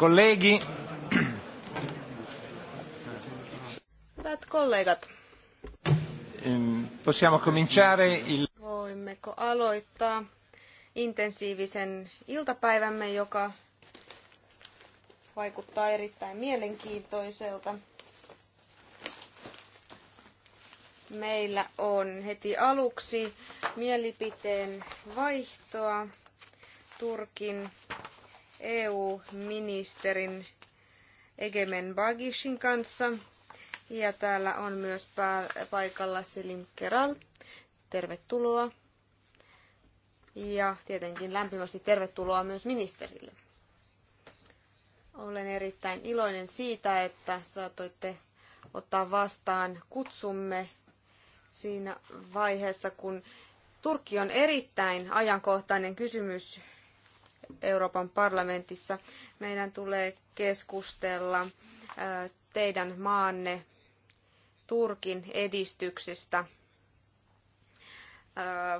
Kollegi. Hyvät kollegat. Ehm, possiamo cominciare il... Voimmeko aloittaa intensiivisen iltapäivämme, joka vaikuttaa erittäin mielenkiintoiselta. Meillä on heti aluksi mielipiteen vaihtoa Turkin EU-ministerin Egemen Bagishin kanssa. Ja täällä on myös paikalla Selim Keral. Tervetuloa. Ja tietenkin lämpimästi tervetuloa myös ministerille. Olen erittäin iloinen siitä, että saatoitte ottaa vastaan kutsumme siinä vaiheessa, kun Turkki on erittäin ajankohtainen kysymys Euroopan parlamentissa. Meidän tulee keskustella teidän maanne Turkin edistyksistä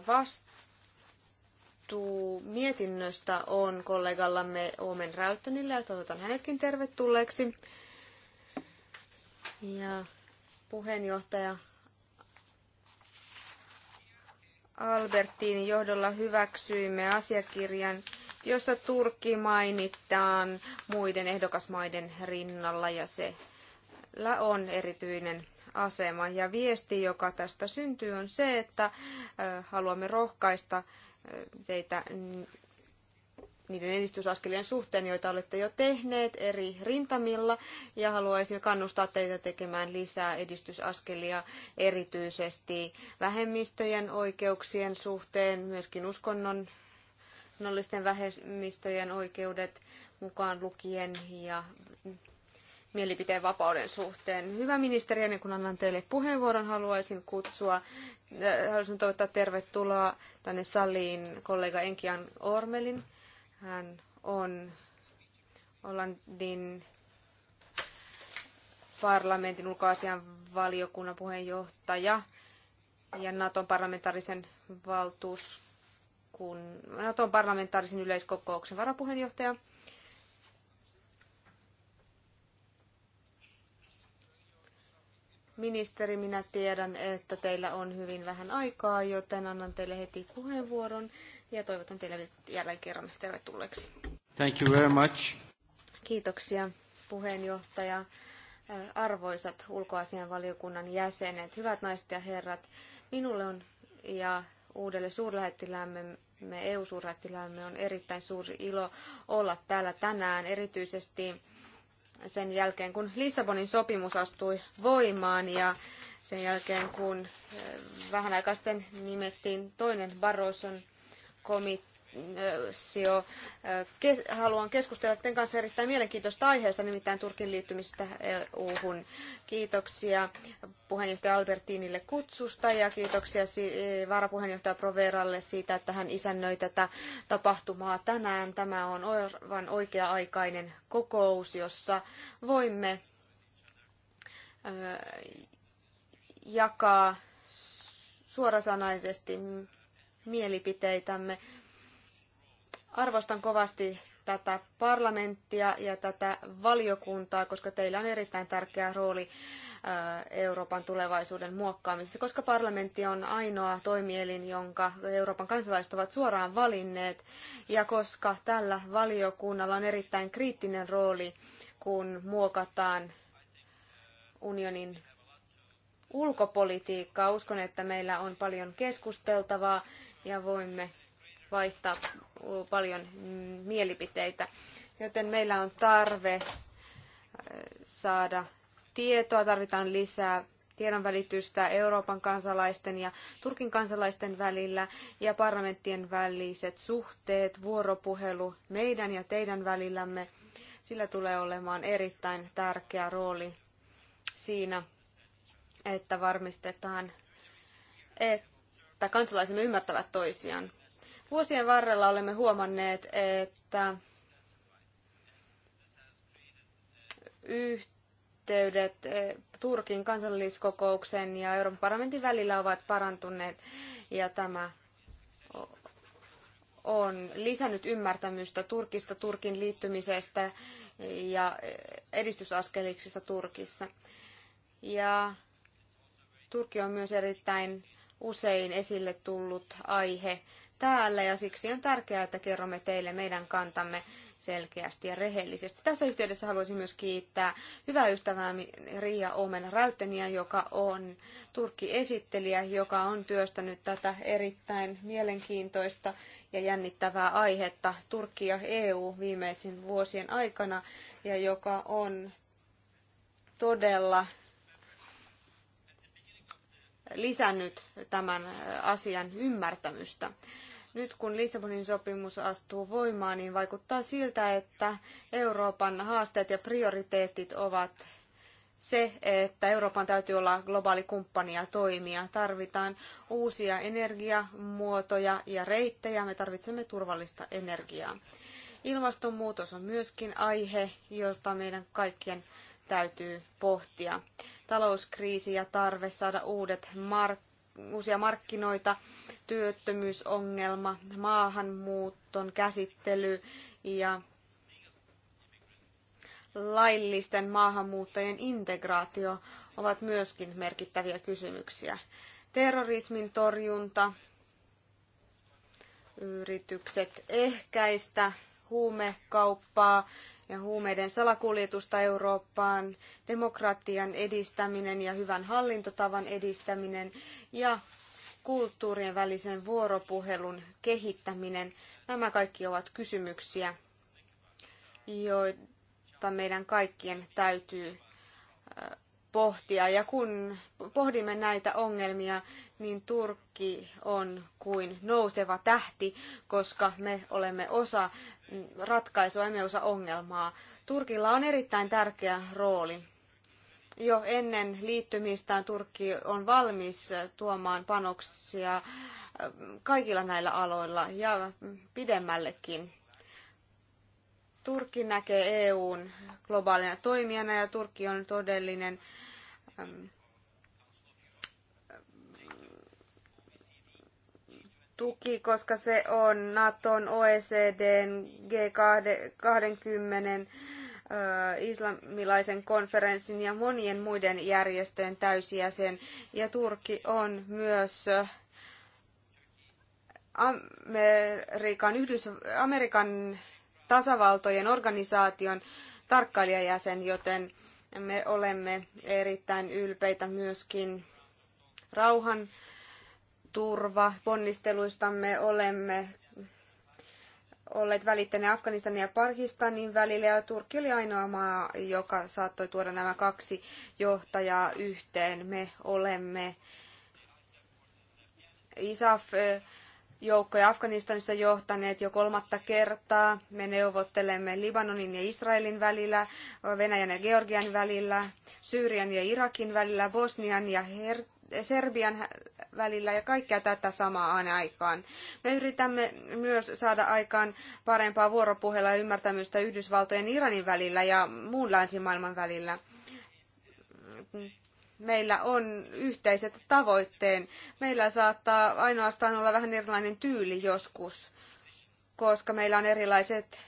vastuu mietinnöstä on kollegallamme Omen Räyttönille, ja toivotan hänetkin tervetulleeksi. Ja puheenjohtaja Albertin johdolla hyväksyimme asiakirjan jossa Turkki mainitaan muiden ehdokasmaiden rinnalla ja se on erityinen asema. Ja viesti, joka tästä syntyy, on se, että haluamme rohkaista teitä niiden edistysaskelien suhteen, joita olette jo tehneet eri rintamilla, ja haluaisimme kannustaa teitä tekemään lisää edistysaskelia erityisesti vähemmistöjen oikeuksien suhteen, myöskin uskonnon uskonnollisten vähemmistöjen oikeudet mukaan lukien ja mielipiteen vapauden suhteen. Hyvä ministeri, ennen kuin annan teille puheenvuoron, haluaisin kutsua, äh, haluaisin toivottaa tervetuloa tänne saliin kollega Enkian Ormelin. Hän on Hollandin parlamentin ulkoasian valiokunnan puheenjohtaja ja Naton parlamentaarisen valtuuskunnan kun Naton parlamentaarisen yleiskokouksen varapuheenjohtaja. Ministeri, minä tiedän, että teillä on hyvin vähän aikaa, joten annan teille heti puheenvuoron ja toivotan teille jälleen kerran tervetulleeksi. Thank you very much. Kiitoksia puheenjohtaja, arvoisat ulkoasianvaliokunnan jäsenet, hyvät naiset ja herrat. Minulle on ja uudelle suurlähettiläämme me EU-suurlähettiläämme on erittäin suuri ilo olla täällä tänään, erityisesti sen jälkeen, kun Lissabonin sopimus astui voimaan ja sen jälkeen, kun eh, vähän aikaa sitten nimettiin toinen Barroson komitea, komissio. Äh, haluan keskustella teidän kanssa erittäin mielenkiintoista aiheesta, nimittäin Turkin liittymisestä EU-hun. Kiitoksia puheenjohtaja Albertinille kutsusta ja kiitoksia varapuheenjohtaja Proveralle siitä, että hän isännöi tätä tapahtumaa tänään. Tämä on aivan oikea-aikainen kokous, jossa voimme äh, jakaa suorasanaisesti mielipiteitämme Arvostan kovasti tätä parlamenttia ja tätä valiokuntaa, koska teillä on erittäin tärkeä rooli äh, Euroopan tulevaisuuden muokkaamisessa, koska parlamentti on ainoa toimielin, jonka Euroopan kansalaiset ovat suoraan valinneet, ja koska tällä valiokunnalla on erittäin kriittinen rooli, kun muokataan unionin ulkopolitiikkaa. Uskon, että meillä on paljon keskusteltavaa ja voimme vaihtaa paljon mielipiteitä. Joten meillä on tarve äh, saada tietoa, tarvitaan lisää tiedonvälitystä Euroopan kansalaisten ja Turkin kansalaisten välillä ja parlamenttien väliset suhteet, vuoropuhelu meidän ja teidän välillämme. Sillä tulee olemaan erittäin tärkeä rooli siinä, että varmistetaan, että kansalaisemme ymmärtävät toisiaan. Vuosien varrella olemme huomanneet, että yhteydet eh, Turkin kansalliskokouksen ja Euroopan parlamentin välillä ovat parantuneet ja tämä on lisännyt ymmärtämystä Turkista, Turkin liittymisestä ja edistysaskeliksista Turkissa. Ja Turkki on myös erittäin usein esille tullut aihe täällä ja siksi on tärkeää, että kerromme teille meidän kantamme selkeästi ja rehellisesti. Tässä yhteydessä haluaisin myös kiittää hyvää ystävää Riia Omen Räytteniä, joka on Turkki-esittelijä, joka on työstänyt tätä erittäin mielenkiintoista ja jännittävää aihetta Turkki ja EU viimeisin vuosien aikana ja joka on todella lisännyt tämän asian ymmärtämystä. Nyt kun Lissabonin sopimus astuu voimaan, niin vaikuttaa siltä, että Euroopan haasteet ja prioriteetit ovat se, että Euroopan täytyy olla globaali kumppani ja toimija. Tarvitaan uusia energiamuotoja ja reittejä. Me tarvitsemme turvallista energiaa. Ilmastonmuutos on myöskin aihe, josta meidän kaikkien täytyy pohtia. Talouskriisi ja tarve saada uudet markkinat uusia markkinoita, työttömyysongelma, maahanmuuton käsittely ja laillisten maahanmuuttajien integraatio ovat myöskin merkittäviä kysymyksiä. Terrorismin torjunta, yritykset ehkäistä huumekauppaa, ja huumeiden salakuljetusta Eurooppaan, demokratian edistäminen ja hyvän hallintotavan edistäminen ja kulttuurien välisen vuoropuhelun kehittäminen. Nämä kaikki ovat kysymyksiä, joita meidän kaikkien täytyy pohtia. Ja kun pohdimme näitä ongelmia, niin Turkki on kuin nouseva tähti, koska me olemme osa ratkaisua, emme osa ongelmaa. Turkilla on erittäin tärkeä rooli. Jo ennen liittymistään Turkki on valmis tuomaan panoksia äh, kaikilla näillä aloilla ja pidemmällekin. Turkki näkee EUn globaalina toimijana ja Turkki on todellinen ähm, tuki, koska se on Naton, OECD, G20, islamilaisen konferenssin ja monien muiden järjestöjen täysjäsen. Ja Turkki on myös Amerikan, Yhdys- Amerikan tasavaltojen organisaation tarkkailijajäsen, joten me olemme erittäin ylpeitä myöskin rauhan turva ponnisteluistamme olemme olleet välittäneet Afganistanin ja Pakistanin välillä ja Turkki oli ainoa maa, joka saattoi tuoda nämä kaksi johtajaa yhteen. Me olemme ISAF joukkoja Afganistanissa johtaneet jo kolmatta kertaa. Me neuvottelemme Libanonin ja Israelin välillä, Venäjän ja Georgian välillä, Syyrian ja Irakin välillä, Bosnian ja Her- Serbian välillä ja kaikkea tätä samaan aikaan. Me yritämme myös saada aikaan parempaa vuoropuhelua ja ymmärtämystä Yhdysvaltojen Iranin välillä ja muun länsimaailman välillä meillä on yhteiset tavoitteen. Meillä saattaa ainoastaan olla vähän erilainen tyyli joskus, koska meillä on erilaiset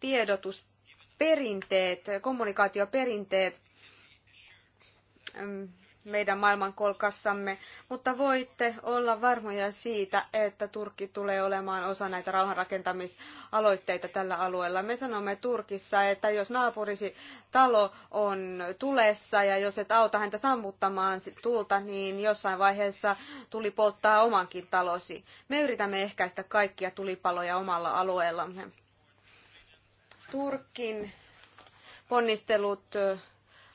tiedotusperinteet, kommunikaatioperinteet, meidän maailmankolkassamme, mutta voitte olla varmoja siitä, että Turkki tulee olemaan osa näitä rauhanrakentamisaloitteita tällä alueella. Me sanomme Turkissa, että jos naapurisi talo on tulessa ja jos et auta häntä sammuttamaan tulta, niin jossain vaiheessa tuli polttaa omankin talosi. Me yritämme ehkäistä kaikkia tulipaloja omalla alueellamme. Turkin ponnistelut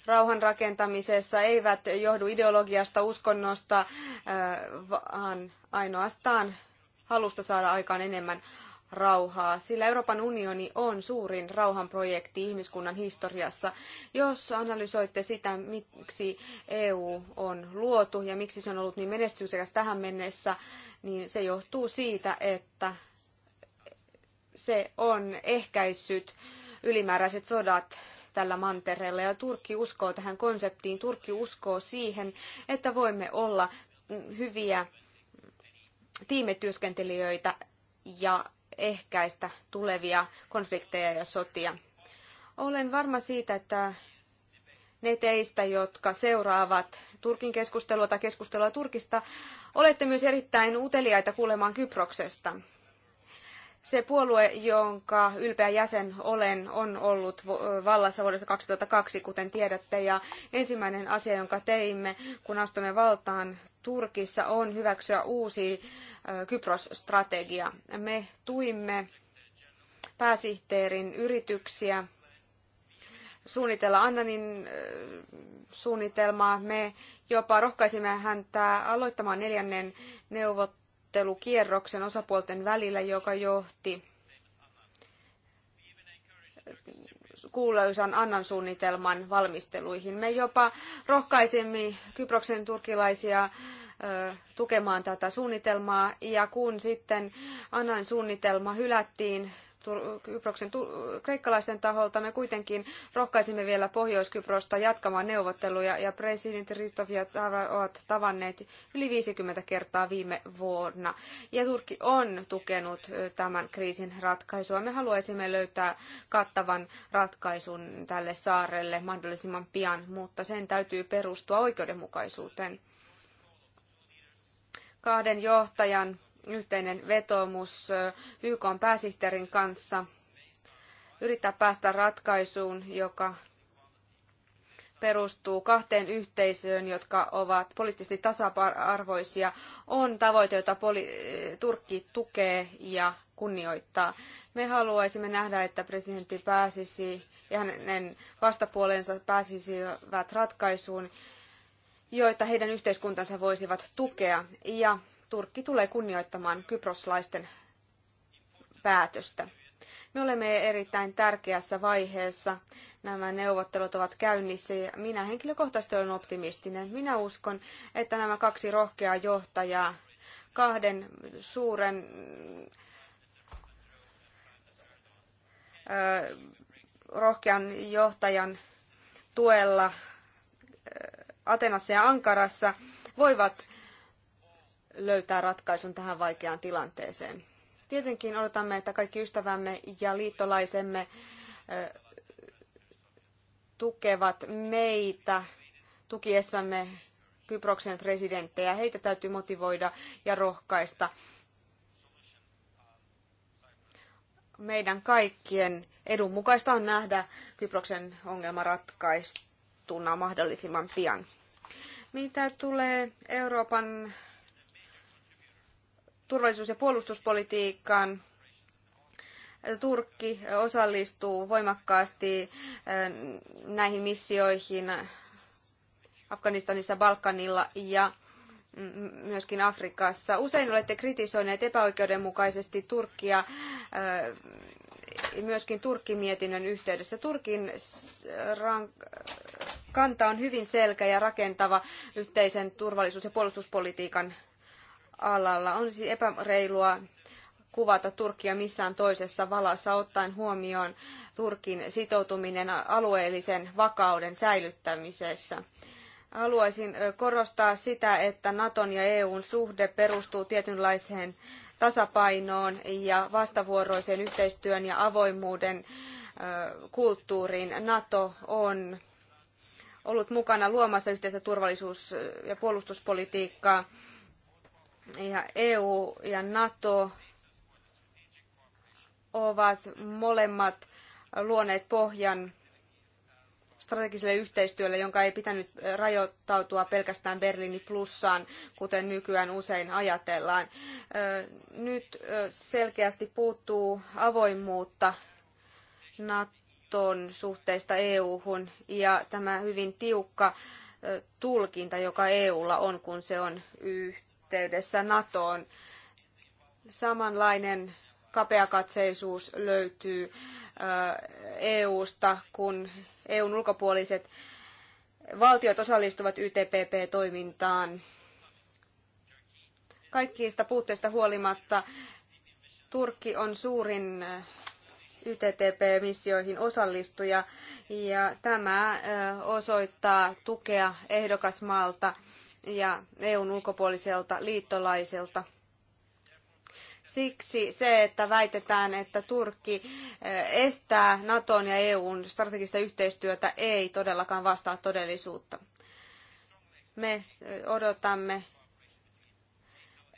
rauhan rakentamisessa eivät johdu ideologiasta, uskonnosta, vaan ainoastaan halusta saada aikaan enemmän rauhaa, sillä Euroopan unioni on suurin rauhanprojekti ihmiskunnan historiassa. Jos analysoitte sitä, miksi EU on luotu ja miksi se on ollut niin menestyksekäs tähän mennessä, niin se johtuu siitä, että se on ehkäissyt ylimääräiset sodat tällä mantereella ja Turkki uskoo tähän konseptiin. Turkki uskoo siihen, että voimme olla hyviä tiimityöskentelijöitä ja ehkäistä tulevia konflikteja ja sotia. Olen varma siitä, että ne teistä, jotka seuraavat Turkin keskustelua tai keskustelua Turkista, olette myös erittäin uteliaita kuulemaan Kyproksesta. Se puolue, jonka ylpeä jäsen olen, on ollut vallassa vuodessa 2002, kuten tiedätte, ja ensimmäinen asia, jonka teimme, kun astumme valtaan Turkissa, on hyväksyä uusi Kypros-strategia. Me tuimme pääsihteerin yrityksiä suunnitella Annanin suunnitelmaa. Me jopa rohkaisimme häntä aloittamaan neljännen neuvottelun neuvottelukierroksen osapuolten välillä, joka johti kuuluisan Annan suunnitelman valmisteluihin. Me jopa rohkaisimme Kyproksen turkilaisia tukemaan tätä suunnitelmaa ja kun sitten Annan suunnitelma hylättiin Kyproksen kreikkalaisten taholta. Me kuitenkin rohkaisimme vielä Pohjois-Kyprosta jatkamaan neuvotteluja ja presidentti Ristof ja ovat tavanneet yli 50 kertaa viime vuonna. Ja Turkki on tukenut tämän kriisin ratkaisua. Me haluaisimme löytää kattavan ratkaisun tälle saarelle mahdollisimman pian, mutta sen täytyy perustua oikeudenmukaisuuteen. Kahden johtajan yhteinen vetoomus YK pääsihteerin kanssa yrittää päästä ratkaisuun, joka perustuu kahteen yhteisöön, jotka ovat poliittisesti tasa-arvoisia, on tavoite, jota Turkki tukee ja kunnioittaa. Me haluaisimme nähdä, että presidentti pääsisi ja hänen vastapuolensa pääsisivät ratkaisuun, joita heidän yhteiskuntansa voisivat tukea. Ja Turkki tulee kunnioittamaan kyproslaisten päätöstä. Me olemme erittäin tärkeässä vaiheessa. Nämä neuvottelut ovat käynnissä ja minä henkilökohtaisesti olen optimistinen. Minä uskon, että nämä kaksi rohkeaa johtajaa, kahden suuren ö, rohkean johtajan tuella Atenassa ja Ankarassa voivat löytää ratkaisun tähän vaikeaan tilanteeseen. Tietenkin odotamme, että kaikki ystävämme ja liittolaisemme tukevat meitä tukiessamme Kyproksen presidenttejä. Heitä täytyy motivoida ja rohkaista. Meidän kaikkien edun mukaista on nähdä Kyproksen ongelma ratkaistuna mahdollisimman pian. Mitä tulee Euroopan turvallisuus- ja puolustuspolitiikkaan. Turkki osallistuu voimakkaasti äh, näihin missioihin Afganistanissa, Balkanilla ja myöskin Afrikassa. Usein olette kritisoineet epäoikeudenmukaisesti Turkkia äh, myöskin Turkki-mietinnön yhteydessä. Turkin kanta on hyvin selkeä ja rakentava yhteisen turvallisuus- ja puolustuspolitiikan alalla. On siis epäreilua kuvata Turkkia missään toisessa valassa ottaen huomioon Turkin sitoutuminen alueellisen vakauden säilyttämisessä. Haluaisin korostaa sitä, että Naton ja EUn suhde perustuu tietynlaiseen tasapainoon ja vastavuoroisen yhteistyön ja avoimuuden kulttuuriin. Nato on ollut mukana luomassa yhteistä turvallisuus- ja puolustuspolitiikkaa ja EU ja NATO ovat molemmat luoneet pohjan strategiselle yhteistyölle, jonka ei pitänyt rajoittautua pelkästään Berliini plussaan, kuten nykyään usein ajatellaan. Nyt selkeästi puuttuu avoimuutta Naton suhteista EU-hun ja tämä hyvin tiukka tulkinta, joka EUlla on, kun se on yh- yhteydessä NATOon. Samanlainen kapeakatseisuus löytyy EUsta, kun EUn ulkopuoliset valtiot osallistuvat YTPP-toimintaan. Kaikkiista puutteista huolimatta Turkki on suurin YTTP-missioihin osallistuja ja tämä osoittaa tukea ehdokasmaalta ja EUn ulkopuoliselta liittolaiselta. Siksi se, että väitetään, että Turkki eh, estää Naton ja EUn strategista yhteistyötä, ei todellakaan vastaa todellisuutta. Me eh, odotamme,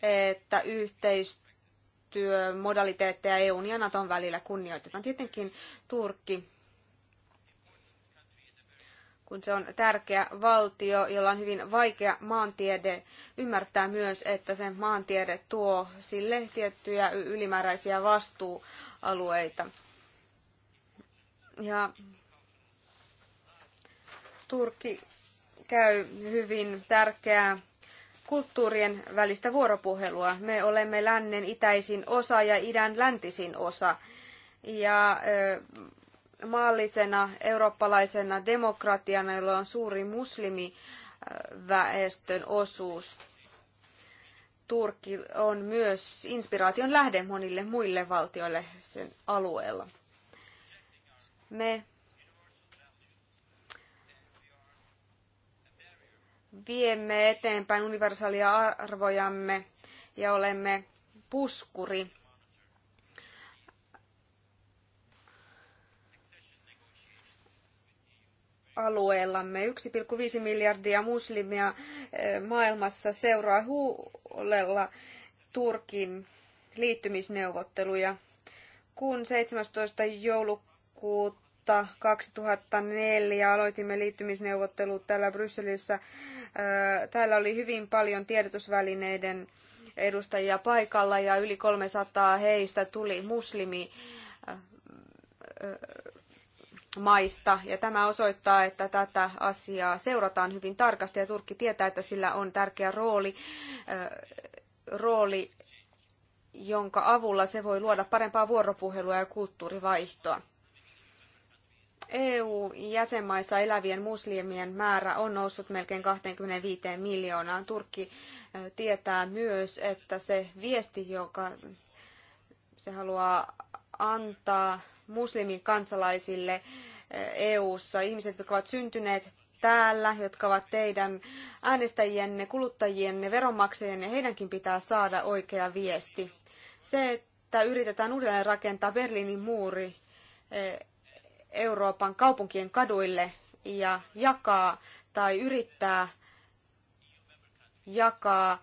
että yhteistyömodaliteetteja EUn ja Naton välillä kunnioitetaan. Tietenkin Turkki kun se on tärkeä valtio, jolla on hyvin vaikea maantiede, ymmärtää myös, että sen maantiede tuo sille tiettyjä ylimääräisiä vastuualueita. Ja Turkki käy hyvin tärkeää kulttuurien välistä vuoropuhelua. Me olemme lännen itäisin osa ja idän läntisin osa. Ja maallisena eurooppalaisena demokratiana, jolla on suuri muslimiväestön osuus. Turkki on myös inspiraation lähde monille muille valtioille sen alueella. Me viemme eteenpäin universaalia arvojamme ja olemme puskuri alueellamme. 1,5 miljardia muslimia eh, maailmassa seuraa huolella Turkin liittymisneuvotteluja. Kun 17. joulukuuta 2004 aloitimme liittymisneuvottelut täällä Brysselissä, eh, täällä oli hyvin paljon tiedotusvälineiden edustajia paikalla ja yli 300 heistä tuli muslimi eh, maista. Ja tämä osoittaa, että tätä asiaa seurataan hyvin tarkasti ja Turkki tietää, että sillä on tärkeä rooli, rooli jonka avulla se voi luoda parempaa vuoropuhelua ja kulttuurivaihtoa. EU-jäsenmaissa elävien muslimien määrä on noussut melkein 25 miljoonaan. Turkki tietää myös, että se viesti, joka se haluaa antaa muslimikansalaisille eh, EU-ssa, ihmiset, jotka ovat syntyneet täällä, jotka ovat teidän äänestäjienne, kuluttajienne, veronmaksajienne, heidänkin pitää saada oikea viesti. Se, että yritetään uudelleen rakentaa Berliinin muuri eh, Euroopan kaupunkien kaduille ja jakaa tai yrittää jakaa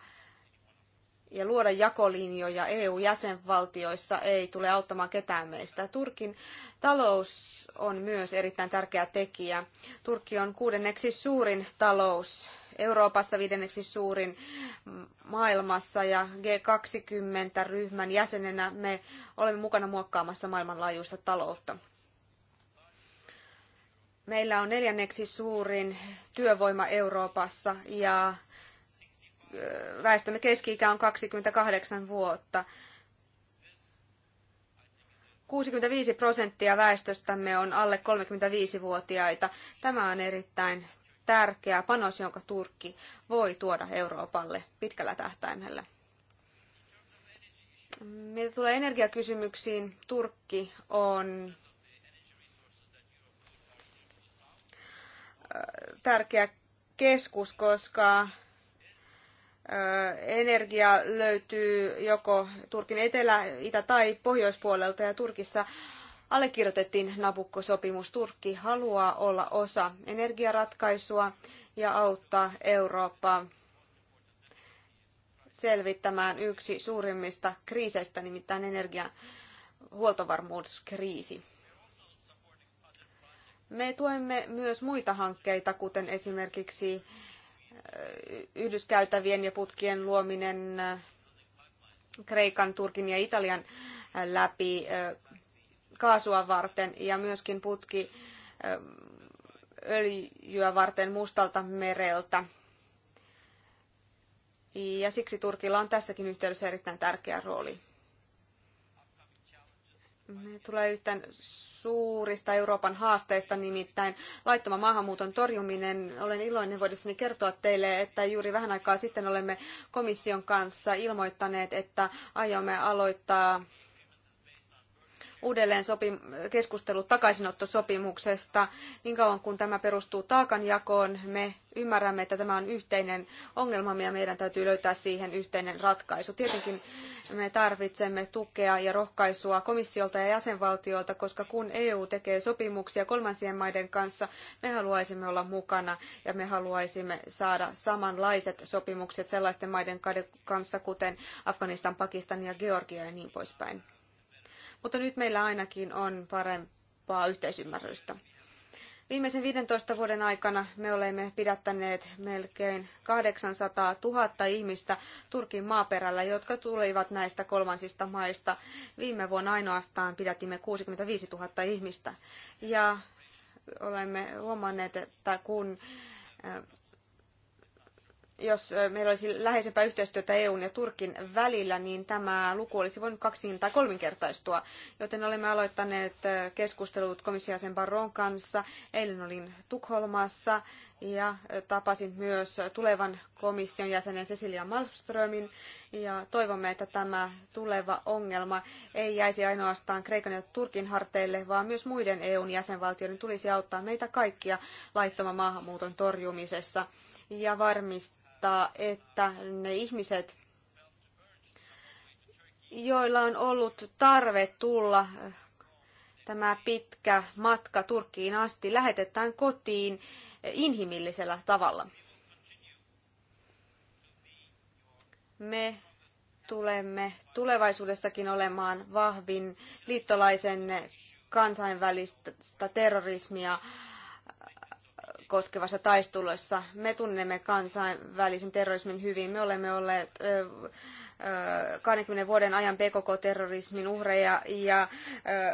ja luoda jakolinjoja EU-jäsenvaltioissa ei tule auttamaan ketään meistä. Turkin talous on myös erittäin tärkeä tekijä. Turkki on kuudenneksi suurin talous Euroopassa, viidenneksi suurin maailmassa ja G20-ryhmän jäsenenä me olemme mukana muokkaamassa maailmanlaajuista taloutta. Meillä on neljänneksi suurin työvoima Euroopassa ja väestömme keski-ikä on 28 vuotta. 65 prosenttia väestöstämme on alle 35-vuotiaita. Tämä on erittäin tärkeä panos, jonka Turkki voi tuoda Euroopalle pitkällä tähtäimellä. Mitä tulee energiakysymyksiin, Turkki on tärkeä keskus, koska energia löytyy joko Turkin etelä, itä tai pohjoispuolelta ja Turkissa allekirjoitettiin Nabukko-sopimus. Turkki haluaa olla osa energiaratkaisua ja auttaa Eurooppaa selvittämään yksi suurimmista kriiseistä, nimittäin energian huoltovarmuuskriisi. Me tuemme myös muita hankkeita, kuten esimerkiksi yhdyskäytävien ja putkien luominen äh, Kreikan, Turkin ja Italian äh, läpi äh, kaasua varten ja myöskin putki öljyä varten mustalta mereltä. Ja siksi Turkilla on tässäkin yhteydessä erittäin tärkeä rooli tulee yhtään suurista Euroopan haasteista, nimittäin laittoman maahanmuuton torjuminen. Olen iloinen voidessani kertoa teille, että juuri vähän aikaa sitten olemme komission kanssa ilmoittaneet, että aiomme aloittaa uudelleen sopi keskustelut takaisinottosopimuksesta. Niin kauan kun tämä perustuu taakanjakoon, me ymmärrämme, että tämä on yhteinen ongelma ja meidän täytyy löytää siihen yhteinen ratkaisu. Tietenkin me tarvitsemme tukea ja rohkaisua komissiolta ja jäsenvaltioilta, koska kun EU tekee sopimuksia kolmansien maiden kanssa, me haluaisimme olla mukana ja me haluaisimme saada samanlaiset sopimukset sellaisten maiden kanssa, kuten Afganistan, Pakistan ja Georgia ja niin poispäin mutta nyt meillä ainakin on parempaa yhteisymmärrystä. Viimeisen 15 vuoden aikana me olemme pidättäneet melkein 800 000 ihmistä Turkin maaperällä, jotka tulivat näistä kolmansista maista. Viime vuonna ainoastaan pidätimme 65 000 ihmistä. Ja olemme huomanneet, että kun jos meillä olisi läheisempää yhteistyötä EUn ja Turkin välillä, niin tämä luku olisi voinut kaksin tai kolminkertaistua. Joten olemme aloittaneet keskustelut komissiasen Barron kanssa. Eilen olin Tukholmassa ja tapasin myös tulevan komission jäsenen Cecilia Malmströmin. Ja toivomme, että tämä tuleva ongelma ei jäisi ainoastaan Kreikan ja Turkin harteille, vaan myös muiden EUn jäsenvaltioiden tulisi auttaa meitä kaikkia laittoman maahanmuuton torjumisessa ja varmistaa, osoittaa, että ne ihmiset, joilla on ollut tarve tulla tämä pitkä matka Turkkiin asti, lähetetään kotiin inhimillisellä tavalla. Me tulemme tulevaisuudessakin olemaan vahvin liittolaisen kansainvälistä terrorismia koskevassa taistelussa. Me tunnemme kansainvälisen terrorismin hyvin. Me olemme olleet 20 vuoden ajan PKK-terrorismin uhreja ja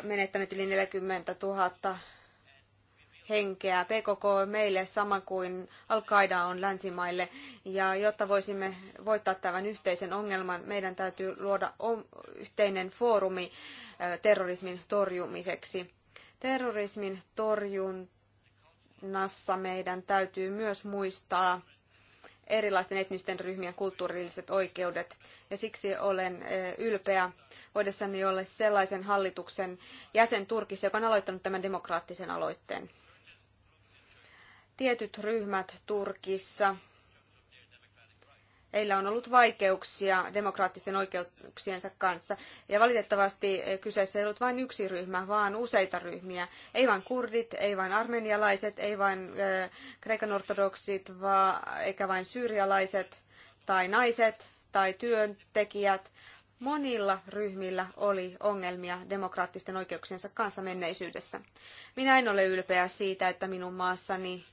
menettäneet yli 40 000 henkeä. PKK on meille sama kuin Al-Qaida on länsimaille. Ja jotta voisimme voittaa tämän yhteisen ongelman, meidän täytyy luoda yhteinen foorumi terrorismin torjumiseksi. Terrorismin torjunta toiminnassa meidän täytyy myös muistaa erilaisten etnisten ryhmien kulttuurilliset oikeudet. Ja siksi olen e, ylpeä voidessani olla sellaisen hallituksen jäsen Turkissa, joka on aloittanut tämän demokraattisen aloitteen. Tietyt ryhmät Turkissa heillä on ollut vaikeuksia demokraattisten oikeuksiensa kanssa. Ja valitettavasti eh, kyseessä ei ollut vain yksi ryhmä, vaan useita ryhmiä. Ei vain kurdit, ei vain armenialaiset, ei vain eh, kreikan ortodoksit, vaan, eikä vain syyrialaiset tai naiset tai työntekijät. Monilla ryhmillä oli ongelmia demokraattisten oikeuksiensa kanssa menneisyydessä. Minä en ole ylpeä siitä, että minun maassani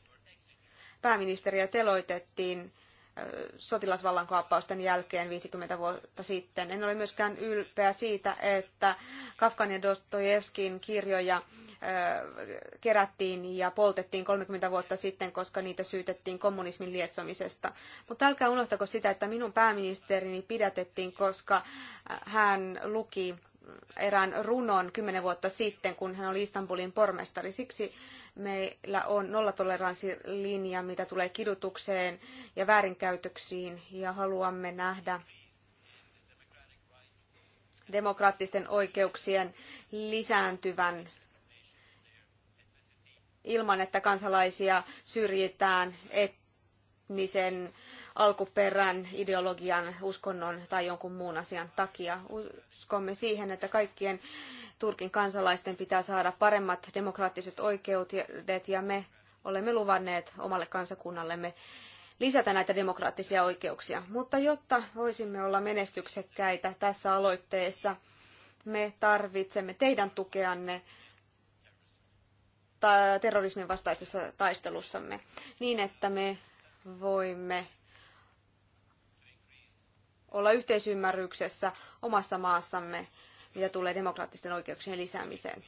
pääministeriä teloitettiin sotilasvallankaappausten jälkeen 50 vuotta sitten. En ole myöskään ylpeä siitä, että Kafkan ja Dostojevskin kirjoja kerättiin ja poltettiin 30 vuotta sitten, koska niitä syytettiin kommunismin lietsomisesta. Mutta älkää unohtako sitä, että minun pääministerini pidätettiin, koska hän luki erään runon kymmenen vuotta sitten, kun hän oli Istanbulin pormestari. Siksi meillä on nollatoleranssilinja, mitä tulee kidutukseen ja väärinkäytöksiin, ja haluamme nähdä demokraattisten oikeuksien lisääntyvän ilman, että kansalaisia syrjitään etnisen alkuperän, ideologian, uskonnon tai jonkun muun asian takia. Uskomme siihen, että kaikkien Turkin kansalaisten pitää saada paremmat demokraattiset oikeudet ja me olemme luvanneet omalle kansakunnallemme lisätä näitä demokraattisia oikeuksia. Mutta jotta voisimme olla menestyksekkäitä tässä aloitteessa, me tarvitsemme teidän tukeanne terrorismin vastaisessa taistelussamme niin, että me voimme olla yhteisymmärryksessä omassa maassamme, mitä tulee demokraattisten oikeuksien lisäämiseen.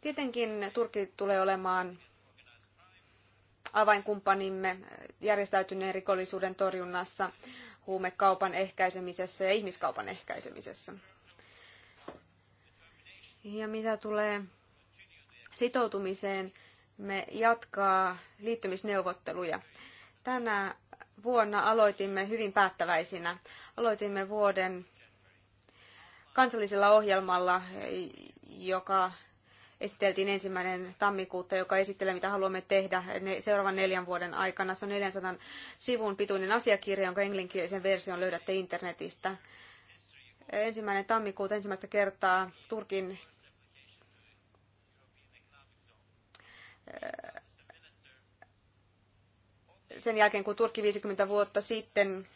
Tietenkin Turkki tulee olemaan avainkumppanimme järjestäytyneen rikollisuuden torjunnassa, huumekaupan ehkäisemisessä ja ihmiskaupan ehkäisemisessä. Ja mitä tulee sitoutumiseen, me jatkaa liittymisneuvotteluja. Tänä vuonna aloitimme hyvin päättäväisinä. Aloitimme vuoden kansallisella ohjelmalla, joka esiteltiin ensimmäinen tammikuuta, joka esittelee, mitä haluamme tehdä seuraavan neljän vuoden aikana. Se on 400 sivun pituinen asiakirja, jonka englanninkielisen version löydätte internetistä. Ensimmäinen tammikuuta ensimmäistä kertaa Turkin sen jälkeen, kun Turkki 50 vuotta sitten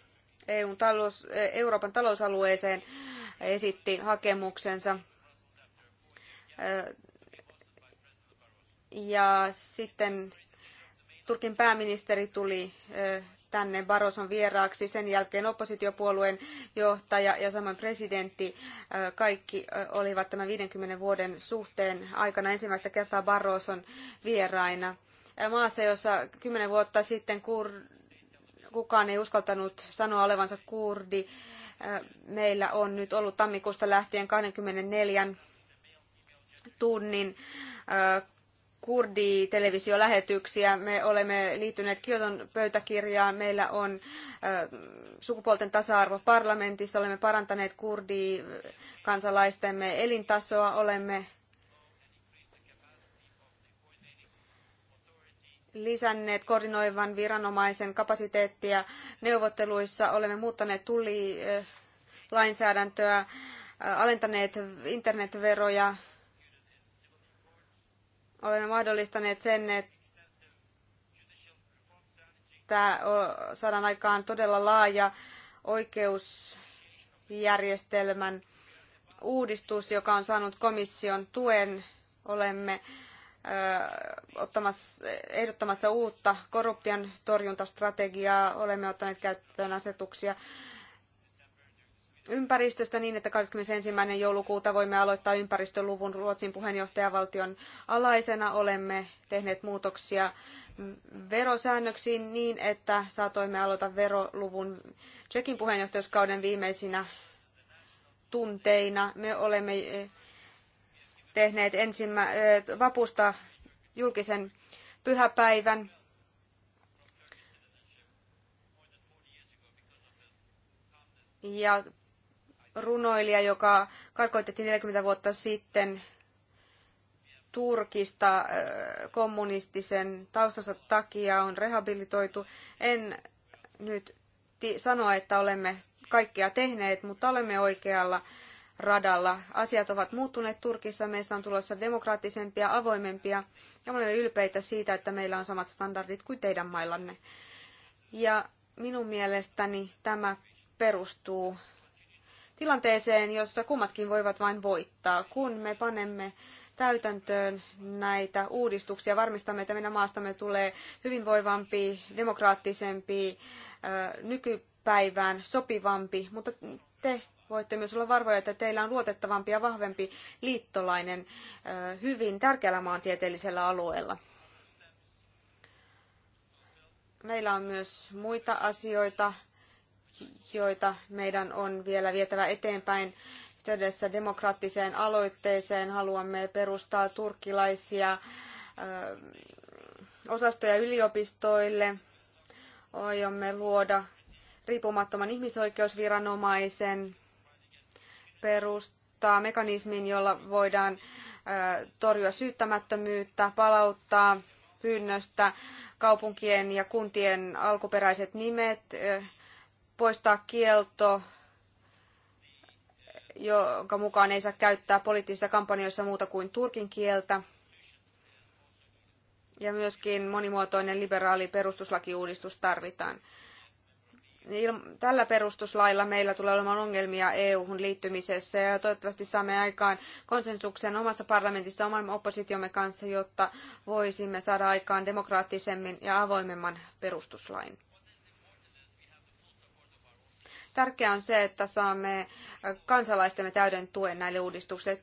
EUn talous, eh, Euroopan talousalueeseen esitti hakemuksensa. Eh, ja sitten Turkin pääministeri tuli eh, tänne Baroson vieraaksi, sen jälkeen oppositiopuolueen johtaja ja samoin presidentti, kaikki olivat tämän 50 vuoden suhteen aikana ensimmäistä kertaa Baroson vieraina maassa, jossa kymmenen vuotta sitten kur, kukaan ei uskaltanut sanoa olevansa kurdi. Meillä on nyt ollut tammikuusta lähtien 24 tunnin kurditelevisiolähetyksiä. Me olemme liittyneet Kioton pöytäkirjaan. Meillä on sukupuolten tasa-arvo parlamentissa. Olemme parantaneet kurdikansalaistemme elintasoa. Olemme lisänneet koordinoivan viranomaisen kapasiteettia neuvotteluissa, olemme muuttaneet tullilainsäädäntöä, alentaneet internetveroja, olemme mahdollistaneet sen, että saadaan aikaan todella laaja oikeusjärjestelmän uudistus, joka on saanut komission tuen. Olemme ottamassa, ehdottamassa uutta korruption torjuntastrategiaa. Olemme ottaneet käyttöön asetuksia ympäristöstä niin, että 21. joulukuuta voimme aloittaa ympäristöluvun Ruotsin puheenjohtajavaltion alaisena. Olemme tehneet muutoksia verosäännöksiin niin, että saatoimme aloittaa veroluvun Tsekin puheenjohtajuuskauden viimeisinä tunteina. Me olemme tehneet ensimmä, vapusta julkisen pyhäpäivän. Ja runoilija, joka karkoitettiin 40 vuotta sitten Turkista kommunistisen taustansa takia, on rehabilitoitu. En nyt sanoa, että olemme kaikkea tehneet, mutta olemme oikealla radalla. Asiat ovat muuttuneet Turkissa, meistä on tulossa demokraattisempia, avoimempia ja olemme ylpeitä siitä, että meillä on samat standardit kuin teidän maillanne. Ja minun mielestäni tämä perustuu tilanteeseen, jossa kummatkin voivat vain voittaa, kun me panemme täytäntöön näitä uudistuksia, varmistamme, että meidän maastamme tulee hyvinvoivampi, demokraattisempi, nykypäivään sopivampi, mutta te voitte myös olla varvoja, että teillä on luotettavampi ja vahvempi liittolainen hyvin tärkeällä maantieteellisellä alueella. Meillä on myös muita asioita, joita meidän on vielä vietävä eteenpäin. Yhteydessä demokraattiseen aloitteeseen haluamme perustaa turkkilaisia osastoja yliopistoille. Aiomme luoda riippumattoman ihmisoikeusviranomaisen perustaa mekanismin, jolla voidaan torjua syyttämättömyyttä, palauttaa pyynnöstä kaupunkien ja kuntien alkuperäiset nimet, poistaa kielto, jonka mukaan ei saa käyttää poliittisissa kampanjoissa muuta kuin turkin kieltä. Ja myöskin monimuotoinen liberaali perustuslakiuudistus tarvitaan tällä perustuslailla meillä tulee olemaan ongelmia EU-hun liittymisessä ja toivottavasti saamme aikaan konsensuksen omassa parlamentissa oman oppositiomme kanssa, jotta voisimme saada aikaan demokraattisemmin ja avoimemman perustuslain. Tärkeää on se, että saamme kansalaistemme täyden tuen näille uudistuksille.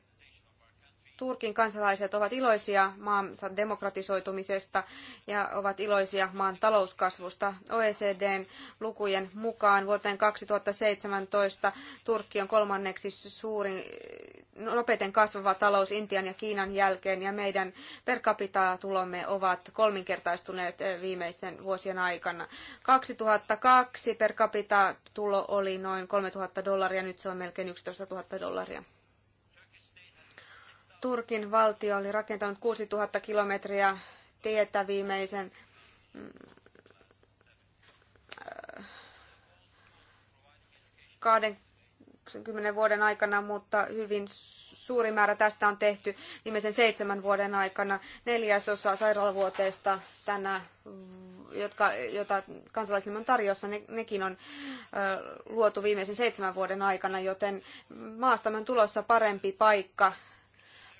Turkin kansalaiset ovat iloisia maansa demokratisoitumisesta ja ovat iloisia maan talouskasvusta. OECDn lukujen mukaan vuoteen 2017 Turkki on kolmanneksi suurin nopeiten kasvava talous Intian ja Kiinan jälkeen ja meidän per capita tulomme ovat kolminkertaistuneet eh, viimeisten vuosien aikana. 2002 per capita tulo oli noin 3000 dollaria, nyt se on melkein 11 000 dollaria. Turkin valtio oli rakentanut 6000 kilometriä tietä viimeisen mm, kahden 20 vuoden aikana, mutta hyvin suuri määrä tästä on tehty viimeisen seitsemän vuoden aikana. Neljäsosa sairaalavuoteista tänä, jotka, jota kansalaisille on tarjossa, ne, nekin on ö, luotu viimeisen seitsemän vuoden aikana, joten maastamme on tulossa parempi paikka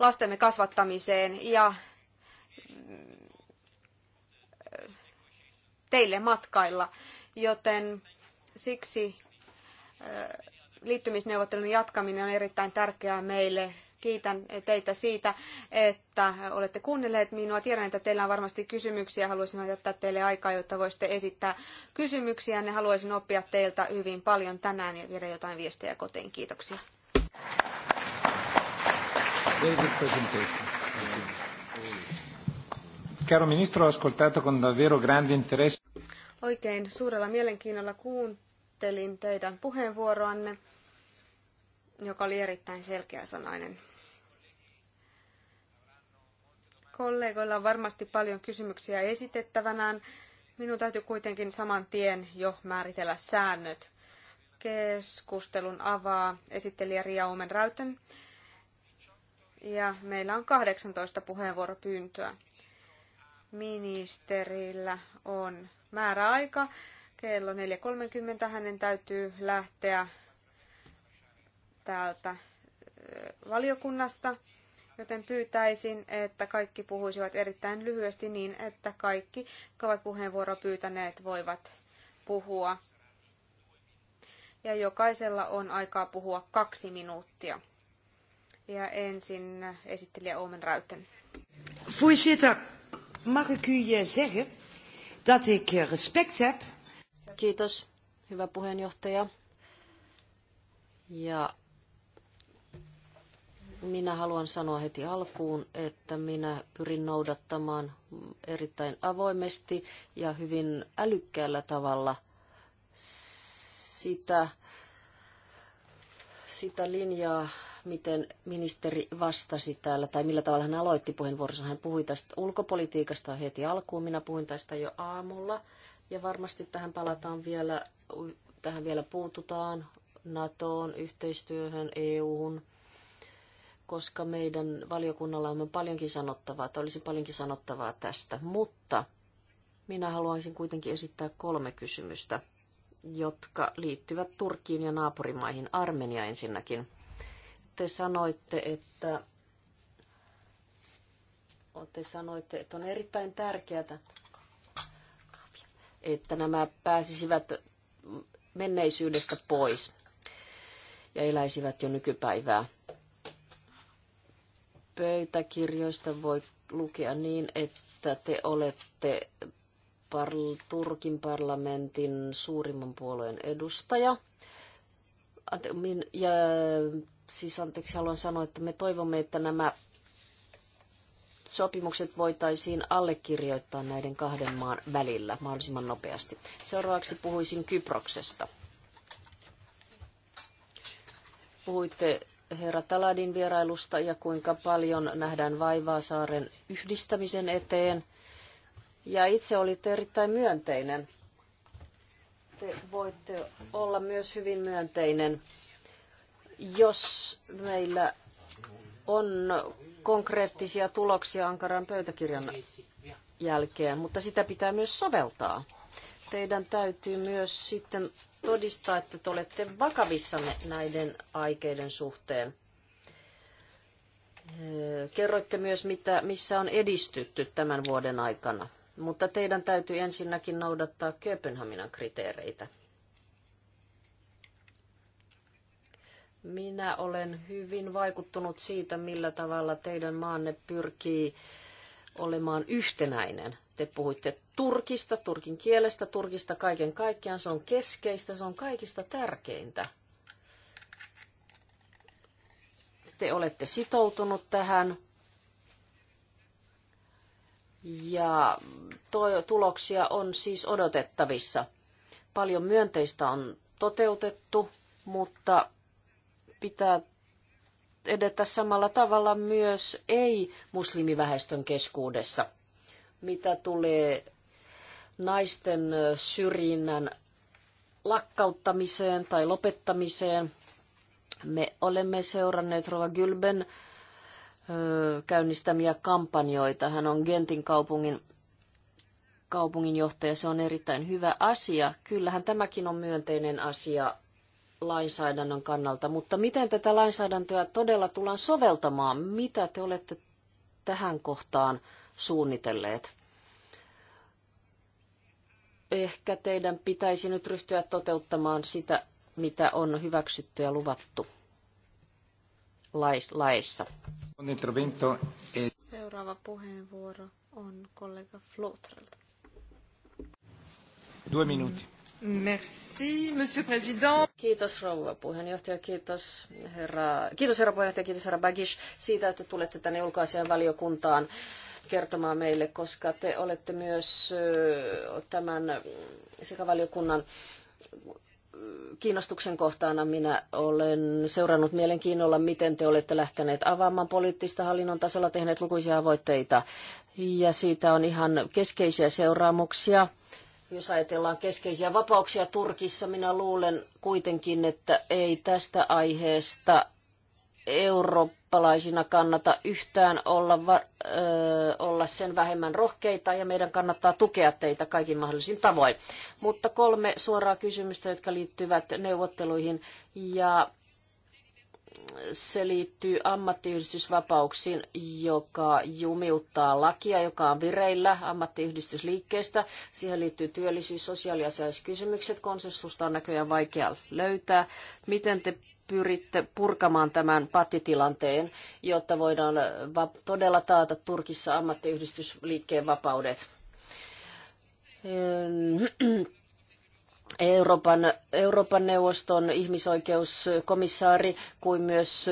lastemme kasvattamiseen ja mm, teille matkailla. Joten siksi mm, liittymisneuvottelun jatkaminen on erittäin tärkeää meille. Kiitän teitä siitä, että olette kuunnelleet minua. Tiedän, että teillä on varmasti kysymyksiä. Haluaisin jättää teille aikaa, jotta voisitte esittää kysymyksiä. Ne haluaisin oppia teiltä hyvin paljon tänään ja viedä jotain viestejä kotiin. Kiitoksia. There is presentation. Caro ministro, ho ascoltato con davvero grande interesse. Oikein suurella mielenkiinnolla kuuntelin teidän puheenvuoroanne, joka oli erittäin selkeäsanainen. Kollegoilla on varmasti paljon kysymyksiä esitettävänään. Minun täytyy kuitenkin saman tien jo määritellä säännöt. Keskustelun avaa esittelijä Ria Omen rauten ja meillä on 18 puheenvuoropyyntöä. Ministerillä on määräaika. Kello 4.30 hänen täytyy lähteä täältä valiokunnasta, joten pyytäisin, että kaikki puhuisivat erittäin lyhyesti niin, että kaikki, jotka ovat puheenvuoroa pyytäneet, voivat puhua. Ja jokaisella on aikaa puhua kaksi minuuttia. Ja ensin esittelijä Omen Räytten. Voorzitter, mag ik u eh, zeggen dat ik eh, respect heb? Kiitos, hyvä puheenjohtaja. Ja minä haluan sanoa heti alkuun, että minä pyrin noudattamaan erittäin avoimesti ja hyvin älykkäällä tavalla sitä, sitä linjaa, miten ministeri vastasi täällä, tai millä tavalla hän aloitti puheenvuoronsa. Hän puhui tästä ulkopolitiikasta heti alkuun, minä puhuin tästä jo aamulla, ja varmasti tähän palataan vielä, tähän vielä puututaan, NATOon, yhteistyöhön, EUhun, koska meidän valiokunnalla on paljonkin sanottavaa, että olisi paljonkin sanottavaa tästä. Mutta minä haluaisin kuitenkin esittää kolme kysymystä, jotka liittyvät Turkkiin ja naapurimaihin. Armenia ensinnäkin te sanoitte, että oh, te sanoitte, että on erittäin tärkeää, että nämä pääsisivät menneisyydestä pois ja eläisivät jo nykypäivää. Pöytäkirjoista voi lukea niin, että te olette par- Turkin parlamentin suurimman puolueen edustaja. Ja siis anteeksi haluan sanoa, että me toivomme, että nämä sopimukset voitaisiin allekirjoittaa näiden kahden maan välillä mahdollisimman nopeasti. Seuraavaksi puhuisin Kyproksesta. Puhuitte herra Taladin vierailusta ja kuinka paljon nähdään vaivaa saaren yhdistämisen eteen. Ja itse olitte erittäin myönteinen. Te voitte olla myös hyvin myönteinen jos meillä on konkreettisia tuloksia Ankaran pöytäkirjan jälkeen, mutta sitä pitää myös soveltaa. Teidän täytyy myös sitten todistaa, että te olette vakavissanne näiden aikeiden suhteen. Kerroitte myös, mitä, missä on edistytty tämän vuoden aikana, mutta teidän täytyy ensinnäkin noudattaa Kööpenhaminan kriteereitä – Minä olen hyvin vaikuttunut siitä, millä tavalla teidän maanne pyrkii olemaan yhtenäinen. Te puhuitte Turkista, turkin kielestä, Turkista kaiken kaikkiaan. Se on keskeistä, se on kaikista tärkeintä. Te olette sitoutunut tähän ja tuloksia on siis odotettavissa. Paljon myönteistä on toteutettu, mutta pitää edetä samalla tavalla myös ei-muslimiväestön keskuudessa, mitä tulee naisten syrjinnän lakkauttamiseen tai lopettamiseen. Me olemme seuranneet Rova Gylben käynnistämiä kampanjoita. Hän on Gentin kaupungin kaupunginjohtaja. Se on erittäin hyvä asia. Kyllähän tämäkin on myönteinen asia lainsäädännön kannalta, mutta miten tätä lainsäädäntöä todella tullaan soveltamaan? Mitä te olette tähän kohtaan suunnitelleet? Ehkä teidän pitäisi nyt ryhtyä toteuttamaan sitä, mitä on hyväksytty ja luvattu laissa. E- Seuraava puheenvuoro on kollega Flotrelta. Due minuutti. Kiitos rouva puheenjohtaja, kiitos herra, kiitos herra puheenjohtaja, kiitos herra Bagish siitä, että tulette tänne ulkoasian valiokuntaan kertomaan meille, koska te olette myös tämän sekä valiokunnan kiinnostuksen kohtaana minä olen seurannut mielenkiinnolla, miten te olette lähteneet avaamaan poliittista hallinnon tasolla, tehneet lukuisia avoitteita ja siitä on ihan keskeisiä seuraamuksia jos ajatellaan keskeisiä vapauksia Turkissa, minä luulen kuitenkin, että ei tästä aiheesta eurooppalaisina kannata yhtään olla, va- ö, olla sen vähemmän rohkeita ja meidän kannattaa tukea teitä kaikin mahdollisin tavoin. Mutta kolme suoraa kysymystä, jotka liittyvät neuvotteluihin ja se liittyy ammattiyhdistysvapauksiin, joka jumiuttaa lakia, joka on vireillä ammattiyhdistysliikkeestä. Siihen liittyy työllisyys, sosiaali- ja kysymykset. Konsensusta on näköjään vaikea löytää. Miten te pyritte purkamaan tämän pattitilanteen, jotta voidaan todella taata Turkissa ammattiyhdistysliikkeen vapaudet? Euroopan, Euroopan neuvoston ihmisoikeuskomissaari kuin myös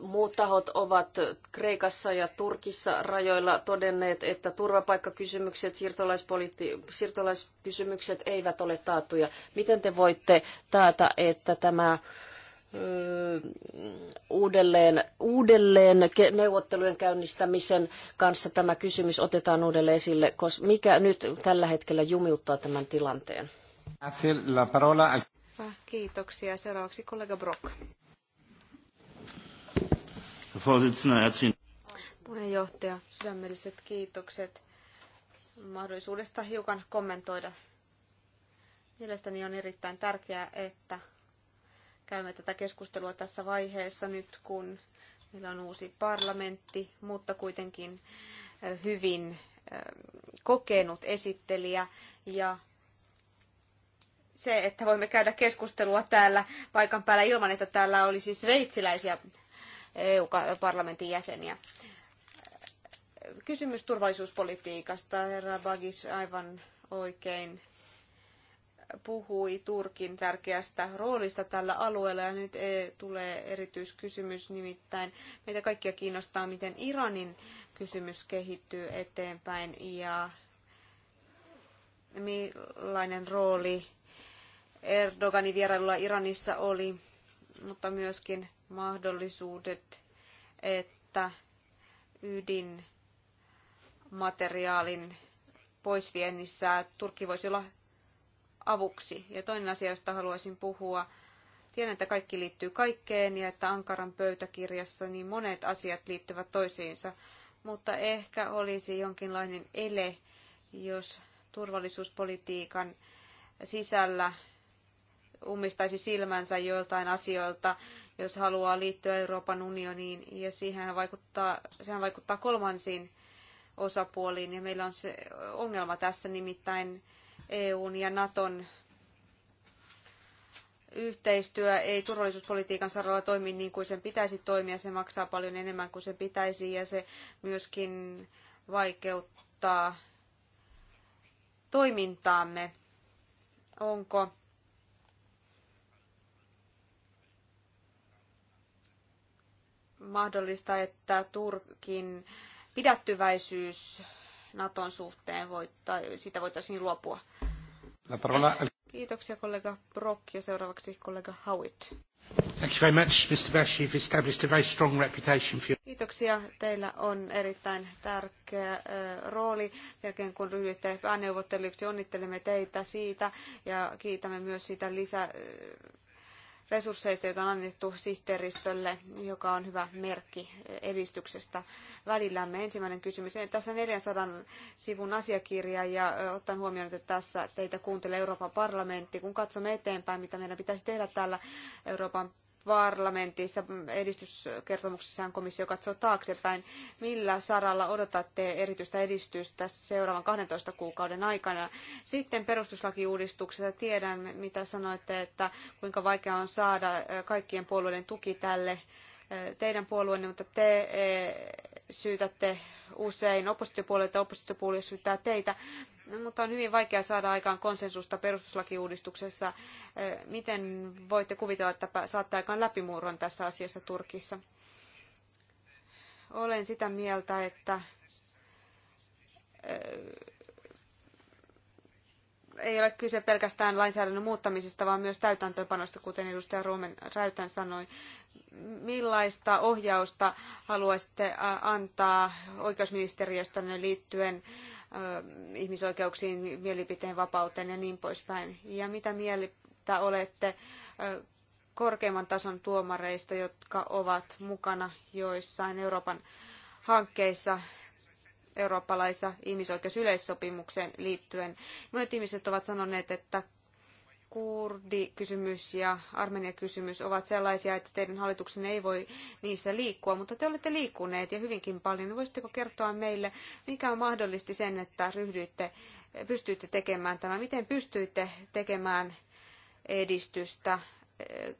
muut tahot ovat Kreikassa ja Turkissa rajoilla todenneet, että turvapaikkakysymykset, siirtolaispoliti siirtolaiskysymykset eivät ole taattuja. Miten te voitte taata, että tämä uudelleen, uudelleen neuvottelujen käynnistämisen kanssa tämä kysymys otetaan uudelleen esille, koska mikä nyt tällä hetkellä jumiuttaa tämän tilanteen? Ah, kiitoksia. Seuraavaksi kollega Brock. Puheenjohtaja, sydämelliset kiitokset mahdollisuudesta hiukan kommentoida. Mielestäni on erittäin tärkeää, että käymme tätä keskustelua tässä vaiheessa nyt, kun meillä on uusi parlamentti, mutta kuitenkin eh, hyvin eh, kokenut esittelijä ja se, että voimme käydä keskustelua täällä paikan päällä ilman, että täällä olisi sveitsiläisiä EU-parlamentin jäseniä. Kysymys turvallisuuspolitiikasta. Herra Bagis aivan oikein puhui Turkin tärkeästä roolista tällä alueella ja nyt e, tulee erityiskysymys nimittäin. Meitä kaikkia kiinnostaa, miten Iranin kysymys kehittyy eteenpäin ja millainen rooli Erdoganin vierailulla Iranissa oli, mutta myöskin mahdollisuudet, että ydinmateriaalin poisviennissä Turkki voisi olla avuksi. Ja toinen asia, josta haluaisin puhua, tiedän, että kaikki liittyy kaikkeen ja että Ankaran pöytäkirjassa niin monet asiat liittyvät toisiinsa, mutta ehkä olisi jonkinlainen ele, jos turvallisuuspolitiikan sisällä ummistaisi silmänsä joiltain asioilta, jos haluaa liittyä Euroopan unioniin, ja siihen vaikuttaa, sehän vaikuttaa kolmansiin osapuoliin, ja meillä on se ongelma tässä nimittäin EUn ja Naton yhteistyö ei turvallisuuspolitiikan saralla toimi niin kuin sen pitäisi toimia. Se maksaa paljon enemmän kuin sen pitäisi ja se myöskin vaikeuttaa toimintaamme. Onko mahdollista, että Turkin pidättyväisyys Naton suhteen voi, tai siitä voitaisiin luopua. Kiitoksia kollega Brock ja seuraavaksi kollega Howitt. Thank you very much, Mr. Bash. You've established a very strong reputation for you. Kiitoksia. Teillä on erittäin tärkeä äh, rooli. Jälkeen kun ryhdytte pääneuvottelijaksi, onnittelemme teitä siitä ja kiitämme myös sitä lisä, äh, resursseista, joita on annettu sihteeristölle, joka on hyvä merkki edistyksestä välillämme. Ensimmäinen kysymys. Tässä 400 sivun asiakirja ja ottaen huomioon, että tässä teitä kuuntelee Euroopan parlamentti. Kun katsomme eteenpäin, mitä meidän pitäisi tehdä täällä Euroopan parlamentissa edistyskertomuksessaan komissio katsoo taaksepäin. Millä saralla odotatte erityistä edistystä seuraavan 12 kuukauden aikana? Sitten perustuslakiuudistuksesta tiedän, mitä sanoitte, että kuinka vaikea on saada eh, kaikkien puolueiden tuki tälle eh, teidän puolueenne, mutta te eh, syytätte usein oppositiopuolueita, oppositiopuolue syyttää teitä. No, mutta on hyvin vaikea saada aikaan konsensusta perustuslakiuudistuksessa. Eh, miten voitte kuvitella, että saatte aikaan läpimurron tässä asiassa Turkissa? Olen sitä mieltä, että eh, ei ole kyse pelkästään lainsäädännön muuttamisesta, vaan myös täytäntöönpanosta, kuten edustaja Ruomen Räytän sanoi. Millaista ohjausta haluaisitte antaa oikeusministeriöstänne liittyen ihmisoikeuksiin, mielipiteen vapauteen ja niin poispäin. Ja mitä mieltä olette korkeimman tason tuomareista, jotka ovat mukana joissain Euroopan hankkeissa eurooppalaisessa ihmisoikeusyleissopimukseen liittyen. Monet ihmiset ovat sanoneet, että kurdikysymys ja Armenia-kysymys ovat sellaisia, että teidän hallituksenne ei voi niissä liikkua, mutta te olette liikkuneet ja hyvinkin paljon. Niin voisitteko kertoa meille, mikä on mahdollisti sen, että ryhdyitte, pystyitte tekemään tämän? Miten pystyitte tekemään edistystä?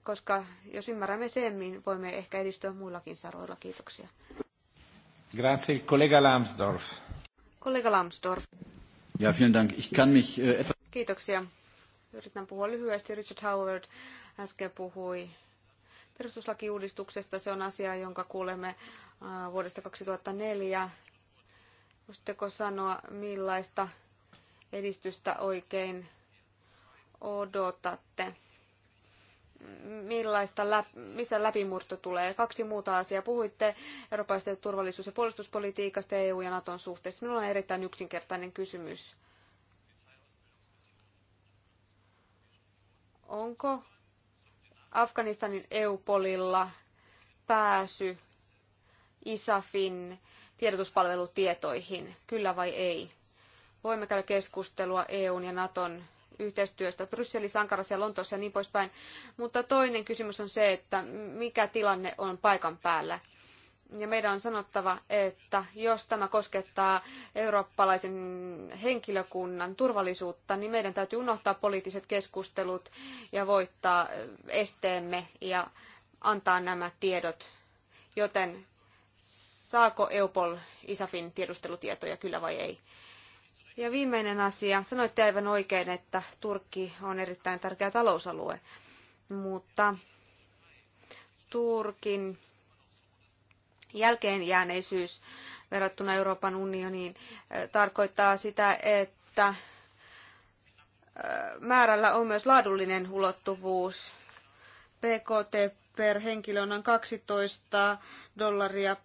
Koska jos ymmärrämme sen, niin voimme ehkä edistyä muillakin saroilla. Kiitoksia. Grazie, kollega Lambsdorff. Kollega Lambsdorff. Ja, vielen Dank. Ich kann mich, äh, Kiitoksia Yritän puhua lyhyesti. Richard Howard äsken puhui perustuslakiuudistuksesta. Se on asia, jonka kuulemme äh, vuodesta 2004. Voisitteko sanoa, millaista edistystä oikein odotatte? millaista läp, mistä läpimurto tulee. Kaksi muuta asiaa. Puhuitte eurooppalaisesta turvallisuus- ja puolustuspolitiikasta EU- ja Naton suhteesta. Minulla on erittäin yksinkertainen kysymys. Onko Afganistanin polilla pääsy ISAFin tiedotuspalvelutietoihin, kyllä vai ei? Voimme käydä keskustelua EUn ja Naton yhteistyöstä Brysselissä, Ankarassa ja Lontoossa ja niin poispäin. Mutta toinen kysymys on se, että mikä tilanne on paikan päällä ja meidän on sanottava, että jos tämä koskettaa eurooppalaisen henkilökunnan turvallisuutta, niin meidän täytyy unohtaa poliittiset keskustelut ja voittaa esteemme ja antaa nämä tiedot. Joten saako EUPOL ISAFin tiedustelutietoja, kyllä vai ei? Ja viimeinen asia. Sanoitte aivan oikein, että Turkki on erittäin tärkeä talousalue, mutta Turkin Jälkeenjääneisyys verrattuna Euroopan unioniin tarkoittaa sitä, että määrällä on myös laadullinen ulottuvuus. PKT per henkilö on noin 12 dollaria.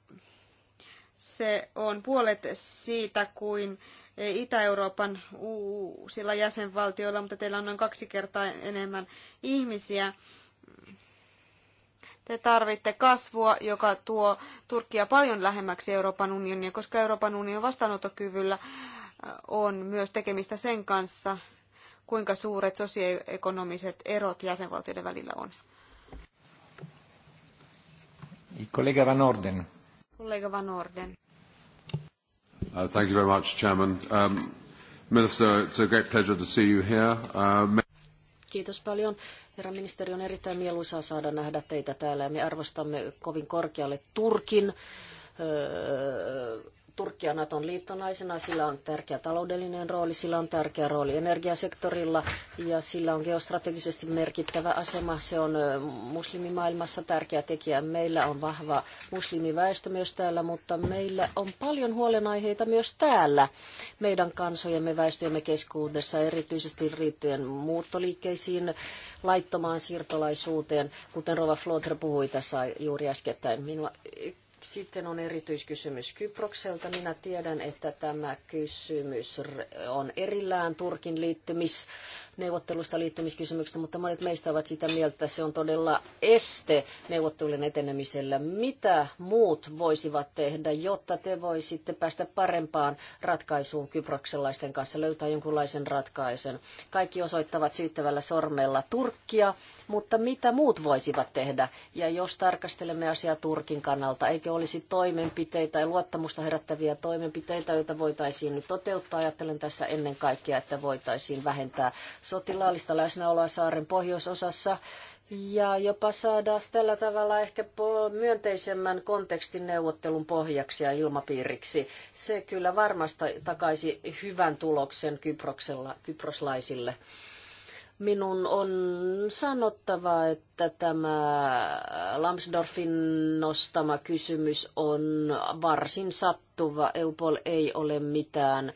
Se on puolet siitä kuin Itä-Euroopan uusilla jäsenvaltioilla, mutta teillä on noin kaksi kertaa enemmän ihmisiä. Te tarvitte kasvua, joka tuo Turkkia paljon lähemmäksi Euroopan unionia, koska Euroopan unionin vastaanottokyvyllä äh, on myös tekemistä sen kanssa, kuinka suuret sosioekonomiset erot jäsenvaltioiden välillä on. Kollega Van Orden. Kollega Van Orden. Uh, thank you very much, Chairman. Um, Minister, it's a great pleasure to see you here. Uh, Kiitos paljon. Herra ministeri, on erittäin mieluisaa saada nähdä teitä täällä ja me arvostamme kovin korkealle Turkin öö, Turkkia Naton liittonaisena. Sillä on tärkeä taloudellinen rooli, sillä on tärkeä rooli energiasektorilla ja sillä on geostrategisesti merkittävä asema. Se on muslimimaailmassa tärkeä tekijä. Meillä on vahva muslimiväestö myös täällä, mutta meillä on paljon huolenaiheita myös täällä meidän kansojemme väestöjemme keskuudessa, erityisesti riittyen muuttoliikkeisiin, laittomaan siirtolaisuuteen, kuten Rova Flotre puhui tässä juuri äskettäin. Minua sitten on erityiskysymys Kyprokselta. Minä tiedän, että tämä kysymys on erillään Turkin liittymis, neuvottelusta liittymiskysymyksestä, mutta monet meistä ovat sitä mieltä, että se on todella este neuvottelujen etenemisellä. Mitä muut voisivat tehdä, jotta te voisitte päästä parempaan ratkaisuun kyprokselaisten kanssa, löytää jonkunlaisen ratkaisun? Kaikki osoittavat syyttävällä sormella Turkkia, mutta mitä muut voisivat tehdä? Ja jos tarkastelemme asiaa Turkin kannalta, ei eikö olisi toimenpiteitä ja luottamusta herättäviä toimenpiteitä, joita voitaisiin nyt toteuttaa. Ajattelen tässä ennen kaikkea, että voitaisiin vähentää sotilaallista läsnäoloa saaren pohjoisosassa ja jopa saada tällä tavalla ehkä myönteisemmän kontekstin neuvottelun pohjaksi ja ilmapiiriksi. Se kyllä varmasti takaisi hyvän tuloksen Kyproksella, kyproslaisille. Minun on sanottava, että tämä Lamsdorfin nostama kysymys on varsin sattuva. Eupol ei ole mitään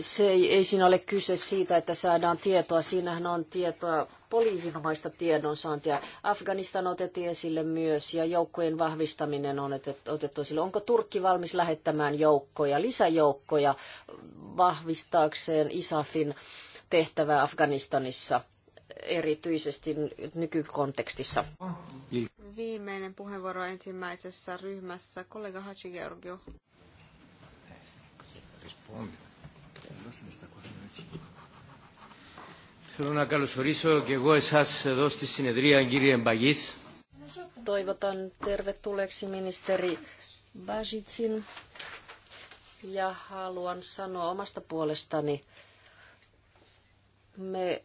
se ei, ei siinä ole kyse siitä, että saadaan tietoa. Siinähän on tietoa poliisinomaista tiedonsaantia. Afganistan otettiin esille myös ja joukkojen vahvistaminen on otettu esille. Onko Turkki valmis lähettämään joukkoja, lisäjoukkoja vahvistaakseen ISAFin tehtävää Afganistanissa, erityisesti nykykontekstissa. Viimeinen puheenvuoro ensimmäisessä ryhmässä, kollega Hachi Georgio. Θέλω να καλωσορίσω και εγώ εσάς εδώ στη συνεδρία, κύριε Μπαγής. Toivotan tervetulleeksi ministeri Bajitsin ja haluan sanoa omasta puolestani, me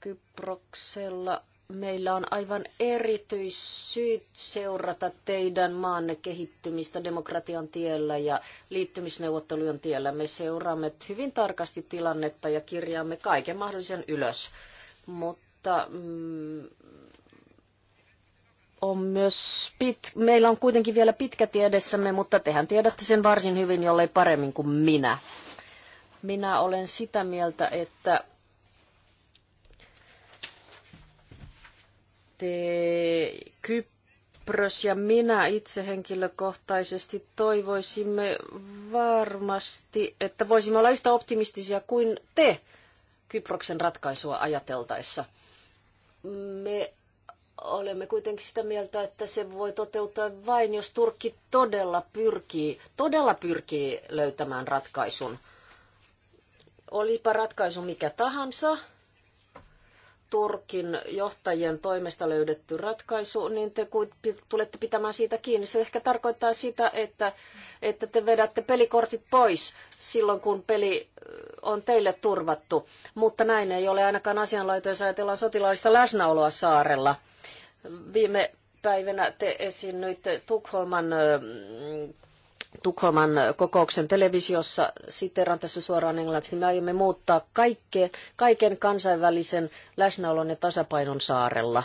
Kyproksella meillä on aivan erityissyyt seurata teidän maanne kehittymistä demokratian tiellä ja liittymisneuvottelujen tiellä. Me seuraamme hyvin tarkasti tilannetta ja kirjaamme kaiken mahdollisen ylös. Mutta mm, on myös pit, meillä on kuitenkin vielä pitkä tie edessämme, mutta tehän tiedätte sen varsin hyvin, jollei paremmin kuin minä. Minä olen sitä mieltä, että Kypros ja minä itse henkilökohtaisesti toivoisimme varmasti, että voisimme olla yhtä optimistisia kuin te Kyproksen ratkaisua ajateltaessa. Me olemme kuitenkin sitä mieltä, että se voi toteutua vain, jos Turkki todella pyrkii, todella pyrkii löytämään ratkaisun. Olipa ratkaisu mikä tahansa, Turkin johtajien toimesta löydetty ratkaisu, niin te tulette pitämään siitä kiinni. Se ehkä tarkoittaa sitä, että, että te vedätte pelikortit pois silloin, kun peli on teille turvattu. Mutta näin ei ole ainakaan asianlaito, jos ajatellaan sotilaallista läsnäoloa saarella. Viime päivänä te esiinnyitte Tukholman Tukholman kokouksen televisiossa, siteeran tässä suoraan englanniksi, niin me aiomme muuttaa kaikke, kaiken kansainvälisen läsnäolon ja tasapainon saarella.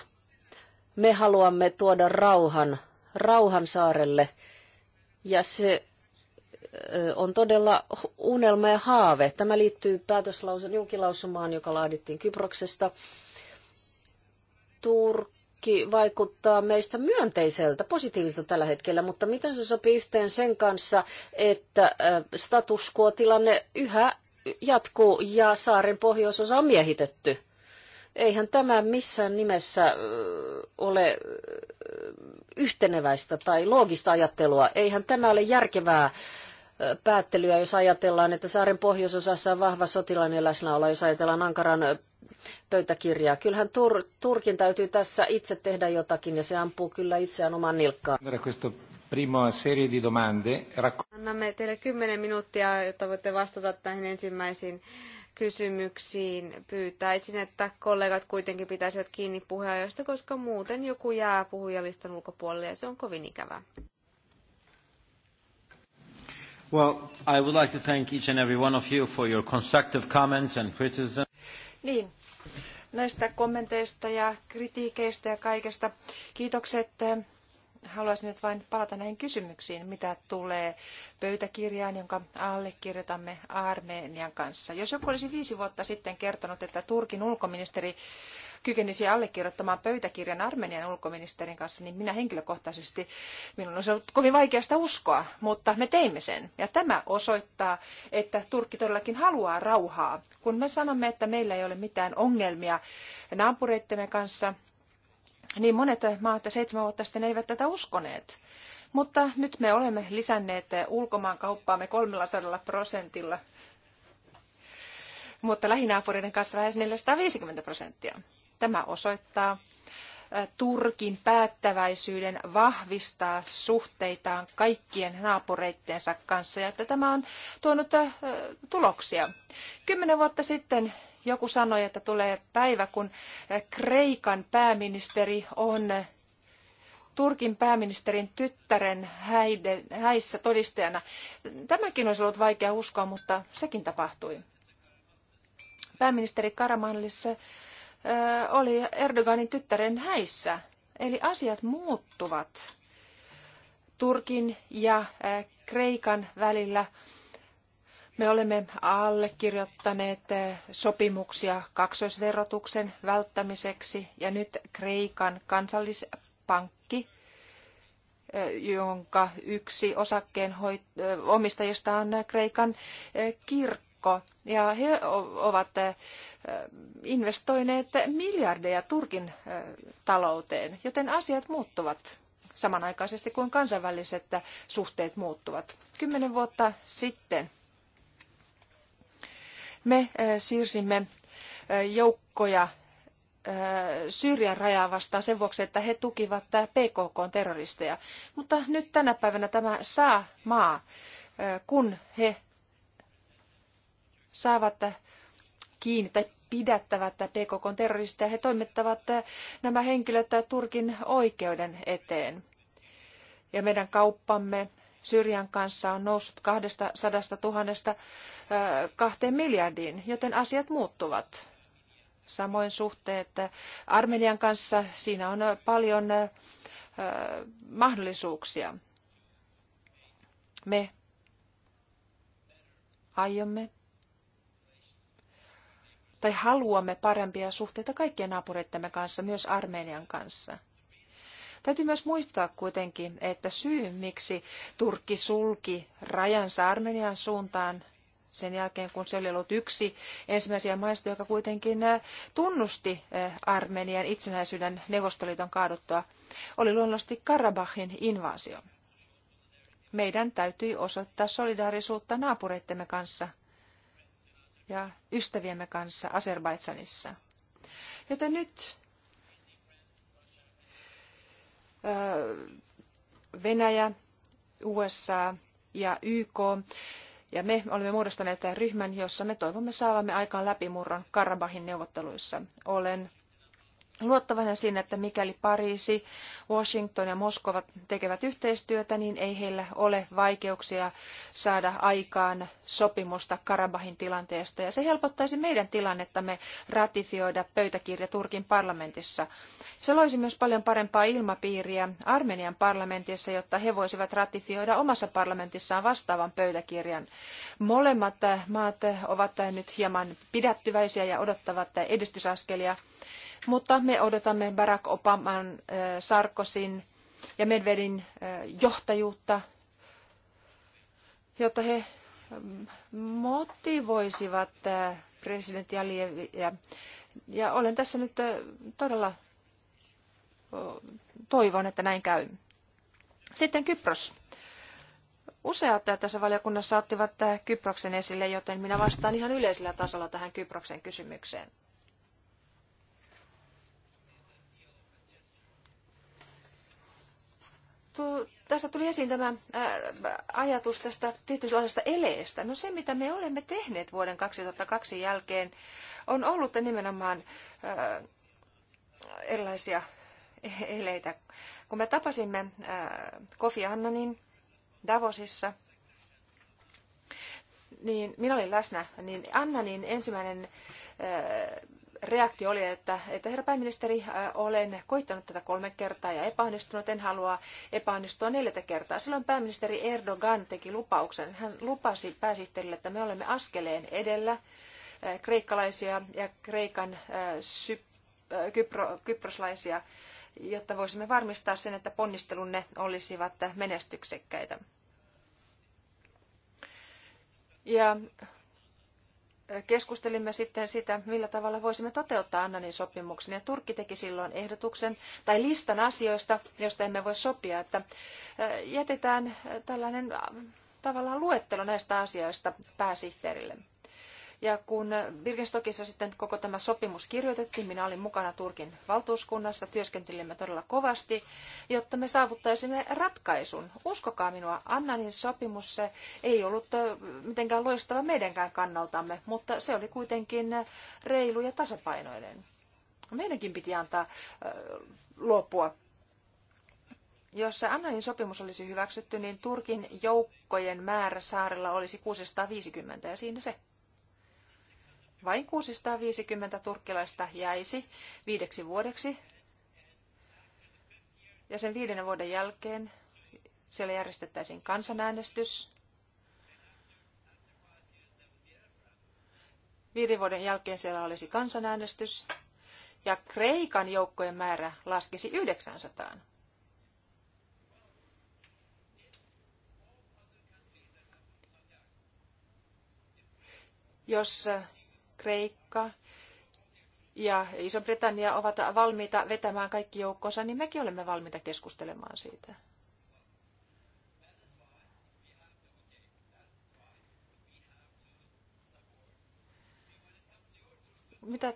Me haluamme tuoda rauhan, rauhan saarelle, ja se on todella unelma ja haave. Tämä liittyy päätöslausun julkilausumaan, joka laadittiin Kyproksesta. Turk kaikki vaikuttaa meistä myönteiseltä, positiiviselta tällä hetkellä, mutta miten se sopii yhteen sen kanssa, että status quo-tilanne yhä jatkuu ja saaren pohjoisosa on miehitetty? Eihän tämä missään nimessä ole yhteneväistä tai loogista ajattelua. Eihän tämä ole järkevää päättelyä, jos ajatellaan, että saaren pohjoisosassa on vahva sotilainen läsnäolo, jos ajatellaan Ankaran pöytäkirjaa. Kyllähän Tur- Turkin täytyy tässä itse tehdä jotakin ja se ampuu kyllä itseään oman nilkkaan. E Annamme teille kymmenen minuuttia, jotta voitte vastata näihin ensimmäisiin kysymyksiin. Pyytäisin, että kollegat kuitenkin pitäisivät kiinni puheenjohtajasta, koska muuten joku jää puhujalistan ulkopuolelle ja se on kovin ikävää. Well, I would like to thank each and every one of you for your constructive comments and criticism. Niin, näistä kommenteista ja kritiikeistä ja kaikesta. Kiitokset. Haluaisin nyt vain palata näihin kysymyksiin, mitä tulee pöytäkirjaan, jonka allekirjoitamme Armenian kanssa. Jos joku olisi viisi vuotta sitten kertonut, että Turkin ulkoministeri kykenisi allekirjoittamaan pöytäkirjan Armenian ulkoministerin kanssa, niin minä henkilökohtaisesti, minun on ollut kovin vaikea sitä uskoa, mutta me teimme sen. Ja tämä osoittaa, että Turkki todellakin haluaa rauhaa. Kun me sanomme, että meillä ei ole mitään ongelmia naapureittemme kanssa, niin monet maat seitsemän vuotta sitten eivät tätä uskoneet. Mutta nyt me olemme lisänneet ulkomaankauppaamme 300 prosentilla mutta lähinaapureiden kanssa lähes 450 prosenttia. Tämä osoittaa Turkin päättäväisyyden vahvistaa suhteitaan kaikkien naapureittensa kanssa ja että tämä on tuonut tuloksia. Kymmenen vuotta sitten joku sanoi, että tulee päivä, kun Kreikan pääministeri on Turkin pääministerin tyttären häiden, häissä todistajana. Tämäkin olisi ollut vaikea uskoa, mutta sekin tapahtui. Pääministeri Karamanlis oli Erdoganin tyttären häissä. Eli asiat muuttuvat Turkin ja Kreikan välillä. Me olemme allekirjoittaneet sopimuksia kaksoisverotuksen välttämiseksi ja nyt Kreikan kansallispankki, jonka yksi osakkeen omistajista on Kreikan kirkko joukko ja he ovat eh, investoineet miljardeja Turkin eh, talouteen, joten asiat muuttuvat samanaikaisesti kuin kansainväliset eh, suhteet muuttuvat. Kymmenen vuotta sitten me siirsimme joukkoja Syyrian rajaa vastaan sen vuoksi, että he tukivat PKK-terroristeja. Mutta nyt tänä päivänä tämä saa maa, kun he saavat kiinni tai pidättävät PKK terroristeja, he toimittavat nämä henkilöt Turkin oikeuden eteen. Ja meidän kauppamme Syyrian kanssa on noussut 200 000 kahteen miljardiin, joten asiat muuttuvat. Samoin suhteet Armenian kanssa, siinä on paljon mahdollisuuksia. Me aiomme tai haluamme parempia suhteita kaikkien naapureittemme kanssa, myös Armenian kanssa. Täytyy myös muistaa kuitenkin, että syy, miksi Turkki sulki rajansa Armenian suuntaan sen jälkeen, kun se oli ollut yksi ensimmäisiä maista, joka kuitenkin äh, tunnusti äh, Armenian itsenäisyyden Neuvostoliiton kaaduttua, oli luonnollisesti Karabahin invaasio. Meidän täytyi osoittaa solidaarisuutta naapureittemme kanssa – ja ystäviemme kanssa Azerbaidsanissa. Joten nyt Venäjä, USA ja YK ja me olemme muodostaneet ryhmän, jossa me toivomme saavamme aikaan läpimurron Karabahin neuvotteluissa. Olen luottavainen siinä, että mikäli Pariisi, Washington ja Moskova tekevät yhteistyötä, niin ei heillä ole vaikeuksia saada aikaan sopimusta Karabahin tilanteesta. Ja se helpottaisi meidän tilannettamme ratifioida pöytäkirja Turkin parlamentissa. Se loisi myös paljon parempaa ilmapiiriä Armenian parlamentissa, jotta he voisivat ratifioida omassa parlamentissaan vastaavan pöytäkirjan. Molemmat maat ovat nyt hieman pidättyväisiä ja odottavat edistysaskelia mutta me odotamme Barack Obaman, eh, Sarkosin ja Medvedin eh, johtajuutta, jotta he mm, motivoisivat eh, presidentti Alievia. Ja olen tässä nyt todella toivon, että näin käy. Sitten Kypros. Useat tässä valiokunnassa ottivat Kyproksen esille, joten minä vastaan ihan yleisellä tasolla tähän Kyproksen kysymykseen. tässä tuli esiin tämä äh, ajatus tästä tietynlaisesta eleestä. No se, mitä me olemme tehneet vuoden 2002 jälkeen, on ollut nimenomaan äh, erilaisia eleitä. Kun me tapasimme äh, Kofi Annanin Davosissa, niin minä olin läsnä, niin Annanin ensimmäinen reaktio oli, että, että herra pääministeri, äh, olen koittanut tätä kolme kertaa ja epäonnistunut, en halua epäonnistua neljättä kertaa. Silloin pääministeri Erdogan teki lupauksen. Hän lupasi pääsihteerille, että me olemme askeleen edellä äh, kreikkalaisia ja kreikan äh, syp, kypro, kyproslaisia, jotta voisimme varmistaa sen, että ponnistelunne olisivat menestyksekkäitä. Ja keskustelimme sitten sitä, millä tavalla voisimme toteuttaa Annanin sopimuksen. Ja Turkki teki silloin ehdotuksen tai listan asioista, joista emme voi sopia, että jätetään tällainen tavallaan luettelo näistä asioista pääsihteerille. Ja kun Birkenstockissa sitten koko tämä sopimus kirjoitettiin, minä olin mukana Turkin valtuuskunnassa, työskentelimme todella kovasti, jotta me saavuttaisimme ratkaisun. Uskokaa minua, Annanin sopimus se ei ollut mitenkään loistava meidänkään kannaltamme, mutta se oli kuitenkin reilu ja tasapainoinen. Meidänkin piti antaa äh, luopua jos Annanin sopimus olisi hyväksytty, niin Turkin joukkojen määrä saarella olisi 650 ja siinä se. Vain 650 turkkilaista jäisi viideksi vuodeksi. Ja sen viiden vuoden jälkeen siellä järjestettäisiin kansanäänestys. Viiden vuoden jälkeen siellä olisi kansanäänestys. Ja Kreikan joukkojen määrä laskisi 900. jos Kreikka ja Iso-Britannia ovat valmiita vetämään kaikki joukkonsa, niin mekin olemme valmiita keskustelemaan siitä. Mitä,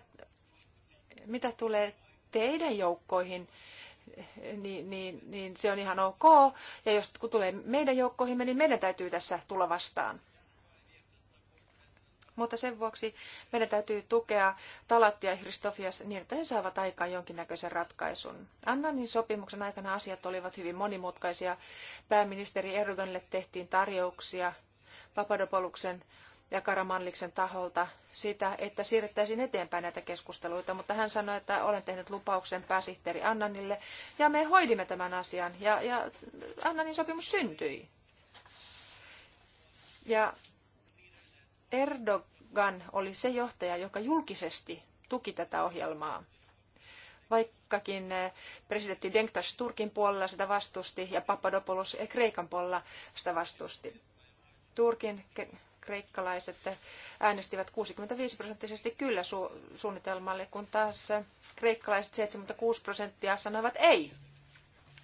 mitä tulee teidän joukkoihin, niin, niin, niin se on ihan ok. Ja jos kun tulee meidän joukkoihin, niin meidän täytyy tässä tulla vastaan. Mutta sen vuoksi meidän täytyy tukea Talattia ja Kristofias niin, että he saavat aikaan jonkinnäköisen ratkaisun. Annanin sopimuksen aikana asiat olivat hyvin monimutkaisia. Pääministeri Erdoganille tehtiin tarjouksia Papadopoluksen ja Karamanliksen taholta sitä, että siirrettäisiin eteenpäin näitä keskusteluita, mutta hän sanoi, että olen tehnyt lupauksen pääsihteeri Annanille ja me hoidimme tämän asian ja, ja Annanin sopimus syntyi. Ja Erdogan Gunn oli se johtaja, joka julkisesti tuki tätä ohjelmaa. Vaikkakin eh, presidentti Denktas Turkin puolella sitä vastusti ja Papadopoulos Kreikan puolella sitä vastusti. Turkin kreikkalaiset eh, äänestivät 65 prosenttisesti kyllä su- suunnitelmalle, kun taas eh, kreikkalaiset 76 prosenttia sanoivat ei.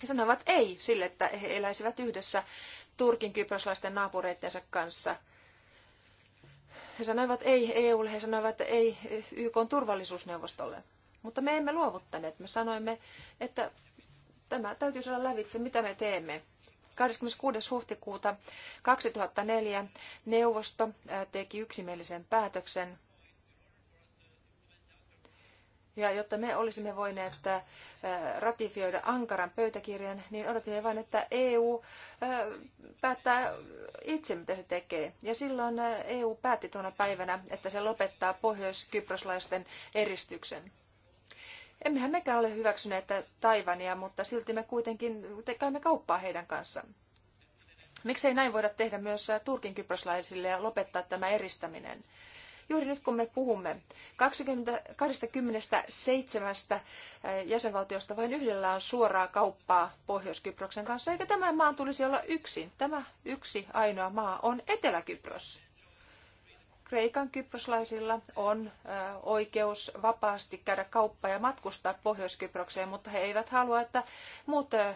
He sanoivat ei sille, että he eläisivät yhdessä Turkin kyproslaisten naapureittensa kanssa he sanoivat ei EUlle, he sanoivat ei YK turvallisuusneuvostolle. Mutta me emme luovuttaneet. Me sanoimme, että tämä täytyy saada lävitse, mitä me teemme. 26. huhtikuuta 2004 neuvosto teki yksimielisen päätöksen ja jotta me olisimme voineet äh, ratifioida Ankaran pöytäkirjan, niin odotimme vain, että EU äh, päättää itse, mitä se tekee. Ja silloin äh, EU päätti tuona päivänä, että se lopettaa pohjois-kyproslaisten eristyksen. Emmehän mekään ole hyväksyneet Taivania, mutta silti me kuitenkin käymme kauppaa heidän kanssaan. Miksei näin voida tehdä myös turkin kyproslaisille ja lopettaa tämä eristäminen? Juuri nyt kun me puhumme 20, 27 eh, jäsenvaltiosta vain yhdellä on suoraa kauppaa Pohjois-Kyproksen kanssa, eikä tämä maan tulisi olla yksin. Tämä yksi ainoa maa on Etelä-Kypros. Kreikan kyproslaisilla on eh, oikeus vapaasti käydä kauppaa ja matkustaa Pohjois-Kyprokseen, mutta he eivät halua, että muut eh,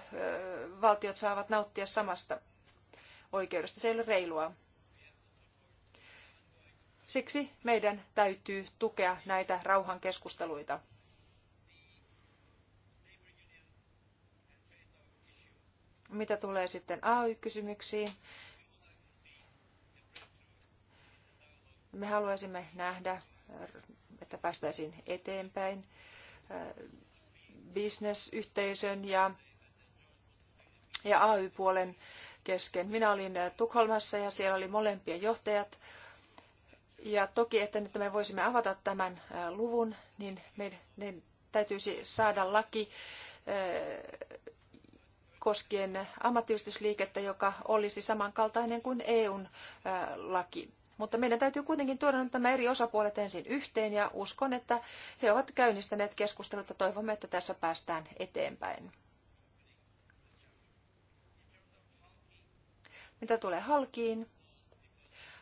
valtiot saavat nauttia samasta oikeudesta. Se ei ole reilua. Siksi meidän täytyy tukea näitä rauhankeskusteluita. Mitä tulee sitten AY-kysymyksiin, me haluaisimme nähdä, että päästäisiin eteenpäin äh, bisnesyhteisön ja, ja AY-puolen kesken. Minä olin Tukholmassa ja siellä oli molempien johtajat ja toki, että nyt me voisimme avata tämän luvun, niin meidän täytyisi saada laki koskien ammattiyhdistysliikettä, joka olisi samankaltainen kuin EUn laki. Mutta meidän täytyy kuitenkin tuoda nyt nämä eri osapuolet ensin yhteen ja uskon, että he ovat käynnistäneet keskustelut ja toivomme, että tässä päästään eteenpäin. Mitä tulee halkiin?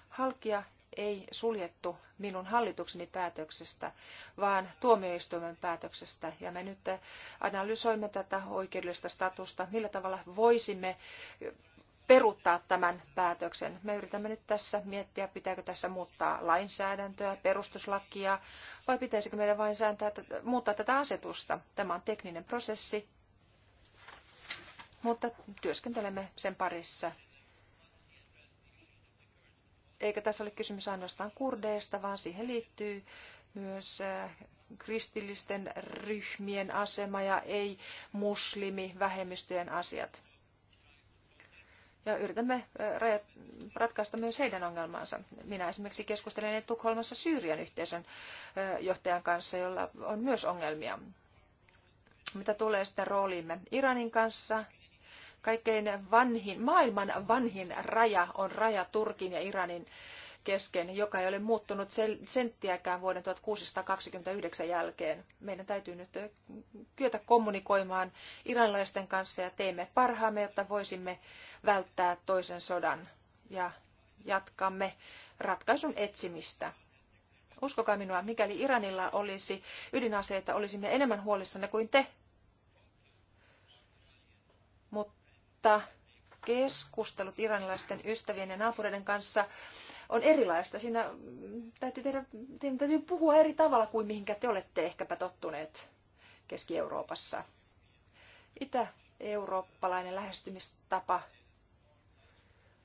Halkia ei suljettu minun hallitukseni päätöksestä, vaan tuomioistuimen päätöksestä. Ja me nyt analysoimme tätä oikeudellista statusta, millä tavalla voisimme peruuttaa tämän päätöksen. Me yritämme nyt tässä miettiä, pitääkö tässä muuttaa lainsäädäntöä, perustuslakia, vai pitäisikö meidän vain sääntää, muuttaa tätä asetusta. Tämä on tekninen prosessi, mutta työskentelemme sen parissa eikä tässä ole kysymys ainoastaan kurdeista, vaan siihen liittyy myös äh, kristillisten ryhmien asema ja ei-muslimivähemmistöjen asiat. Ja yritämme äh, ratkaista myös heidän ongelmansa. Minä esimerkiksi keskustelen Tukholmassa Syyrian yhteisön äh, johtajan kanssa, jolla on myös ongelmia. Mitä tulee sitten roolimme Iranin kanssa, Kaikkein vanhin, maailman vanhin raja on raja Turkin ja Iranin kesken, joka ei ole muuttunut senttiäkään vuoden 1629 jälkeen. Meidän täytyy nyt kyetä kommunikoimaan iranilaisten kanssa ja teemme parhaamme, jotta voisimme välttää toisen sodan ja jatkamme ratkaisun etsimistä. Uskokaa minua, mikäli Iranilla olisi ydinaseita, olisimme enemmän huolissanne kuin te. Mutta mutta keskustelut iranilaisten ystävien ja naapureiden kanssa on erilaista. Siinä mm, täytyy, tehdä, täytyy puhua eri tavalla kuin mihinkä te olette ehkäpä tottuneet Keski-Euroopassa. Itä-eurooppalainen lähestymistapa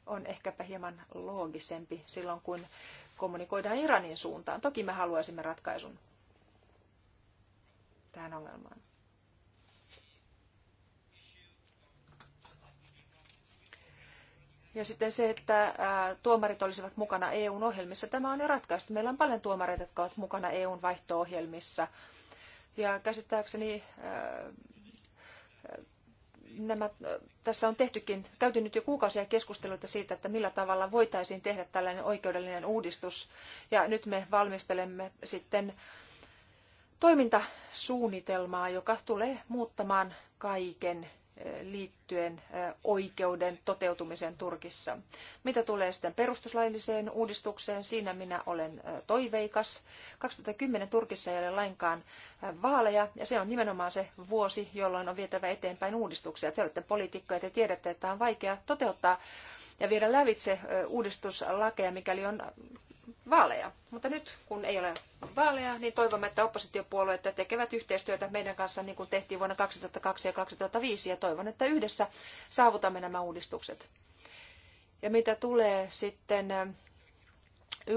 on ehkäpä hieman loogisempi silloin, kun kommunikoidaan Iranin suuntaan. Toki me haluaisimme ratkaisun tähän ongelmaan. Ja sitten se, että tuomarit olisivat mukana eu ohjelmissa, tämä on jo ratkaistu. Meillä on paljon tuomareita, jotka ovat mukana EUn vaihto-ohjelmissa. Ja käsittääkseni nämä, tässä on tehtykin, käyty nyt jo kuukausia keskusteluita siitä, että millä tavalla voitaisiin tehdä tällainen oikeudellinen uudistus. Ja nyt me valmistelemme sitten toimintasuunnitelmaa, joka tulee muuttamaan kaiken liittyen oikeuden toteutumiseen Turkissa. Mitä tulee sitten perustuslailliseen uudistukseen, siinä minä olen toiveikas. 2010 Turkissa ei ole lainkaan vaaleja, ja se on nimenomaan se vuosi, jolloin on vietävä eteenpäin uudistuksia. Te olette poliitikkoja, te tiedätte, että on vaikea toteuttaa ja viedä lävitse uudistuslakeja, mikäli on vaaleja. Mutta nyt, kun ei ole vaaleja, niin toivomme, että oppositiopuolueet tekevät yhteistyötä meidän kanssa, niin kuin tehtiin vuonna 2002 ja 2005, ja toivon, että yhdessä saavutamme nämä uudistukset. Ja mitä tulee sitten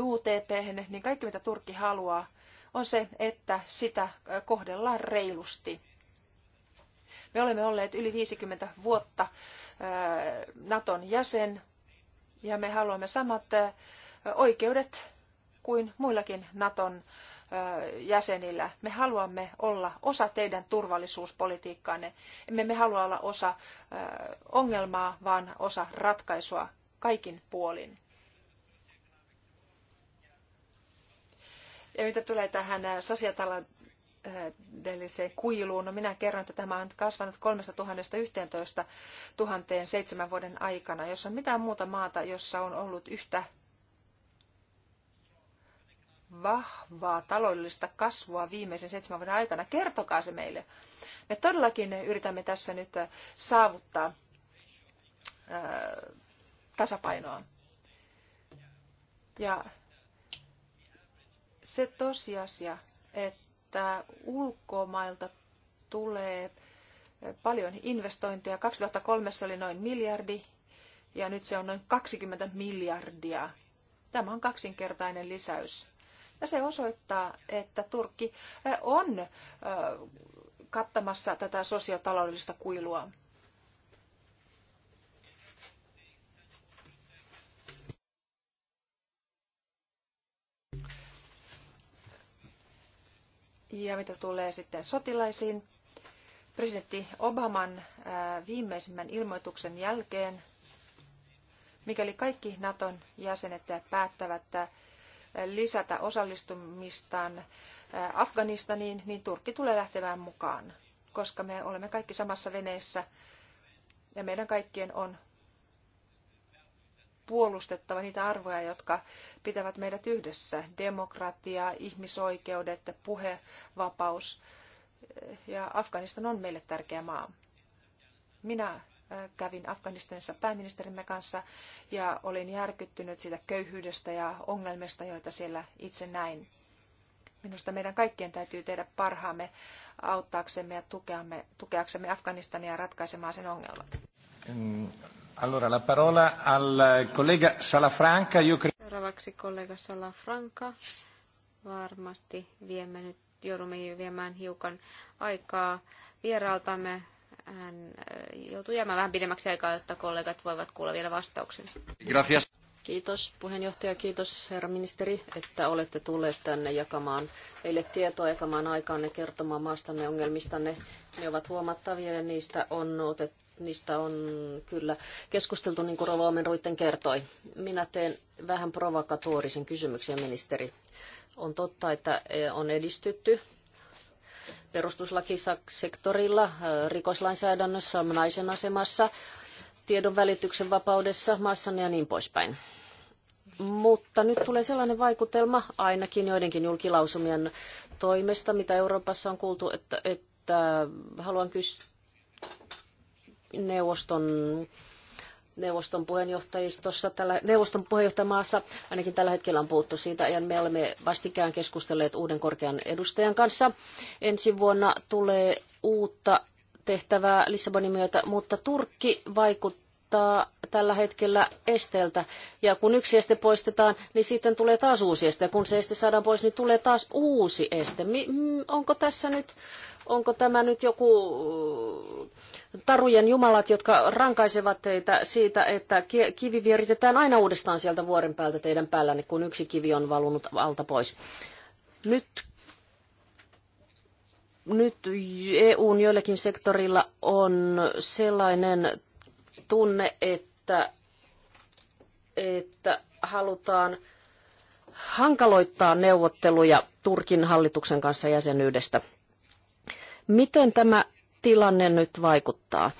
UTP, niin kaikki mitä Turkki haluaa, on se, että sitä kohdellaan reilusti. Me olemme olleet yli 50 vuotta Naton jäsen, ja me haluamme samat oikeudet kuin muillakin Naton jäsenillä. Me haluamme olla osa teidän turvallisuuspolitiikkaanne. Emme me halua olla osa ongelmaa, vaan osa ratkaisua kaikin puolin. Ja mitä tulee tähän sosiaalitaloudelliseen kuiluun, no minä kerron, että tämä on kasvanut 3000-11 000 seitsemän vuoden aikana, jossa on mitään muuta maata, jossa on ollut yhtä vahvaa taloudellista kasvua viimeisen seitsemän vuoden aikana. Kertokaa se meille. Me todellakin yritämme tässä nyt äh, saavuttaa ää, äh, tasapainoa. Ja se tosiasia, että ulkomailta tulee paljon investointeja. 2003 se oli noin miljardi ja nyt se on noin 20 miljardia. Tämä on kaksinkertainen lisäys. Ja se osoittaa, että Turkki eh, on eh, kattamassa tätä sosiotaloudellista kuilua. Ja mitä tulee sitten sotilaisiin, presidentti Obaman eh, viimeisimmän ilmoituksen jälkeen, mikäli kaikki Naton jäsenet päättävät lisätä osallistumistaan Afganistaniin, niin Turkki tulee lähtemään mukaan, koska me olemme kaikki samassa veneessä ja meidän kaikkien on puolustettava niitä arvoja, jotka pitävät meidät yhdessä. Demokratia, ihmisoikeudet, puhevapaus. Ja Afganistan on meille tärkeä maa. Minä kävin Afganistanissa pääministerimme kanssa ja olin järkyttynyt siitä köyhyydestä ja ongelmista, joita siellä itse näin. Minusta meidän kaikkien täytyy tehdä parhaamme auttaaksemme ja tukeamme, tukeaksemme Afganistania ratkaisemaan sen ongelmat. Mm, allora la parola al collega Salafranca. Io Seuraavaksi kollega Salafranca. Varmasti viemme nyt, joudumme viemään hiukan aikaa vieraaltamme hän äh, joutuu jäämään vähän pidemmäksi aikaa, jotta kollegat voivat kuulla vielä vastauksen. Gracias. Kiitos puheenjohtaja, kiitos herra ministeri, että olette tulleet tänne jakamaan meille tietoa, jakamaan aikaanne, kertomaan maastanne ongelmistanne. Ne ovat huomattavia ja niistä on, otet, niistä on kyllä keskusteltu, niin kuin Rovo Omenruitten kertoi. Minä teen vähän provokatorisen kysymyksen, ministeri. On totta, että eh, on edistytty perustuslakisektorilla, äh, rikoslainsäädännössä, naisen asemassa, tiedonvälityksen vapaudessa, maassanne ja niin poispäin. Mutta nyt tulee sellainen vaikutelma, ainakin joidenkin julkilausumien toimesta, mitä Euroopassa on kuultu, että, että haluan kysyä neuvoston neuvoston puheenjohtajistossa, tällä, neuvoston puheenjohtajamaassa ainakin tällä hetkellä on puhuttu siitä, ja me olemme vastikään keskustelleet uuden korkean edustajan kanssa. Ensi vuonna tulee uutta tehtävää Lissabonin myötä, mutta Turkki vaikuttaa ottaa tällä hetkellä esteeltä. Ja kun yksi este poistetaan, niin sitten tulee taas uusi este. Ja kun se este saadaan pois, niin tulee taas uusi este. Mm, onko tässä nyt, onko tämä nyt joku uh, tarujen jumalat, jotka rankaisevat teitä siitä, että kivi vieritetään aina uudestaan sieltä vuoren päältä teidän päällänne, kun yksi kivi on valunut alta pois. Nyt nyt EUn joillekin sektorilla on sellainen tunne, että, että halutaan hankaloittaa neuvotteluja Turkin hallituksen kanssa jäsenyydestä. Miten tämä tilanne nyt vaikuttaa?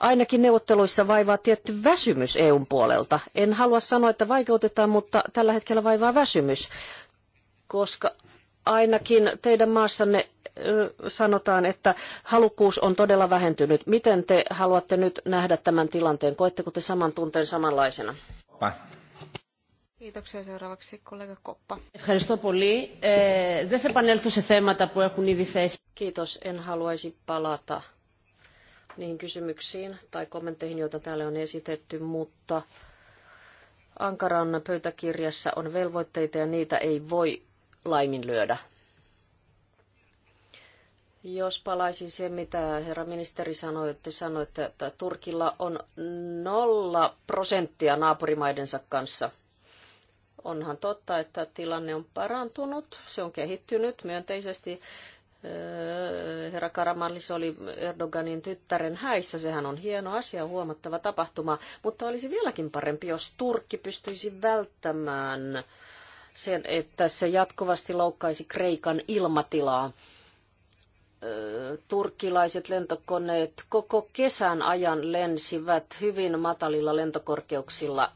Ainakin neuvotteluissa vaivaa tietty väsymys EUn puolelta. En halua sanoa, että vaikeutetaan, mutta tällä hetkellä vaivaa väsymys, koska ainakin teidän maassanne sanotaan, että halukkuus on todella vähentynyt. Miten te haluatte nyt nähdä tämän tilanteen? Koetteko te saman tunteen samanlaisena? Koppa. Kiitoksia. Seuraavaksi kollega Koppa. Kiitos. En haluaisi palata niihin kysymyksiin tai kommentteihin, joita täällä on esitetty, mutta Ankaran pöytäkirjassa on velvoitteita ja niitä ei voi laiminlyödä. Jos palaisin se, mitä herra ministeri sanoi, että sanoi, että Turkilla on nolla prosenttia naapurimaidensa kanssa. Onhan totta, että tilanne on parantunut, se on kehittynyt myönteisesti. Öö, herra Karamallis oli Erdoganin tyttären häissä, sehän on hieno asia, huomattava tapahtuma, mutta olisi vieläkin parempi, jos Turkki pystyisi välttämään äh, sen, että se jatkuvasti loukkaisi Kreikan ilmatilaa. Turkkilaiset lentokoneet koko kesän ajan lensivät hyvin matalilla lentokorkeuksilla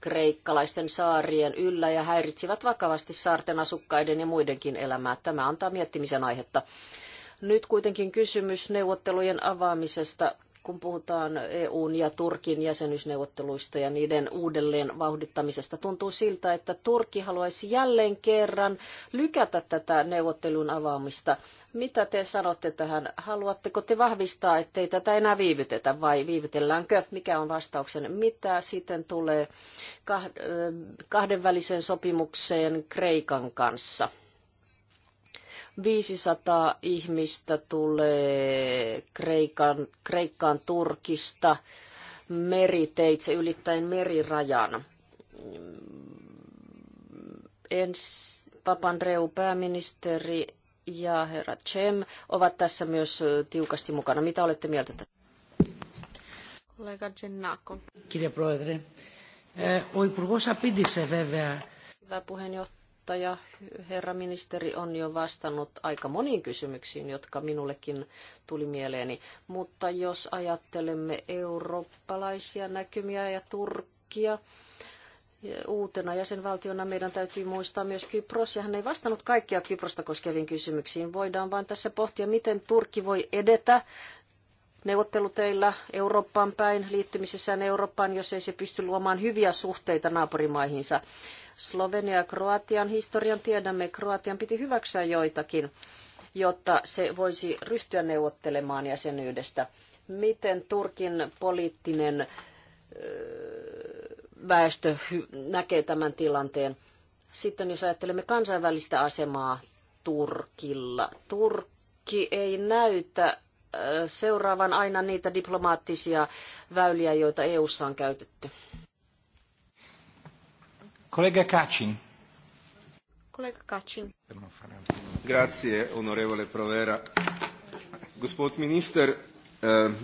kreikkalaisten saarien yllä ja häiritsivät vakavasti saarten asukkaiden ja muidenkin elämää. Tämä antaa miettimisen aihetta. Nyt kuitenkin kysymys neuvottelujen avaamisesta kun puhutaan EUn ja Turkin jäsenyysneuvotteluista ja niiden uudelleen vauhdittamisesta. Tuntuu siltä, että Turkki haluaisi jälleen kerran lykätä tätä neuvottelun avaamista. Mitä te sanotte tähän? Haluatteko te vahvistaa, ettei tätä enää viivytetä vai viivytelläänkö? Mikä on vastauksen? Mitä sitten tulee kahdenväliseen sopimukseen Kreikan kanssa? 500 ihmistä tulee Kreikan, Kreikkaan Turkista meriteitse ylittäen merirajan. Ens, Papandreou pääministeri ja herra Cem ovat tässä myös tiukasti mukana. Mitä olette mieltä tästä? Kollega Gennako. Kirja Proedre. Oi Υπουργός απήντησε βέβαια. Hyvä puheenjohtaja puheenjohtaja, herra ministeri, on jo vastannut aika moniin kysymyksiin, jotka minullekin tuli mieleeni. Mutta jos ajattelemme eurooppalaisia näkymiä ja Turkkia, uutena jäsenvaltiona meidän täytyy muistaa myös Kypros, ja hän ei vastannut kaikkia Kyprosta koskeviin kysymyksiin. Voidaan vain tässä pohtia, miten Turkki voi edetä neuvotteluteillä Eurooppaan päin, liittymisessään Eurooppaan, jos ei se pysty luomaan hyviä suhteita naapurimaihinsa. Slovenia ja Kroatian historian tiedämme, Kroatian piti hyväksyä joitakin, jotta se voisi ryhtyä neuvottelemaan jäsenyydestä. Miten Turkin poliittinen väestö näkee tämän tilanteen? Sitten jos ajattelemme kansainvälistä asemaa Turkilla. Turkki ei näytä seuraavan aina niitä diplomaattisia väyliä, joita EU:ssa on käytetty. Kollega Kacin. Kolega Kacin. Grazie, onorevole Provera. Gospod minister, eh,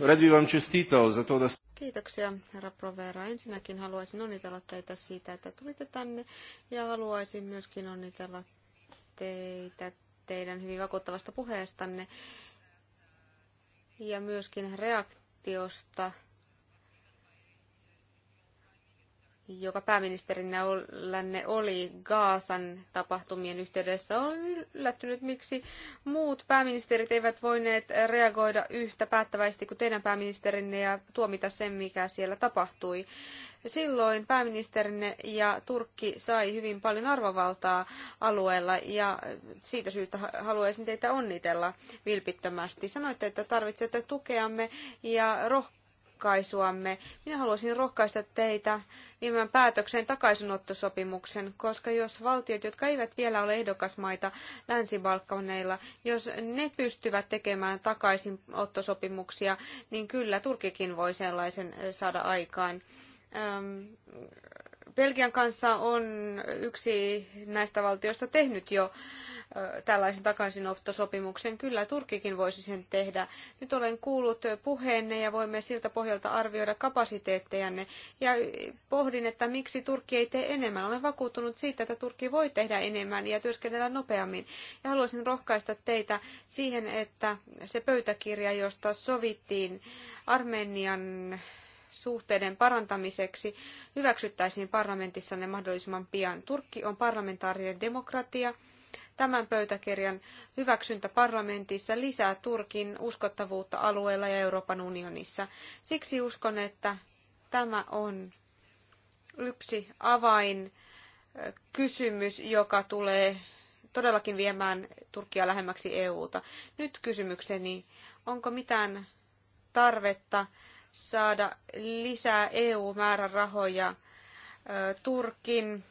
rad bi vam čestitao za to da ste... Kiitoksia, herra Provera. Ensinnäkin haluaisin onnitella teitä siitä, että tulitte tänne ja haluaisin myöskin onnitella teitä teidän hyvin vakuuttavasta puheestanne ja myöskin reaktiosta joka pääministerinne oli Gaasan tapahtumien yhteydessä, on yllättynyt, miksi muut pääministerit eivät voineet reagoida yhtä päättäväisesti kuin teidän pääministerinne ja tuomita sen, mikä siellä tapahtui. Silloin pääministerinne ja Turkki sai hyvin paljon arvovaltaa alueella ja siitä syystä haluaisin teitä onnitella vilpittömästi. Sanoitte, että tarvitsette tukeamme ja rohkeutta ratkaisuamme. Minä haluaisin rohkaista teitä viemään päätökseen takaisinottosopimuksen, koska jos valtiot, jotka eivät vielä ole ehdokasmaita Länsi-Balkaneilla, jos ne pystyvät tekemään takaisinottosopimuksia, niin kyllä Turkikin voi sellaisen saada aikaan. Belgian kanssa on yksi näistä valtioista tehnyt jo tällaisen takaisinottosopimuksen. Kyllä Turkikin voisi sen tehdä. Nyt olen kuullut puheenne ja voimme siltä pohjalta arvioida kapasiteettejanne. Ja pohdin, että miksi Turkki ei tee enemmän. Olen vakuuttunut siitä, että Turkki voi tehdä enemmän ja työskennellä nopeammin. Ja haluaisin rohkaista teitä siihen, että se pöytäkirja, josta sovittiin Armenian suhteiden parantamiseksi hyväksyttäisiin parlamentissanne mahdollisimman pian. Turkki on parlamentaarinen demokratia. Tämän pöytäkirjan hyväksyntä parlamentissa lisää Turkin uskottavuutta alueella ja Euroopan unionissa. Siksi uskon, että tämä on yksi avain kysymys, joka tulee todellakin viemään Turkia lähemmäksi EUta. Nyt kysymykseni, onko mitään tarvetta saada lisää EU-määrärahoja Turkin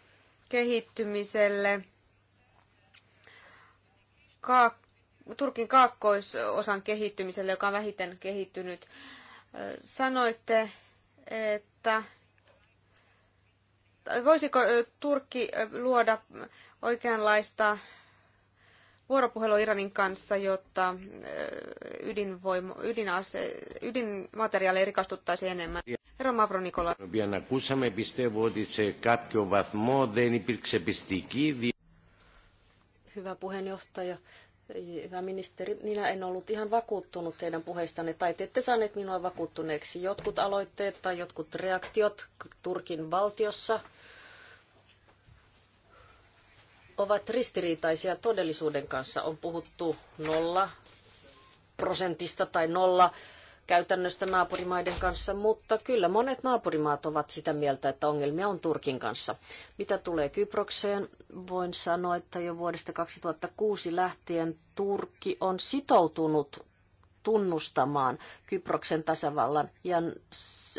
kehittymiselle Turkin kaakkoisosan kehittymiselle, joka on vähiten kehittynyt. Sanoitte, että voisiko Turkki luoda oikeanlaista vuoropuhelua Iranin kanssa, jotta äh, ydinvoima, ydinase, ydinmateriaaleja rikastuttaisiin enemmän. Herra Μαύρο Νικόλα. Niin hyvä puheenjohtaja, hyvä ministeri, minä en ollut ihan vakuuttunut teidän puheistanne, tai te ette saaneet minua vakuuttuneeksi. Jotkut aloitteet tai jotkut reaktiot Turkin valtiossa ovat ristiriitaisia todellisuuden kanssa. On puhuttu nolla prosentista tai nolla käytännöstä naapurimaiden kanssa, mutta kyllä monet naapurimaat ovat sitä mieltä, että ongelmia on Turkin kanssa. Mitä tulee Kyprokseen, voin sanoa, että jo vuodesta 2006 lähtien Turkki on sitoutunut tunnustamaan Kyproksen tasavallan ja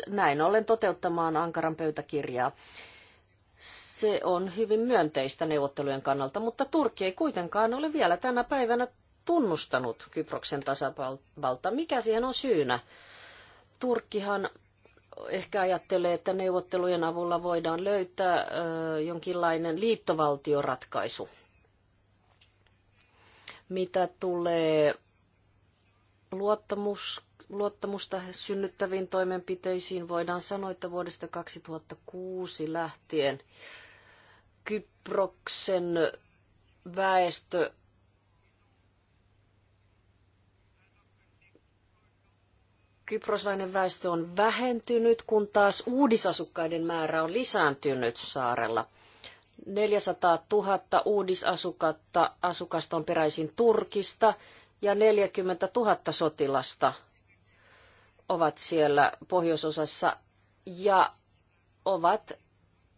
näin ollen toteuttamaan Ankaran pöytäkirjaa se on hyvin myönteistä neuvottelujen kannalta, mutta Turkki ei kuitenkaan ole vielä tänä päivänä tunnustanut Kyproksen tasavalta. Mikä siihen on syynä? Turkkihan ehkä ajattelee, että neuvottelujen avulla voidaan löytää jonkinlainen liittovaltioratkaisu. Mitä tulee luottamus, luottamusta synnyttäviin toimenpiteisiin, voidaan sanoa, että vuodesta 2006 lähtien Kyproksen väestö kyproslainen väestö on vähentynyt, kun taas uudisasukkaiden määrä on lisääntynyt saarella. 400 000 uudisasukasta asukasta on peräisin Turkista ja 40 000 sotilasta ovat siellä pohjoisosassa ja ovat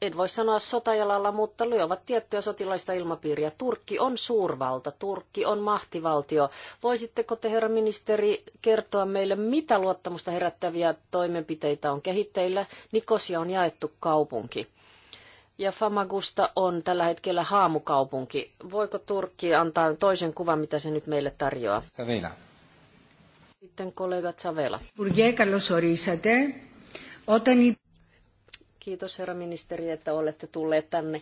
en voi sanoa sotajalalla, mutta lyövät tiettyä sotilaista ilmapiiriä. Turkki on suurvalta, Turkki on mahtivaltio. Voisitteko te, herra ministeri, kertoa meille, mitä luottamusta herättäviä toimenpiteitä on kehitteillä? Nikosia on jaettu kaupunki. Ja Famagusta on tällä hetkellä haamukaupunki. Voiko Turkki antaa toisen kuvan, mitä se nyt meille tarjoaa? Savela. Sitten kollega Savela. Υπουργέ, καλώς ορίσατε. Όταν Kiitos herra ministeri, että olette tulleet tänne.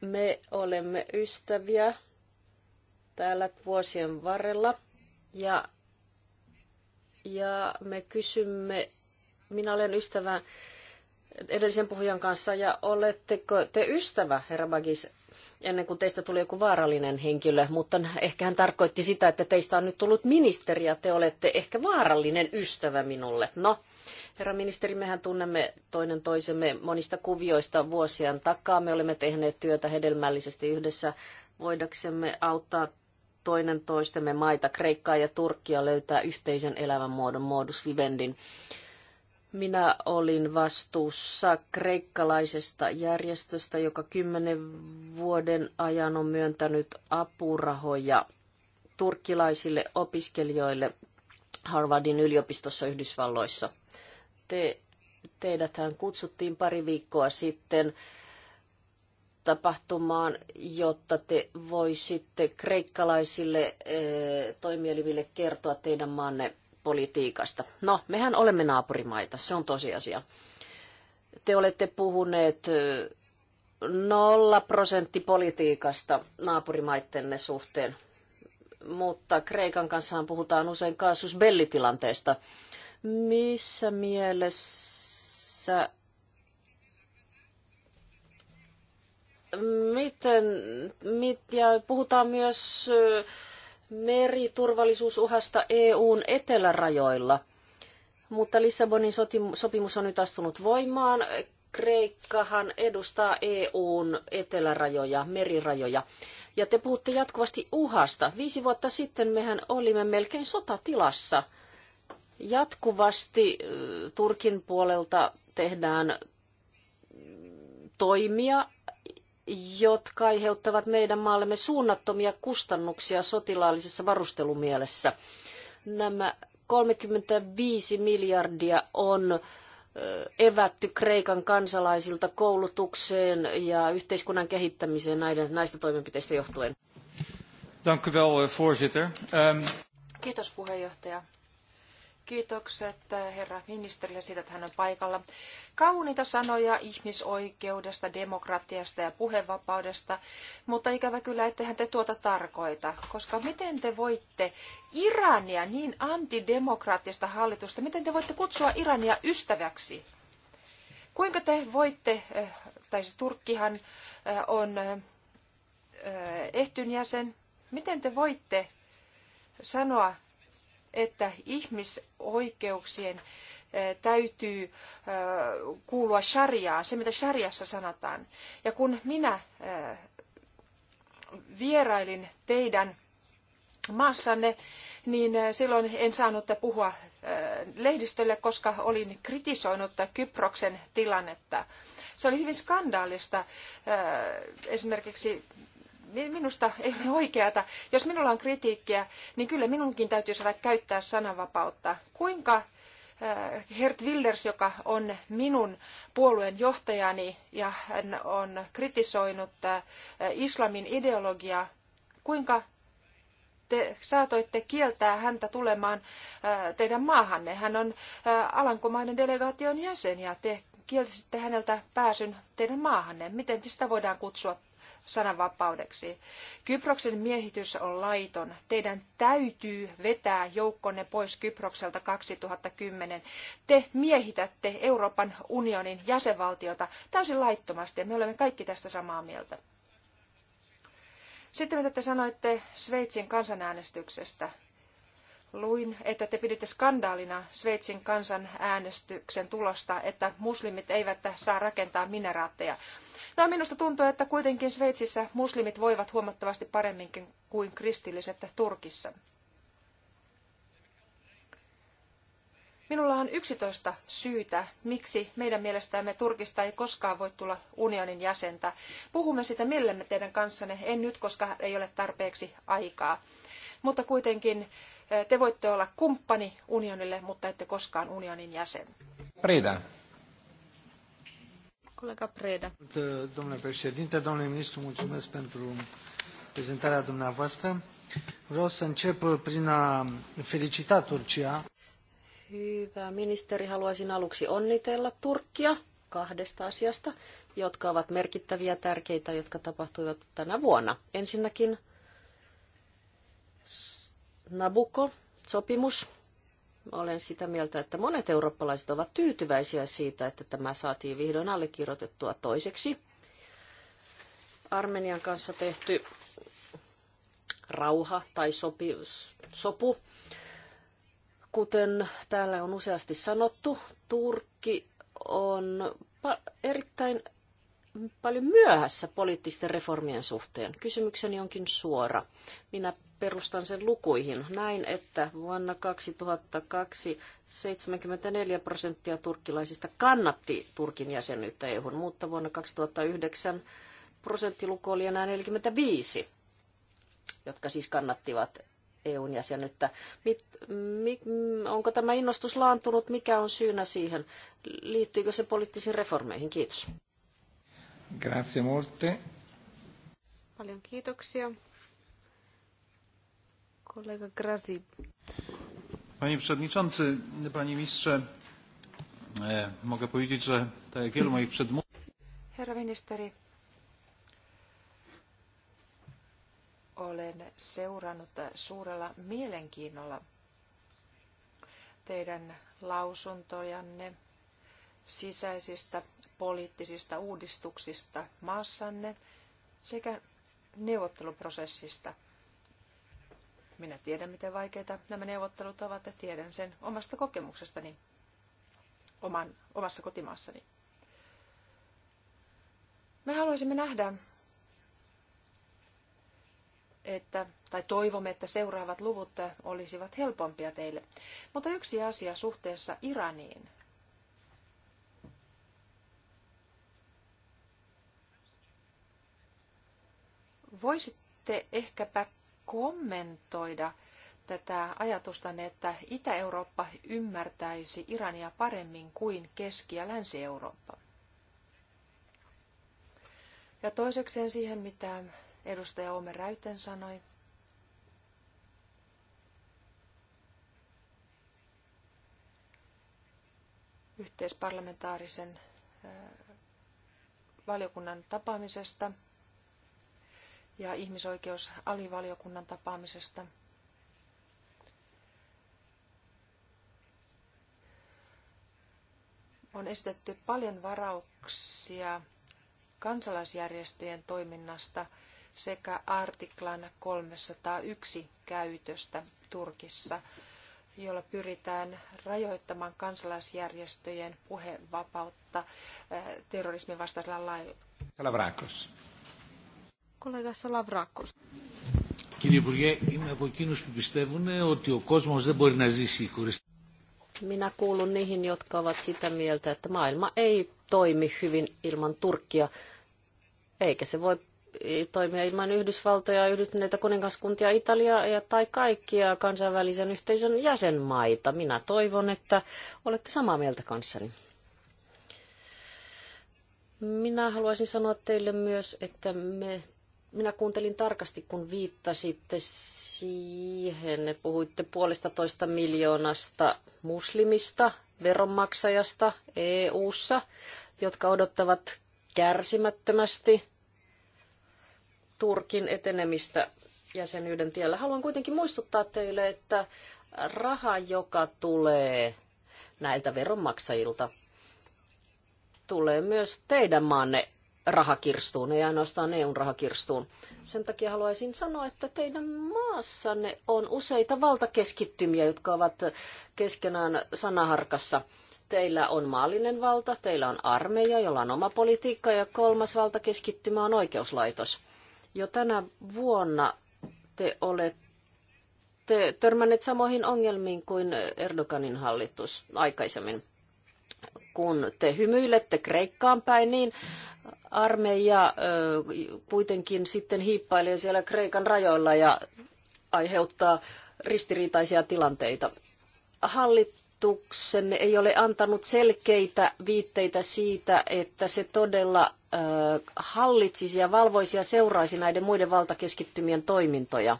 Me olemme ystäviä täällä vuosien varrella ja, ja me kysymme, minä olen ystävä edellisen puhujan kanssa ja oletteko te ystävä, herra Bagis, ennen kuin teistä tuli joku vaarallinen henkilö, mutta ehkä hän tarkoitti sitä, että teistä on nyt tullut ministeri ja te olette ehkä vaarallinen ystävä minulle. No, Herra ministeri, mehän tunnemme toinen toisemme monista kuvioista vuosien takaa. Me olemme tehneet työtä hedelmällisesti yhdessä voidaksemme auttaa toinen toistemme maita, Kreikkaa ja Turkkia, löytää yhteisen elämänmuodon modus vivendin. Minä olin vastuussa kreikkalaisesta järjestöstä, joka kymmenen vuoden ajan on myöntänyt apurahoja turkkilaisille opiskelijoille Harvardin yliopistossa Yhdysvalloissa te, teidäthän kutsuttiin pari viikkoa sitten tapahtumaan, jotta te voisitte kreikkalaisille eh, toimieliville kertoa teidän maanne politiikasta. No, mehän olemme naapurimaita, se on tosiasia. Te olette puhuneet eh, nolla prosenttipolitiikasta naapurimaittenne suhteen, mutta Kreikan kanssa puhutaan usein kaasusbellitilanteesta. tilanteesta missä mielessä miten, mit, ja puhutaan myös meriturvallisuusuhasta EUn etelärajoilla. Mutta Lissabonin sopimus on nyt astunut voimaan. Kreikkahan edustaa EUn etelärajoja, merirajoja. Ja te puhutte jatkuvasti uhasta. Viisi vuotta sitten mehän olimme melkein sotatilassa – Jatkuvasti Turkin puolelta tehdään toimia, jotka aiheuttavat meidän maallemme suunnattomia kustannuksia sotilaallisessa varustelumielessä. Nämä 35 miljardia on evätty Kreikan kansalaisilta koulutukseen ja yhteiskunnan kehittämiseen näiden, näistä toimenpiteistä johtuen. Dank u wel, eh, voorzitter. Um... Kiitos puheenjohtaja. Kiitokset äh, herra ministerille siitä, että hän on paikalla. Kauniita sanoja ihmisoikeudesta, demokratiasta ja puhevapaudesta, mutta ikävä kyllä, ettehän te tuota tarkoita, koska miten te voitte Irania, niin antidemokraattista hallitusta, miten te voitte kutsua Irania ystäväksi? Kuinka te voitte, äh, tai siis Turkkihan äh, on ehtyn jäsen, miten te voitte sanoa että ihmisoikeuksien täytyy kuulua sarjaan, se mitä sarjassa sanotaan. Ja kun minä vierailin teidän maassanne, niin silloin en saanut puhua lehdistölle, koska olin kritisoinut Kyproksen tilannetta. Se oli hyvin skandaalista esimerkiksi minusta ei ole oikeata. Jos minulla on kritiikkiä, niin kyllä minunkin täytyy saada käyttää sananvapautta. Kuinka Hert äh, Wilders, joka on minun puolueen johtajani ja hän on kritisoinut äh, islamin ideologiaa, kuinka te saatoitte kieltää häntä tulemaan äh, teidän maahanne. Hän on Alankomainen delegaation jäsen ja te kielsitte häneltä pääsyn teidän maahanne. Miten sitä voidaan kutsua sananvapaudeksi. Kyproksen miehitys on laiton. Teidän täytyy vetää joukkonne pois Kyprokselta 2010. Te miehitätte Euroopan unionin jäsenvaltiota täysin laittomasti ja me olemme kaikki tästä samaa mieltä. Sitten mitä te sanoitte Sveitsin kansanäänestyksestä. Luin, että te piditte skandaalina Sveitsin kansanäänestyksen tulosta, että muslimit eivät saa rakentaa mineraatteja. No minusta tuntuu, että kuitenkin Sveitsissä muslimit voivat huomattavasti paremminkin kuin kristilliset Turkissa. Minulla on 11 syytä, miksi meidän mielestämme Turkista ei koskaan voi tulla unionin jäsentä. Puhumme sitä mielemme teidän kanssanne, en nyt, koska ei ole tarpeeksi aikaa. Mutta kuitenkin eh, te voitte olla kumppani unionille, mutta ette koskaan unionin jäsen. Frida. Colega Preda. Domnule președinte, domnule ministru, mulțumesc pentru prezentarea dumneavoastră. Vreau să încep prin a felicita Turcia. Hyvä ministeri, haluaisin aluksi onnitella Turkia kahdesta asiasta, jotka ovat merkittäviä ja tärkeitä, jotka tapahtuivat tänä vuonna. Ensinnäkin Nabucco-sopimus, olen sitä mieltä, että monet eurooppalaiset ovat tyytyväisiä siitä, että tämä saatiin vihdoin allekirjoitettua toiseksi. Armenian kanssa tehty rauha tai sopi, sopu. Kuten täällä on useasti sanottu, Turkki on erittäin paljon myöhässä poliittisten reformien suhteen. Kysymykseni onkin suora. Minä perustan sen lukuihin. Näin, että vuonna 2002 74 prosenttia turkkilaisista kannatti Turkin jäsenyyttä EU, mutta vuonna 2009 prosenttiluku oli enää 45, jotka siis kannattivat EUn jäsenyyttä. Mit, mi, onko tämä innostus laantunut? Mikä on syynä siihen? Liittyykö se poliittisiin reformeihin? Kiitos. Grazie molte. Paljon kiitoksia. Panie Przewodniczący, Panie Mistrze, e, mogę powiedzieć, że tak jak wielu moich przedmówców... Herra ministeri, olen seurannut suurella mielenkiinnolla teidän lausuntojanne sisäisistä poliittisista uudistuksista maassanne sekä neuvotteluprosessista – minä tiedän, miten vaikeita nämä neuvottelut ovat ja tiedän sen omasta kokemuksestani oman, omassa kotimaassani. Me haluaisimme nähdä, että, tai toivomme, että seuraavat luvut olisivat helpompia teille. Mutta yksi asia suhteessa Iraniin. Voisitte ehkäpä kommentoida tätä ajatusta, että Itä-Eurooppa ymmärtäisi Irania paremmin kuin Keski- ja Länsi-Eurooppa. Ja toisekseen siihen, mitä edustaja Ome Räyten sanoi. Yhteisparlamentaarisen valiokunnan tapaamisesta – ja ihmisoikeusalivaliokunnan tapaamisesta. On esitetty paljon varauksia kansalaisjärjestöjen toiminnasta sekä artiklan 301 käytöstä Turkissa, jolla pyritään rajoittamaan kansalaisjärjestöjen puhevapautta eh, terrorismin vastaisella lailla. Κολέγα Σαλαβράκος. Κύριε Υπουργέ, είμαι από εκείνους που πιστεύουν ότι ο δεν μπορεί να ζήσει Minä kuulun niihin, jotka ovat sitä mieltä, että maailma ei toimi hyvin ilman Turkkia, eikä se voi toimia ilman Yhdysvaltoja, yhdistyneitä kuningaskuntia, Italiaa ja tai kaikkia kansainvälisen yhteisön jäsenmaita. Minä toivon, että olette samaa mieltä kanssani. Minä haluaisin sanoa teille myös, että me minä kuuntelin tarkasti, kun viittasitte siihen, puhuitte puolesta toista miljoonasta muslimista, veronmaksajasta EU-ssa, jotka odottavat kärsimättömästi Turkin etenemistä jäsenyyden tiellä. Haluan kuitenkin muistuttaa teille, että raha, joka tulee näiltä veronmaksajilta, tulee myös teidän maanne rahakirstuun, ei ainoastaan EUn rahakirstuun. Sen takia haluaisin sanoa, että teidän maassanne on useita valtakeskittymiä, jotka ovat keskenään sanaharkassa. Teillä on maallinen valta, teillä on armeija, jolla on oma politiikka ja kolmas valtakeskittymä on oikeuslaitos. Jo tänä vuonna te olette törmänneet samoihin ongelmiin kuin Erdoganin hallitus aikaisemmin kun te hymyilette Kreikkaan päin, niin armeija kuitenkin sitten hiippailee siellä Kreikan rajoilla ja aiheuttaa ristiriitaisia tilanteita. Hallituksenne ei ole antanut selkeitä viitteitä siitä, että se todella hallitsisi ja valvoisi ja seuraisi näiden muiden valtakeskittymien toimintoja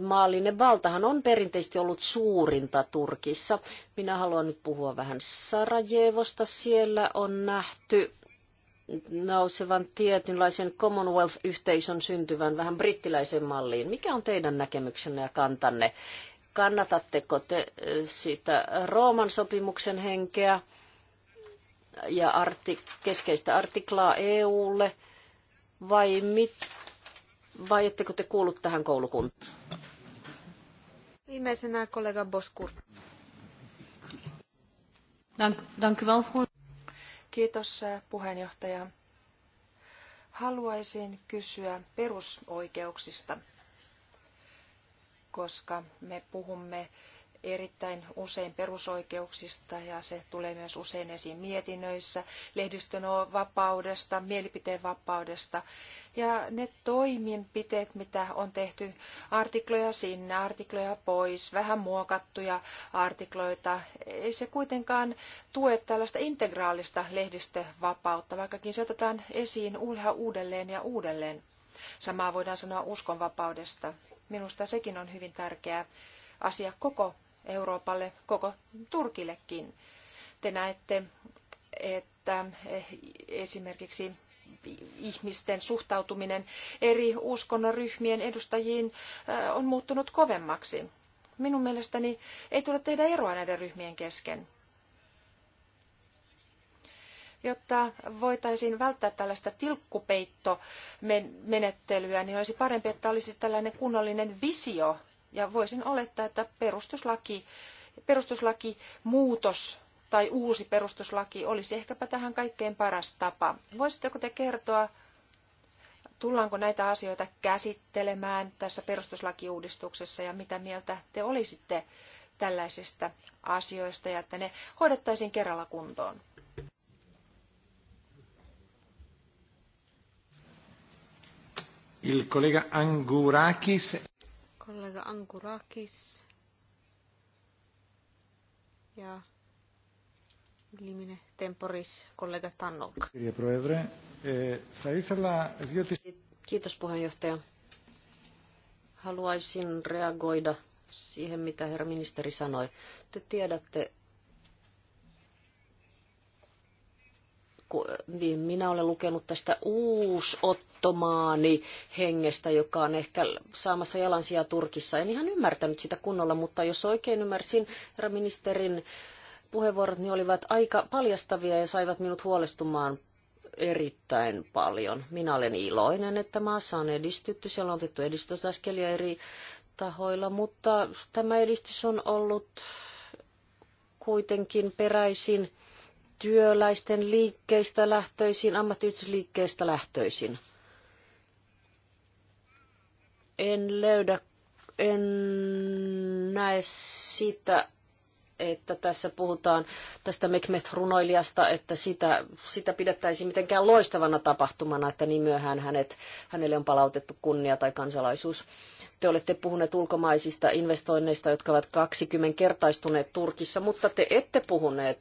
maallinen valtahan on perinteisesti ollut suurinta Turkissa. Minä haluan nyt puhua vähän Sarajevosta. Siellä on nähty nousevan tietynlaisen Commonwealth-yhteisön syntyvän vähän brittiläisen malliin. Mikä on teidän näkemyksenne ja kantanne? Kannatatteko te sitä Rooman sopimuksen henkeä ja keskeistä artiklaa EUlle vai mitä? vai ettekö te kuullut tähän koulukuntaan? Viimeisenä kollega Boskur. Dank, dank wel voor... Kiitos äh, puheenjohtaja. Haluaisin kysyä perusoikeuksista, koska me puhumme erittäin usein perusoikeuksista ja se tulee myös usein esiin mietinnöissä, lehdistön vapaudesta, mielipiteen vapaudesta. Ja ne toimenpiteet, mitä on tehty, artikloja sinne, artikloja pois, vähän muokattuja artikloita, ei se kuitenkaan tue tällaista integraalista lehdistövapautta, vaikkakin se otetaan esiin ulha uudelleen ja uudelleen. Samaa voidaan sanoa uskonvapaudesta. Minusta sekin on hyvin tärkeä asia koko Euroopalle, koko Turkillekin. Te näette, että eh, esimerkiksi ihmisten suhtautuminen eri ryhmien edustajiin eh, on muuttunut kovemmaksi. Minun mielestäni ei tule tehdä eroa näiden ryhmien kesken. Jotta voitaisiin välttää tällaista tilkkupeittomenettelyä, niin olisi parempi, että olisi tällainen kunnollinen visio ja voisin olettaa, että perustuslaki, perustuslaki muutos tai uusi perustuslaki olisi ehkäpä tähän kaikkein paras tapa. Voisitteko te kertoa, tullaanko näitä asioita käsittelemään tässä perustuslakiuudistuksessa ja mitä mieltä te olisitte tällaisista asioista ja että ne hoidettaisiin kerralla kuntoon? Il collega Angurakis kollega Ankurakis ja Limine Temporis kollega Tannok. Kiitos puheenjohtaja. Haluaisin reagoida siihen, mitä herra ministeri sanoi. Te tiedätte, niin minä olen lukenut tästä uusottomaani hengestä, joka on ehkä saamassa jalansia Turkissa. En ihan ymmärtänyt sitä kunnolla, mutta jos oikein ymmärsin herra ministerin puheenvuorot, niin olivat aika paljastavia ja saivat minut huolestumaan erittäin paljon. Minä olen iloinen, että maassa on edistytty, siellä on otettu edistysaskelia eri tahoilla, mutta tämä edistys on ollut kuitenkin peräisin työläisten liikkeistä lähtöisin, ammattiyhdistysliikkeistä lähtöisin. En löydä, en näe sitä, että tässä puhutaan tästä Mekmet-runoilijasta, että sitä, sitä pidettäisiin mitenkään loistavana tapahtumana, että niin myöhään hänet, hänelle on palautettu kunnia tai kansalaisuus. Te olette puhuneet ulkomaisista investoinneista, jotka ovat 20 kertaistuneet Turkissa, mutta te ette puhuneet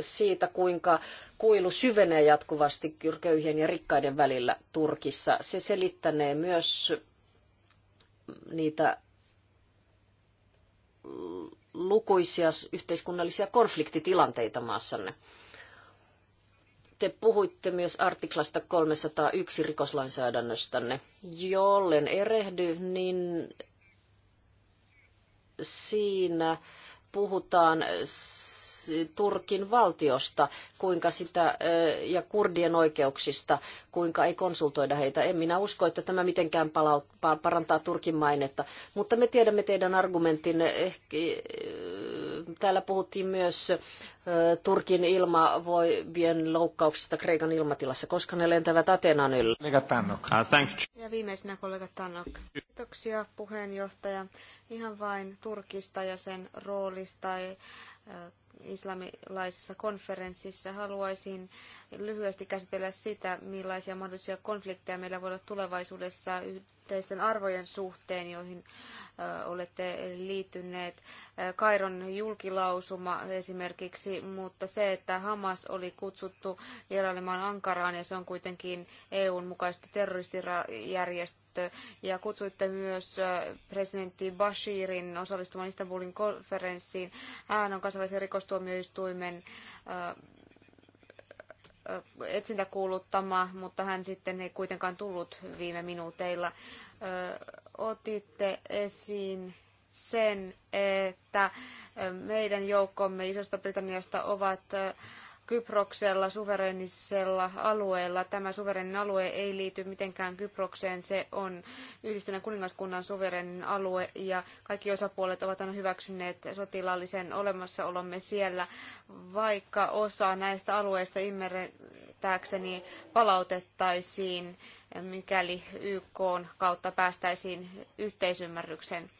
siitä, kuinka kuilu syvenee jatkuvasti köyhien ja rikkaiden välillä Turkissa. Se selittänee myös niitä lukuisia yhteiskunnallisia konfliktitilanteita maassanne te puhuitte myös artiklasta 301 rikoslainsäädännöstänne. Jollen erehdy, niin siinä puhutaan Turkin valtiosta, kuinka sitä, ja kurdien oikeuksista, kuinka ei konsultoida heitä. En minä usko, että tämä mitenkään parantaa Turkin mainetta, mutta me tiedämme teidän argumenttinne. Ehkä Täällä puhuttiin myös Turkin ilmavoimien loukkauksista Kreikan ilmatilassa, koska ne lentävät Atenan yllä. Uh, ja viimeisenä kollega Tannok. Kiitoksia puheenjohtaja. Ihan vain Turkista ja sen roolista islamilaisessa konferenssissa. Haluaisin lyhyesti käsitellä sitä, millaisia mahdollisia konflikteja meillä voi olla tulevaisuudessa yhteisten arvojen suhteen, joihin olette liittyneet. Kairon julkilausuma esimerkiksi, mutta se, että Hamas oli kutsuttu vierailemaan Ankaraan ja se on kuitenkin EUn mukaisesti terroristijärjestö. Ja kutsuitte myös presidentti Bashirin osallistumaan Istanbulin konferenssiin. Hän on kansainvälisen rikostuomioistuimen kuuluttama, mutta hän sitten ei kuitenkaan tullut viime minuuteilla. Otitte esiin sen, että meidän joukkomme Isosta Britanniasta ovat Kyproksella suverenisella alueella. Tämä suverenin alue ei liity mitenkään Kyprokseen, se on yhdistyneen kuningaskunnan suverenin alue ja kaikki osapuolet ovat aina hyväksyneet sotilaallisen olemassaolomme siellä, vaikka osa näistä alueista ymmärtääkseni palautettaisiin, mikäli YK kautta päästäisiin yhteisymmärrykseen.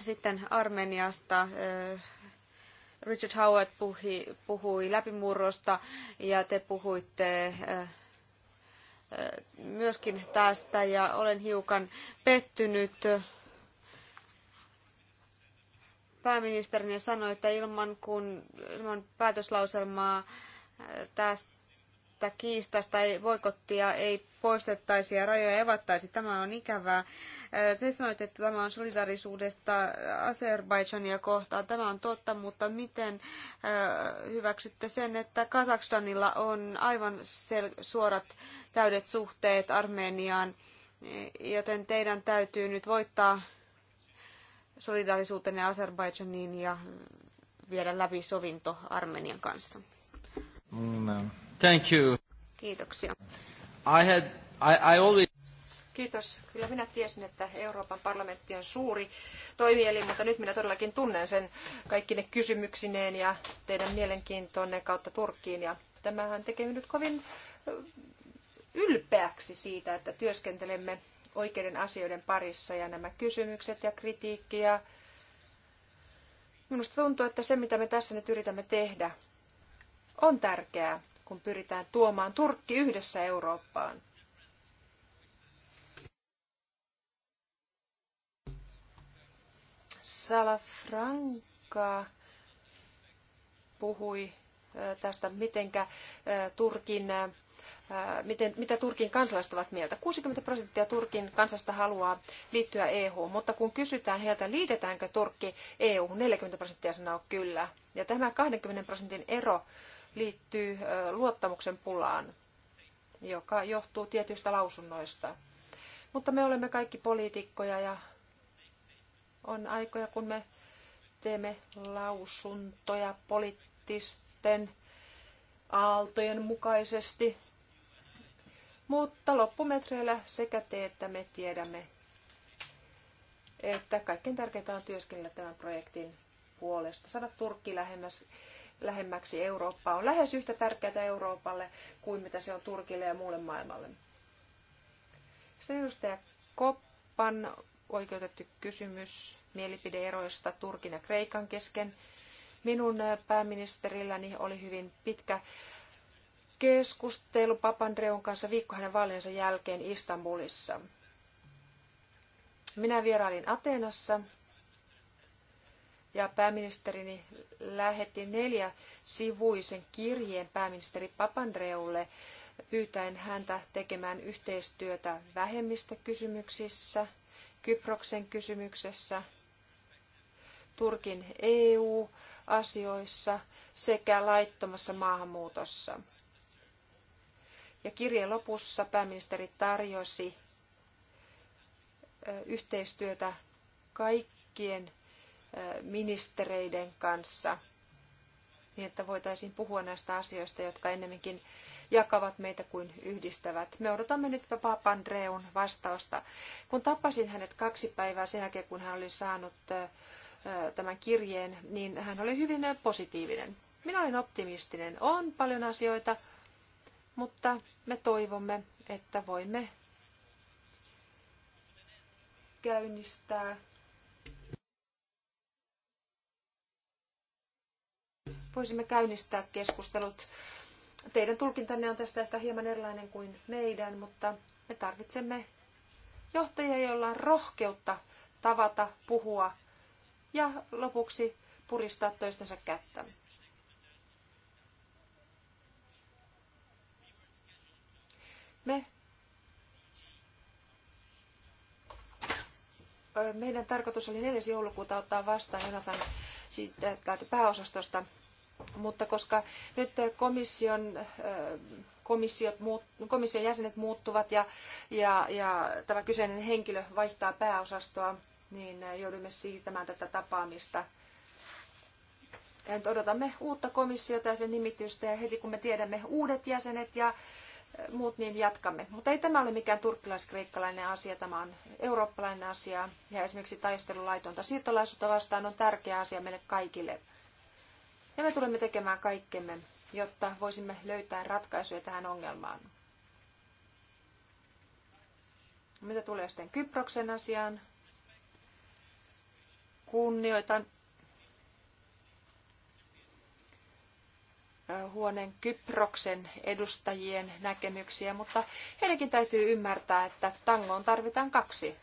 Sitten Armeniasta Richard Howard puhui, puhui läpimurrosta ja te puhuitte äh, äh, myöskin tästä ja olen hiukan pettynyt pääministerinne sanoi, että ilman, kun, ilman päätöslauselmaa äh, tästä kiistasta ei, voikottia ei poistettaisi ja rajoja evattaisi. Tämä on ikävää. Te sanoitte, että tämä on solidarisuudesta Azerbaidsania kohtaan. Tämä on totta, mutta miten äh, hyväksytte sen, että Kazakstanilla on aivan suorat täydet suhteet Armeniaan, joten teidän täytyy nyt voittaa solidaarisuutenne Azerbaidsaniin ja viedä läpi sovinto Armenian kanssa. Mm, no. Thank you. Kiitoksia. I had, I, I always... Kiitos. Kyllä minä tiesin, että Euroopan parlamentti on suuri toimielin, mutta nyt minä todellakin tunnen sen kaikki ne kysymyksineen ja teidän mielenkiintonne kautta Turkkiin. Ja tämähän tekee minut kovin ylpeäksi siitä, että työskentelemme oikeiden asioiden parissa ja nämä kysymykset ja kritiikki ja Minusta tuntuu, että se mitä me tässä nyt yritämme tehdä on tärkeää, kun pyritään tuomaan Turkki yhdessä Eurooppaan. Salafranca puhui tästä, mitenkä Turkin, miten, mitä Turkin kansalaiset ovat mieltä. 60 prosenttia Turkin kansasta haluaa liittyä EU, mutta kun kysytään heiltä, liitetäänkö Turkki EU, 40 prosenttia sanoo kyllä. Ja tämä 20 prosentin ero liittyy luottamuksen pulaan, joka johtuu tietyistä lausunnoista. Mutta me olemme kaikki poliitikkoja ja on aikoja, kun me teemme lausuntoja poliittisten aaltojen mukaisesti, mutta loppumetreillä sekä te että me tiedämme, että kaikkein tärkeintä on työskennellä tämän projektin puolesta, saada Turkki lähemmäs, lähemmäksi Eurooppaa. On lähes yhtä tärkeää Euroopalle kuin mitä se on Turkille ja muulle maailmalle. Sitten edustaja Koppan oikeutettu kysymys mielipideeroista Turkin ja Kreikan kesken. Minun äh, pääministerilläni oli hyvin pitkä keskustelu Papandreun kanssa viikko hänen vaaliensa jälkeen Istanbulissa. Minä vierailin Ateenassa ja pääministerini lähetti neljä sivuisen kirjeen pääministeri Papandreulle pyytäen häntä tekemään yhteistyötä vähemmistökysymyksissä – Kyproksen kysymyksessä, Turkin EU-asioissa sekä laittomassa maahanmuutossa. Ja kirjeen lopussa pääministeri tarjosi yhteistyötä kaikkien ministereiden kanssa – niin että voitaisiin puhua näistä asioista, jotka ennemminkin jakavat meitä kuin yhdistävät. Me odotamme nyt Papandreun vastausta. Kun tapasin hänet kaksi päivää sen jälkeen, kun hän oli saanut tämän kirjeen, niin hän oli hyvin positiivinen. Minä olin optimistinen. On paljon asioita, mutta me toivomme, että voimme käynnistää voisimme käynnistää keskustelut. Teidän tulkintanne on tästä ehkä hieman erilainen kuin meidän, mutta me tarvitsemme johtajia, joilla on rohkeutta tavata, puhua ja lopuksi puristaa toistensa kättä. Me meidän tarkoitus oli 4. joulukuuta ottaa vastaan Jonathan siitä äh, pääosastosta mutta koska nyt komission, komissiot, komission jäsenet muuttuvat ja, ja, ja tämä kyseinen henkilö vaihtaa pääosastoa, niin joudumme siirtämään tätä tapaamista ja nyt odotamme uutta komissiota ja sen nimitystä ja heti kun me tiedämme uudet jäsenet ja muut, niin jatkamme. Mutta ei tämä ole mikään turkkilaiskreikkalainen asia, tämä on eurooppalainen asia ja esimerkiksi taistelu laitonta siirtolaisuutta vastaan on tärkeä asia meille kaikille. Ja me tulemme tekemään kaikkemme, jotta voisimme löytää ratkaisuja tähän ongelmaan. Mitä tulee sitten Kyproksen asiaan? Kunnioitan huoneen Kyproksen edustajien näkemyksiä, mutta heidänkin täytyy ymmärtää, että tangoon tarvitaan kaksi.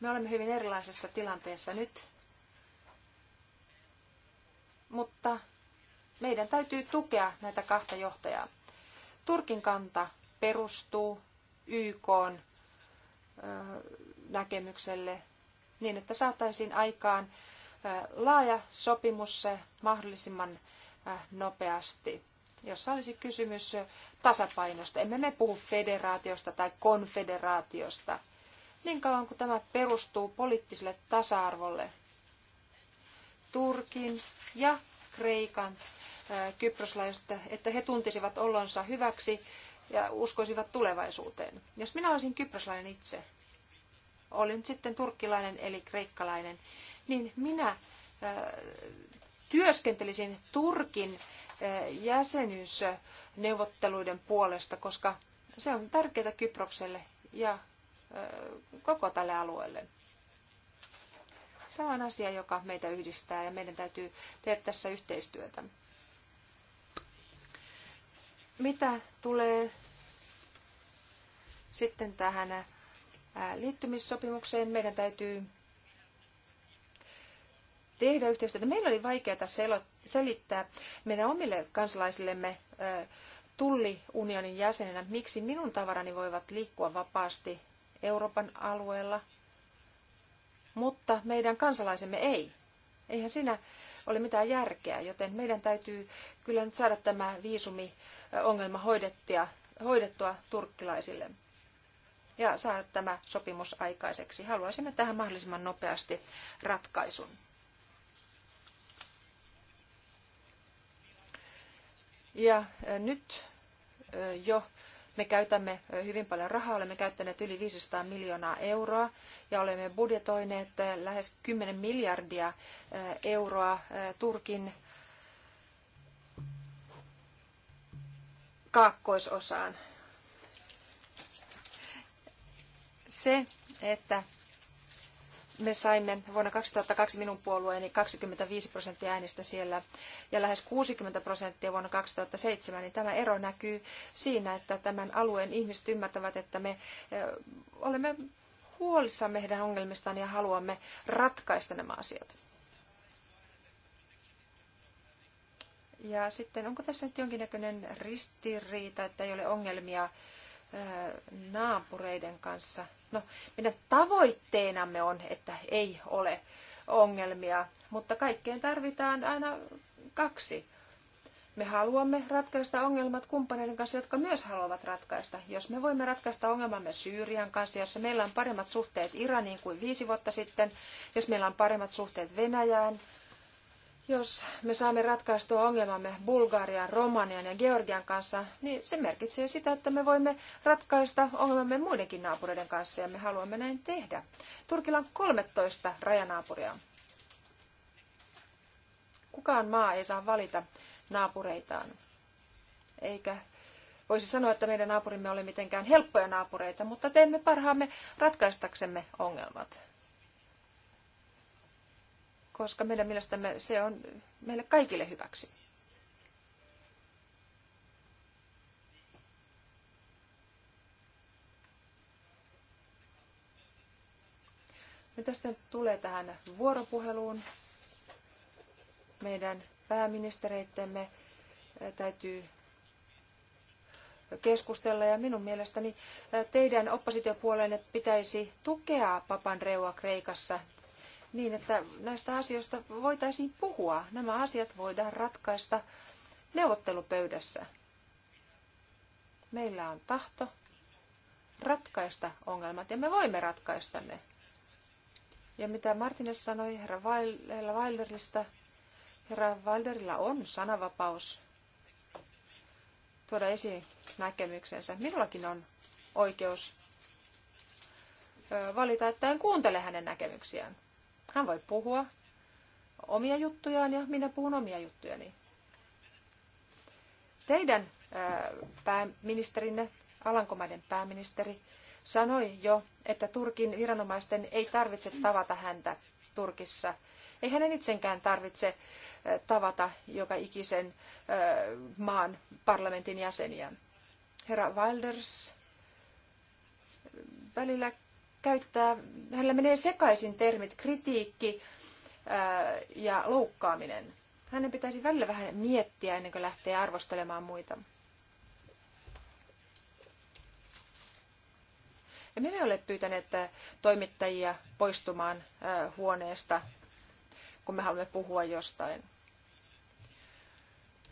Me olemme hyvin erilaisessa tilanteessa nyt mutta meidän täytyy tukea näitä kahta johtajaa. Turkin kanta perustuu YK näkemykselle niin, että saataisiin aikaan laaja sopimus mahdollisimman nopeasti, jossa olisi kysymys tasapainosta. Emme me puhu federaatiosta tai konfederaatiosta. Niin kauan kuin tämä perustuu poliittiselle tasa-arvolle, Turkin ja Kreikan kyproslaiset, että he tuntisivat olonsa hyväksi ja uskoisivat tulevaisuuteen. Jos minä olisin kyproslainen itse, olin sitten turkkilainen eli kreikkalainen, niin minä työskentelisin Turkin jäsenyysneuvotteluiden puolesta, koska se on tärkeää Kyprokselle ja koko tälle alueelle. Tämä on asia, joka meitä yhdistää ja meidän täytyy tehdä tässä yhteistyötä. Mitä tulee sitten tähän liittymissopimukseen, meidän täytyy tehdä yhteistyötä. Meillä oli vaikeaa selittää meidän omille kansalaisillemme tulliunionin jäsenenä, miksi minun tavarani voivat liikkua vapaasti Euroopan alueella – mutta meidän kansalaisemme ei. Eihän siinä ole mitään järkeä, joten meidän täytyy kyllä nyt saada tämä viisumiongelma hoidettua, hoidettua turkkilaisille ja saada tämä sopimus aikaiseksi. Haluaisimme tähän mahdollisimman nopeasti ratkaisun. Ja nyt jo me käytämme hyvin paljon rahaa, olemme käyttäneet yli 500 miljoonaa euroa ja olemme budjetoineet lähes 10 miljardia euroa Turkin kaakkoisosaan. Se, että me saimme vuonna 2002 minun puolueeni 25 prosenttia äänistä siellä ja lähes 60 prosenttia vuonna 2007, niin tämä ero näkyy siinä, että tämän alueen ihmiset ymmärtävät, että me olemme huolissamme heidän ongelmistaan ja haluamme ratkaista nämä asiat. Ja sitten onko tässä nyt jonkinnäköinen ristiriita, että ei ole ongelmia naapureiden kanssa. No, meidän tavoitteenamme on, että ei ole ongelmia, mutta kaikkeen tarvitaan aina kaksi. Me haluamme ratkaista ongelmat kumppaneiden kanssa, jotka myös haluavat ratkaista. Jos me voimme ratkaista ongelmamme Syyrian kanssa, jossa meillä on paremmat suhteet Iraniin kuin viisi vuotta sitten, jos meillä on paremmat suhteet Venäjään, jos me saamme ratkaistua ongelmamme Bulgarian, Romanian ja Georgian kanssa, niin se merkitsee sitä, että me voimme ratkaista ongelmamme muidenkin naapureiden kanssa ja me haluamme näin tehdä. Turkilla on 13 rajanaapuria. Kukaan maa ei saa valita naapureitaan. Eikä voisi sanoa, että meidän naapurimme ole mitenkään helppoja naapureita, mutta teemme parhaamme ratkaistaksemme ongelmat koska meidän mielestämme se on meille kaikille hyväksi. Mitä sitten tulee tähän vuoropuheluun? Meidän pääministereittemme täytyy keskustella ja minun mielestäni teidän oppositiopuolenne pitäisi tukea Papanreua Kreikassa niin, että näistä asioista voitaisiin puhua. Nämä asiat voidaan ratkaista neuvottelupöydässä. Meillä on tahto ratkaista ongelmat ja me voimme ratkaista ne. Ja mitä Martines sanoi herra Wilderista, herra Wilderilla on sanavapaus tuoda esiin näkemyksensä. Minullakin on oikeus valita, että en kuuntele hänen näkemyksiään. Hän voi puhua omia juttujaan ja minä puhun omia juttujani. Teidän pääministerinne, Alankomaiden pääministeri, sanoi jo, että Turkin viranomaisten ei tarvitse tavata häntä Turkissa. Ei hänen itsenkään tarvitse tavata joka ikisen maan parlamentin jäseniä. Herra Wilders, välillä käyttää, hänellä menee sekaisin termit kritiikki ja loukkaaminen. Hänen pitäisi välillä vähän miettiä ennen kuin lähtee arvostelemaan muita. Ja me emme ole pyytäneet toimittajia poistumaan huoneesta, kun me haluamme puhua jostain.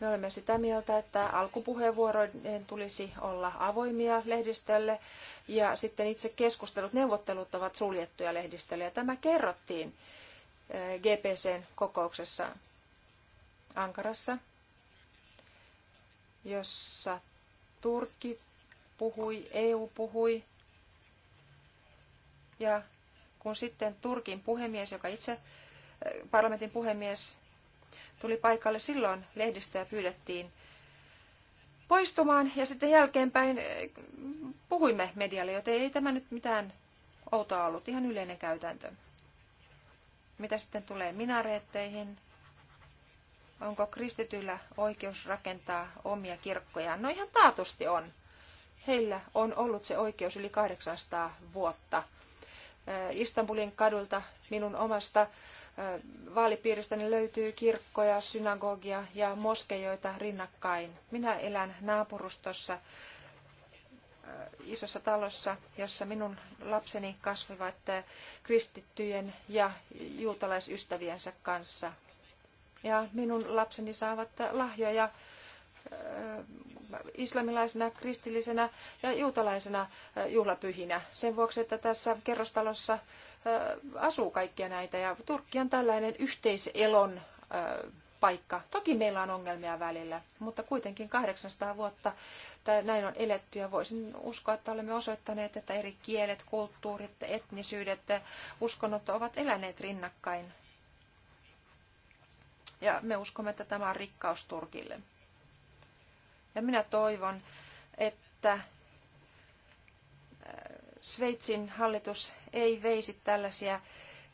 Me olemme sitä mieltä, että alkupuheenvuorojen tulisi olla avoimia lehdistölle ja sitten itse keskustelut, neuvottelut ovat suljettuja lehdistölle. Ja tämä kerrottiin eh, GPCn kokouksessa Ankarassa, jossa Turkki puhui, EU puhui. Ja kun sitten Turkin puhemies, joka itse, eh, parlamentin puhemies tuli paikalle, silloin lehdistöä pyydettiin poistumaan ja sitten jälkeenpäin eh, puhuimme medialle, joten ei tämä nyt mitään outoa ollut, ihan yleinen käytäntö. Mitä sitten tulee minareetteihin? Onko kristityillä oikeus rakentaa omia kirkkojaan? No ihan taatusti on. Heillä on ollut se oikeus yli 800 vuotta. Istanbulin kadulta minun omasta vaalipiiristäni löytyy kirkkoja, synagogia ja moskeijoita rinnakkain. Minä elän naapurustossa isossa talossa, jossa minun lapseni kasvivat kristittyjen ja juutalaisystäviensä kanssa. Ja minun lapseni saavat lahjoja islamilaisena, kristillisenä ja juutalaisena juhlapyhinä. Sen vuoksi, että tässä kerrostalossa asuu kaikkia näitä ja Turkki on tällainen yhteiselon paikka. Toki meillä on ongelmia välillä, mutta kuitenkin 800 vuotta näin on eletty ja voisin uskoa, että olemme osoittaneet, että eri kielet, kulttuurit, etnisyydet, uskonnot ovat eläneet rinnakkain. Ja me uskomme, että tämä on rikkaus Turkille. Ja minä toivon, että äh, Sveitsin hallitus ei veisi tällaisia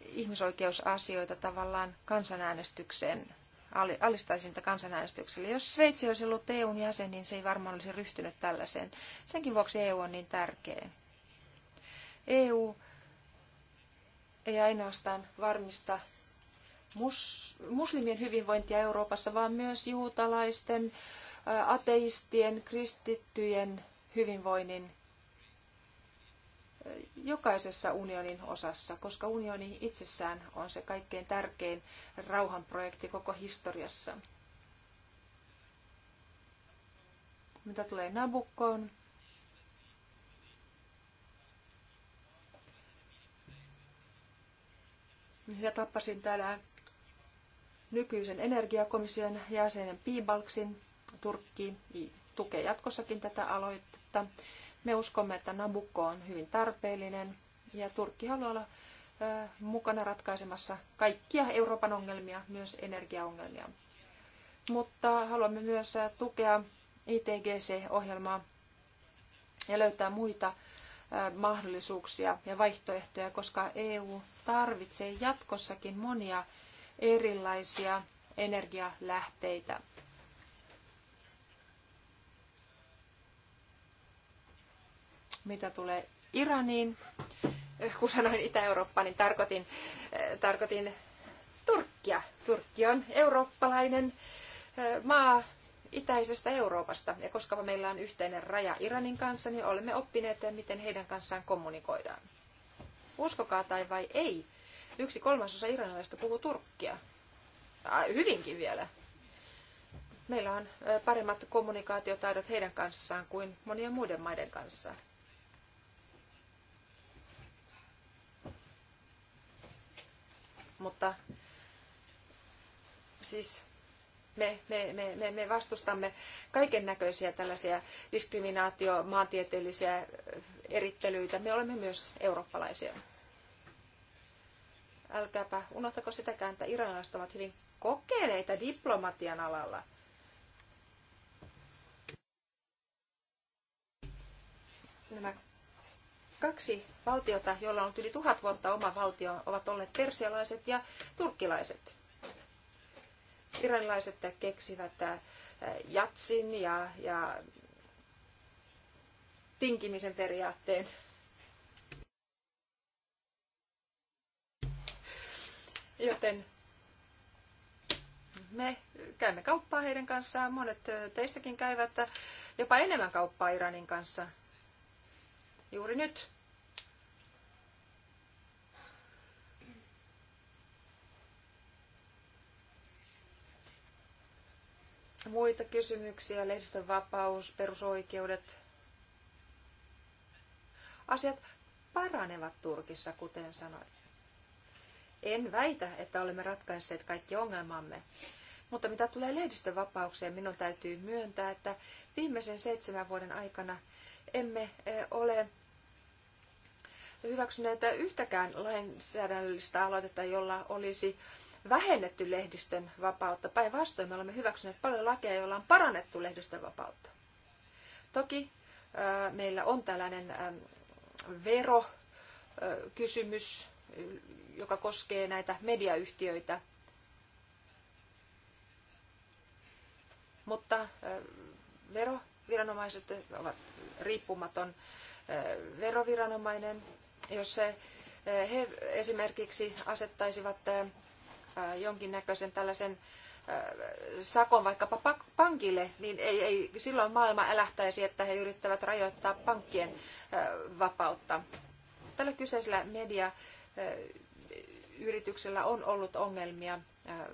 ihmisoikeusasioita tavallaan kansanäänestykseen, alistaisi niitä kansanäänestykselle. Jos Sveitsi olisi ollut EUn jäsen, niin se ei varmaan olisi ryhtynyt tällaiseen. Senkin vuoksi EU on niin tärkeä. EU ei ainoastaan varmista mus, muslimien hyvinvointia Euroopassa, vaan myös juutalaisten, ateistien, kristittyjen hyvinvoinnin jokaisessa unionin osassa, koska unioni itsessään on se kaikkein tärkein rauhanprojekti koko historiassa. Mitä tulee Nabukkoon, ja tappasin täällä nykyisen energiakomission jäsenen Piibalksin. Turkki tukee jatkossakin tätä aloitetta. Me uskomme, että Nabukko on hyvin tarpeellinen ja Turkki haluaa olla mukana ratkaisemassa kaikkia Euroopan ongelmia, myös energiaongelmia. Mutta haluamme myös tukea ITGC-ohjelmaa ja löytää muita mahdollisuuksia ja vaihtoehtoja, koska EU tarvitsee jatkossakin monia erilaisia energialähteitä. Mitä tulee Iraniin, kun sanoin Itä-Eurooppa, niin tarkoitin, eh, tarkoitin Turkkia. Turkki on eurooppalainen eh, maa itäisestä Euroopasta. Ja koska meillä on yhteinen raja Iranin kanssa, niin olemme oppineet, miten heidän kanssaan kommunikoidaan. Uskokaa tai vai ei, Yksi kolmasosa iranilaisista puhuu turkkia. Hyvinkin vielä. Meillä on paremmat kommunikaatiotaidot heidän kanssaan kuin monien muiden maiden kanssa. Mutta siis me, me, me, me, me vastustamme kaiken näköisiä tällaisia diskriminaatio, maantieteellisiä erittelyitä. Me olemme myös eurooppalaisia. Älkääpä unohtako sitäkään, että iranilaiset ovat hyvin kokeileita diplomatian alalla. Nämä kaksi valtiota, joilla on yli tuhat vuotta oma valtio, ovat olleet persialaiset ja turkkilaiset. Iranilaiset keksivät äh, jatsin ja, ja tinkimisen periaatteen Joten me käymme kauppaa heidän kanssaan. Monet teistäkin käyvät jopa enemmän kauppaa Iranin kanssa juuri nyt. Muita kysymyksiä, lehdistön vapaus, perusoikeudet. Asiat paranevat Turkissa, kuten sanoit. En väitä, että olemme ratkaisseet kaikki ongelmamme. Mutta mitä tulee lehdistövapaukseen, minun täytyy myöntää, että viimeisen seitsemän vuoden aikana emme eh, ole hyväksyneet yhtäkään lainsäädännöllistä aloitetta, jolla olisi vähennetty lehdistön vapautta. Päinvastoin me olemme hyväksyneet paljon lakeja, joilla on parannettu lehdistön vapautta. Toki eh, meillä on tällainen eh, verokysymys, joka koskee näitä mediayhtiöitä. Mutta veroviranomaiset ovat riippumaton veroviranomainen, jos se, he esimerkiksi asettaisivat jonkinnäköisen tällaisen sakon vaikkapa pankille, niin ei, ei silloin maailma älähtäisi, että he yrittävät rajoittaa pankkien vapautta. Tällä kyseisellä media yrityksellä on ollut ongelmia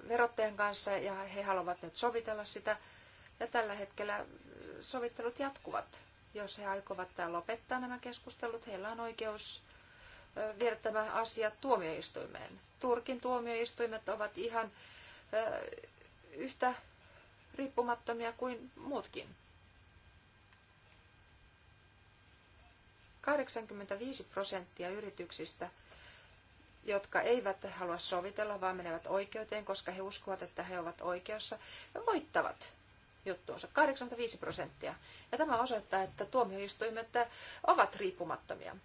verottajan kanssa ja he haluavat nyt sovitella sitä. Ja tällä hetkellä sovittelut jatkuvat. Jos he aikovat lopettaa nämä keskustelut, heillä on oikeus viedä tämä asia tuomioistuimeen. Turkin tuomioistuimet ovat ihan yhtä riippumattomia kuin muutkin. 85 prosenttia yrityksistä – jotka eivät halua sovitella, vaan menevät oikeuteen, koska he uskovat, että he ovat oikeassa, ja voittavat juttuunsa 85 prosenttia. Ja tämä osoittaa, että tuomioistuimet ovat riippumattomia.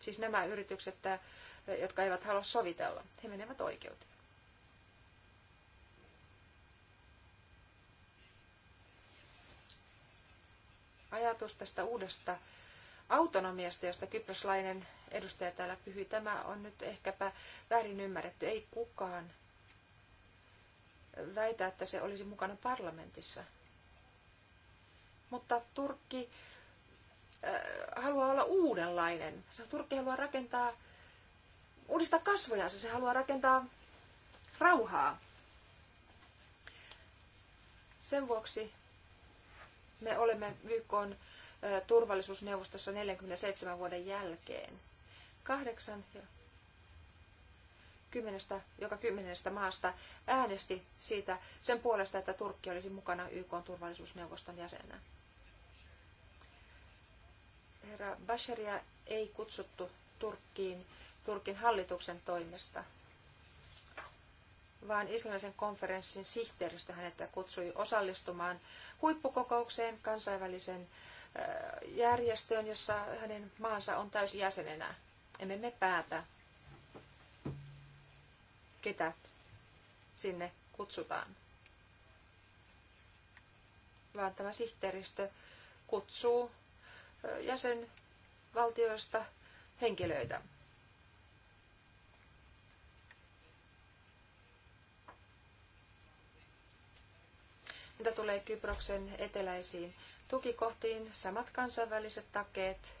Siis nämä yritykset, jotka eivät halua sovitella, he menevät oikeuteen. Ajatus tästä uudesta autonomiasta, josta kyproslainen edustaja täällä pyhi. Tämä on nyt ehkäpä väärin ymmärretty. Ei kukaan väitä, että se olisi mukana parlamentissa. Mutta Turkki äh, haluaa olla uudenlainen. Se Turkki haluaa rakentaa, uudistaa kasvojansa, se haluaa rakentaa rauhaa. Sen vuoksi me olemme YK turvallisuusneuvostossa 47 vuoden jälkeen. Kahdeksan ja kymmenestä, joka kymmenestä maasta äänesti siitä sen puolesta, että Turkki olisi mukana YK turvallisuusneuvoston jäsenä. Herra Basheria ei kutsuttu Turkkiin Turkin hallituksen toimesta, vaan islamilaisen konferenssin sihteeristö hänet kutsui osallistumaan huippukokoukseen kansainvälisen äh, järjestöön, jossa hänen maansa on täysi jäsenenä. Emme me päätä, ketä sinne kutsutaan. Vaan tämä sihteeristö kutsuu jäsenvaltioista henkilöitä. Mitä tulee Kyproksen eteläisiin tukikohtiin, samat kansainväliset takeet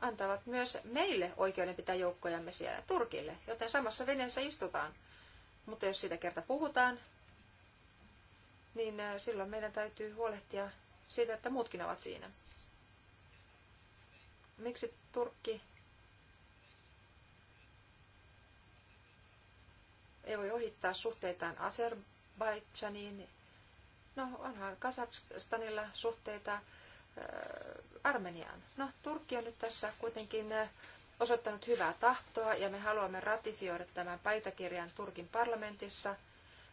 antavat myös meille oikeuden pitää joukkojamme siellä Turkille, joten samassa veneessä istutaan. Mutta jos sitä kerta puhutaan, niin äh, silloin meidän täytyy huolehtia siitä, että muutkin ovat siinä. Miksi Turkki ei voi ohittaa suhteitaan Azerbaidžaniin No onhan Kasakstanilla suhteita äh, Armeniaan. No Turkki on nyt tässä kuitenkin äh, osoittanut hyvää tahtoa ja me haluamme ratifioida tämän päiväkirjan Turkin parlamentissa.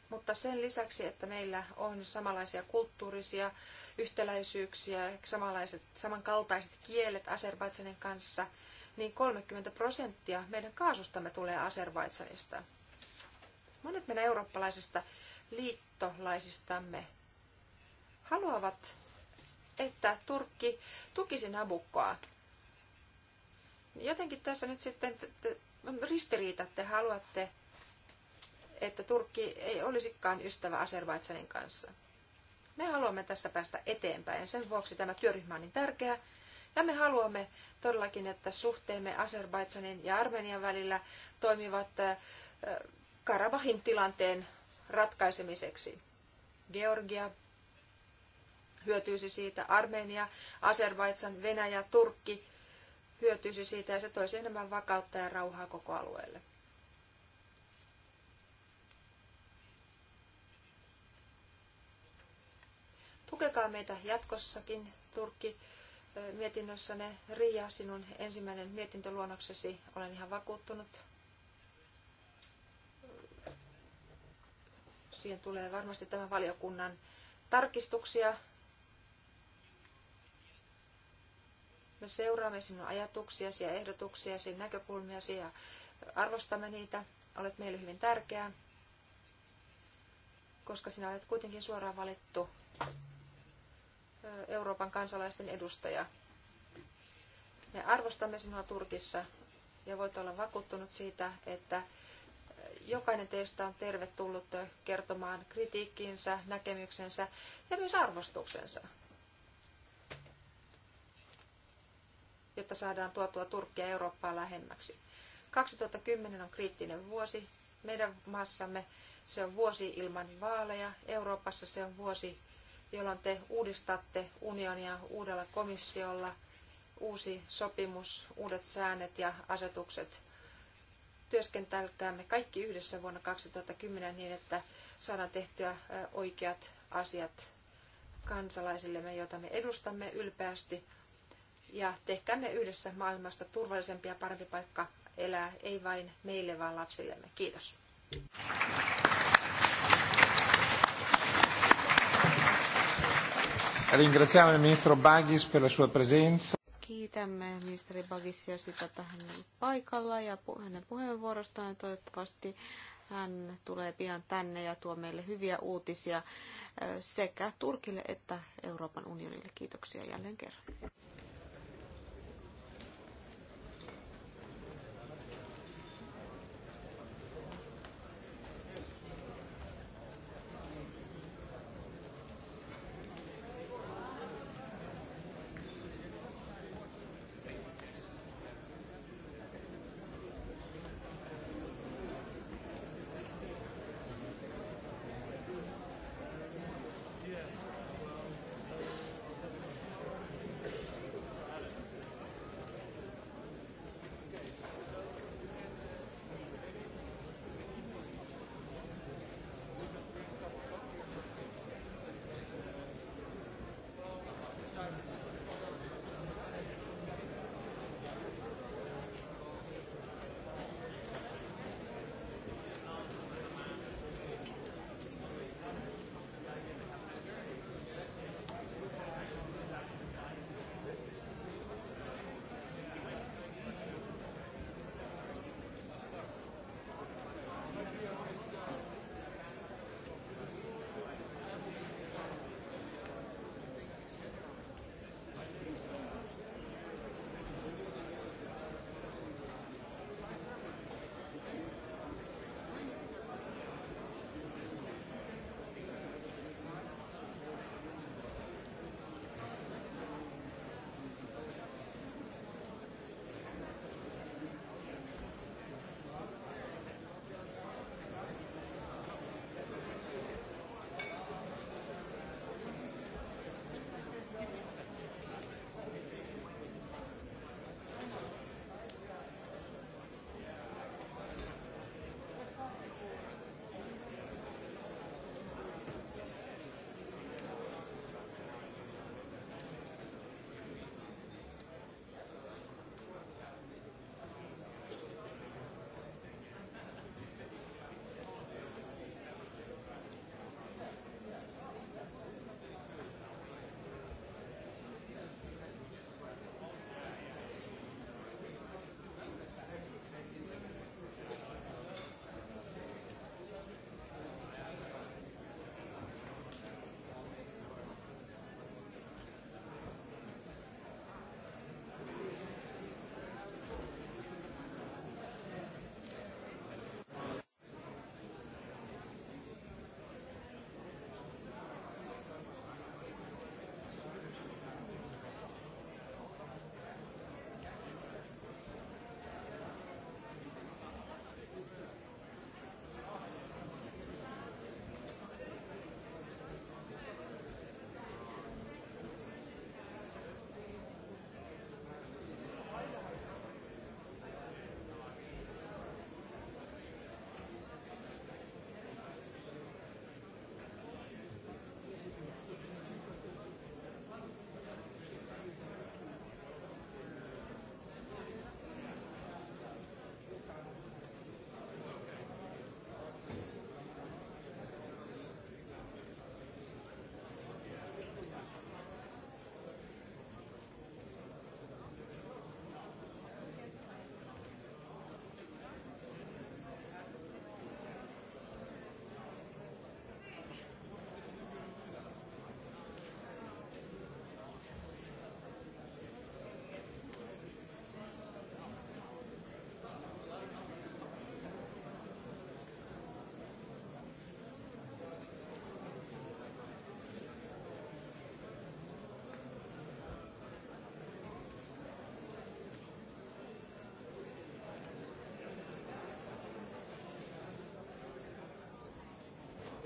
Mutta sen lisäksi, että meillä on samanlaisia kulttuurisia yhtäläisyyksiä, samanlaiset, samankaltaiset kielet Azerbaidsanin kanssa, niin 30 prosenttia meidän kaasustamme tulee Azerbaidsanista. Monet meidän eurooppalaisista liittolaisistamme haluavat, että Turkki tukisi Nabukkoa. Jotenkin tässä nyt sitten ristiriita, te haluatte, että Turkki ei olisikaan ystävä Azerbaidsanin kanssa. Me haluamme tässä päästä eteenpäin. Sen vuoksi tämä työryhmä on niin tärkeä. Ja me haluamme todellakin, että suhteemme Azerbaidsanin ja Armenian välillä toimivat äh, Karabahin tilanteen ratkaisemiseksi. Georgia, hyötyisi siitä, Armenia, Azerbaidsan, Venäjä, Turkki hyötyisi siitä ja se toisi enemmän vakautta ja rauhaa koko alueelle. Tukekaa meitä jatkossakin, Turkki, mietinnössänne. Riia, sinun ensimmäinen mietintöluonnoksesi, olen ihan vakuuttunut. Siihen tulee varmasti tämän valiokunnan tarkistuksia Me seuraamme sinun ajatuksiasi ja ehdotuksiasi, näkökulmiasi ja arvostamme niitä. Olet meille hyvin tärkeä, koska sinä olet kuitenkin suoraan valittu Euroopan kansalaisten edustaja. Me arvostamme sinua Turkissa ja voit olla vakuuttunut siitä, että jokainen teistä on tervetullut kertomaan kritiikkiinsä, näkemyksensä ja myös arvostuksensa. jotta saadaan tuotua Turkkia Eurooppaa lähemmäksi. 2010 on kriittinen vuosi. Meidän maassamme se on vuosi ilman vaaleja. Euroopassa se on vuosi, jolloin te uudistatte unionia uudella komissiolla, uusi sopimus, uudet säännöt ja asetukset. Työskentelkäämme kaikki yhdessä vuonna 2010 niin, että saadaan tehtyä oikeat asiat kansalaisillemme, joita me edustamme ylpeästi ja tehkäämme yhdessä maailmasta turvallisempi ja parempi paikka elää, ei vain meille, vaan lapsillemme. Kiitos. Ringraziamo il ministro per la sua presenza. Kiitämme ministeri Bagisia sitä, että hän on paikalla ja hänen puheenvuorostaan. Toivottavasti hän tulee pian tänne ja tuo meille hyviä uutisia eh, sekä Turkille että Euroopan unionille. Kiitoksia jälleen kerran.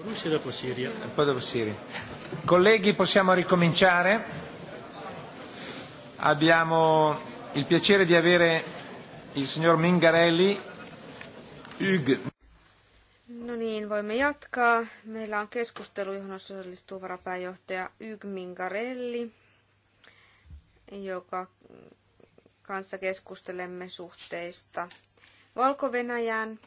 Russia dopo Siria. E poi dopo Siria. Colleghi, possiamo ricominciare. Abbiamo il piacere di avere il signor Mingarelli. Yg. No niin, voimme jatkaa. Meillä on keskustelu, johon osallistuu varapääjohtaja Yg Mingarelli, joka kanssa keskustelemme suhteista Valko-Venäjään.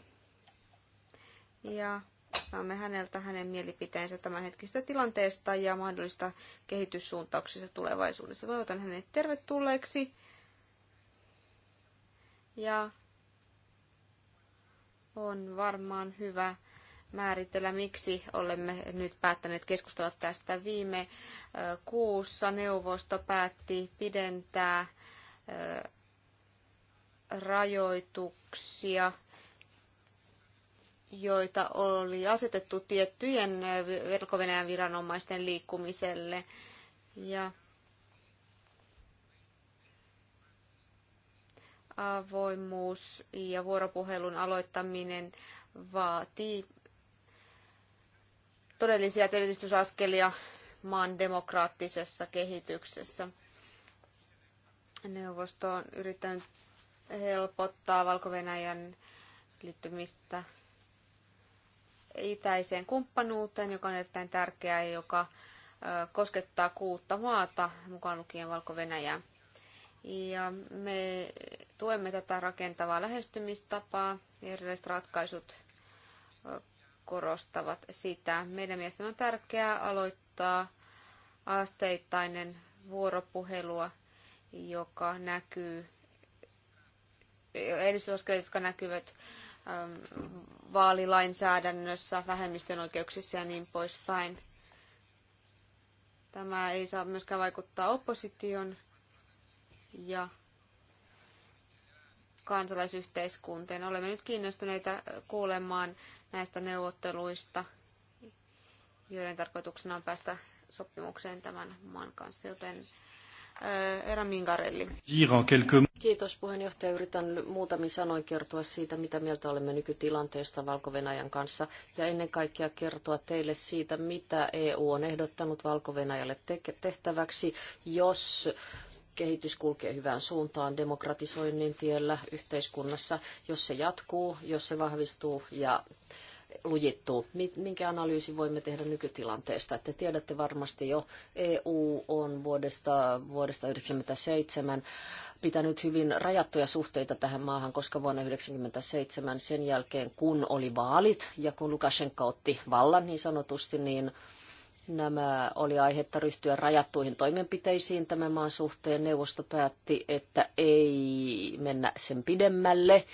Ja Saamme häneltä hänen mielipiteensä tämänhetkisestä tilanteesta ja mahdollista kehityssuuntauksista tulevaisuudessa. Toivotan hänet tervetulleeksi. Ja on varmaan hyvä määritellä, miksi olemme nyt päättäneet keskustella tästä. Viime kuussa neuvosto päätti pidentää rajoituksia joita oli asetettu tiettyjen verkko viranomaisten liikkumiselle. Ja avoimuus ja vuoropuhelun aloittaminen vaatii todellisia edistysaskelia maan demokraattisessa kehityksessä. Neuvosto on yrittänyt helpottaa valko liittymistä itäiseen kumppanuuteen, joka on erittäin tärkeää ja joka koskettaa kuutta maata, mukaan lukien Valko-Venäjää. Ja me tuemme tätä rakentavaa lähestymistapaa. Erilaiset ratkaisut korostavat sitä. Meidän mielestämme on tärkeää aloittaa asteittainen vuoropuhelua, joka näkyy edistysaskelet, jotka näkyvät Ähm, vaalilainsäädännössä, vähemmistön oikeuksissa ja niin poispäin. Tämä ei saa myöskään vaikuttaa opposition ja kansalaisyhteiskuntiin. Olemme nyt kiinnostuneita kuulemaan näistä neuvotteluista, joiden tarkoituksena on päästä sopimukseen tämän maan kanssa, joten Äh, Erä Minkarelli. Kiitos puheenjohtaja. Yritän muutamin sanoin kertoa siitä, mitä mieltä olemme nykytilanteesta valko kanssa ja ennen kaikkea kertoa teille siitä, mitä EU on ehdottanut valko tehtäväksi, jos kehitys kulkee hyvään suuntaan demokratisoinnin tiellä yhteiskunnassa, jos se jatkuu, jos se vahvistuu ja lujittuu. Minkä analyysi voimme tehdä nykytilanteesta? Te tiedätte varmasti jo, EU on vuodesta, vuodesta pitänyt hyvin rajattuja suhteita tähän maahan, koska vuonna 1997 sen jälkeen, kun oli vaalit ja kun Lukashenka otti vallan niin sanotusti, niin Nämä oli aihetta ryhtyä rajattuihin toimenpiteisiin tämän maan suhteen. Neuvosto päätti, että ei mennä sen pidemmälle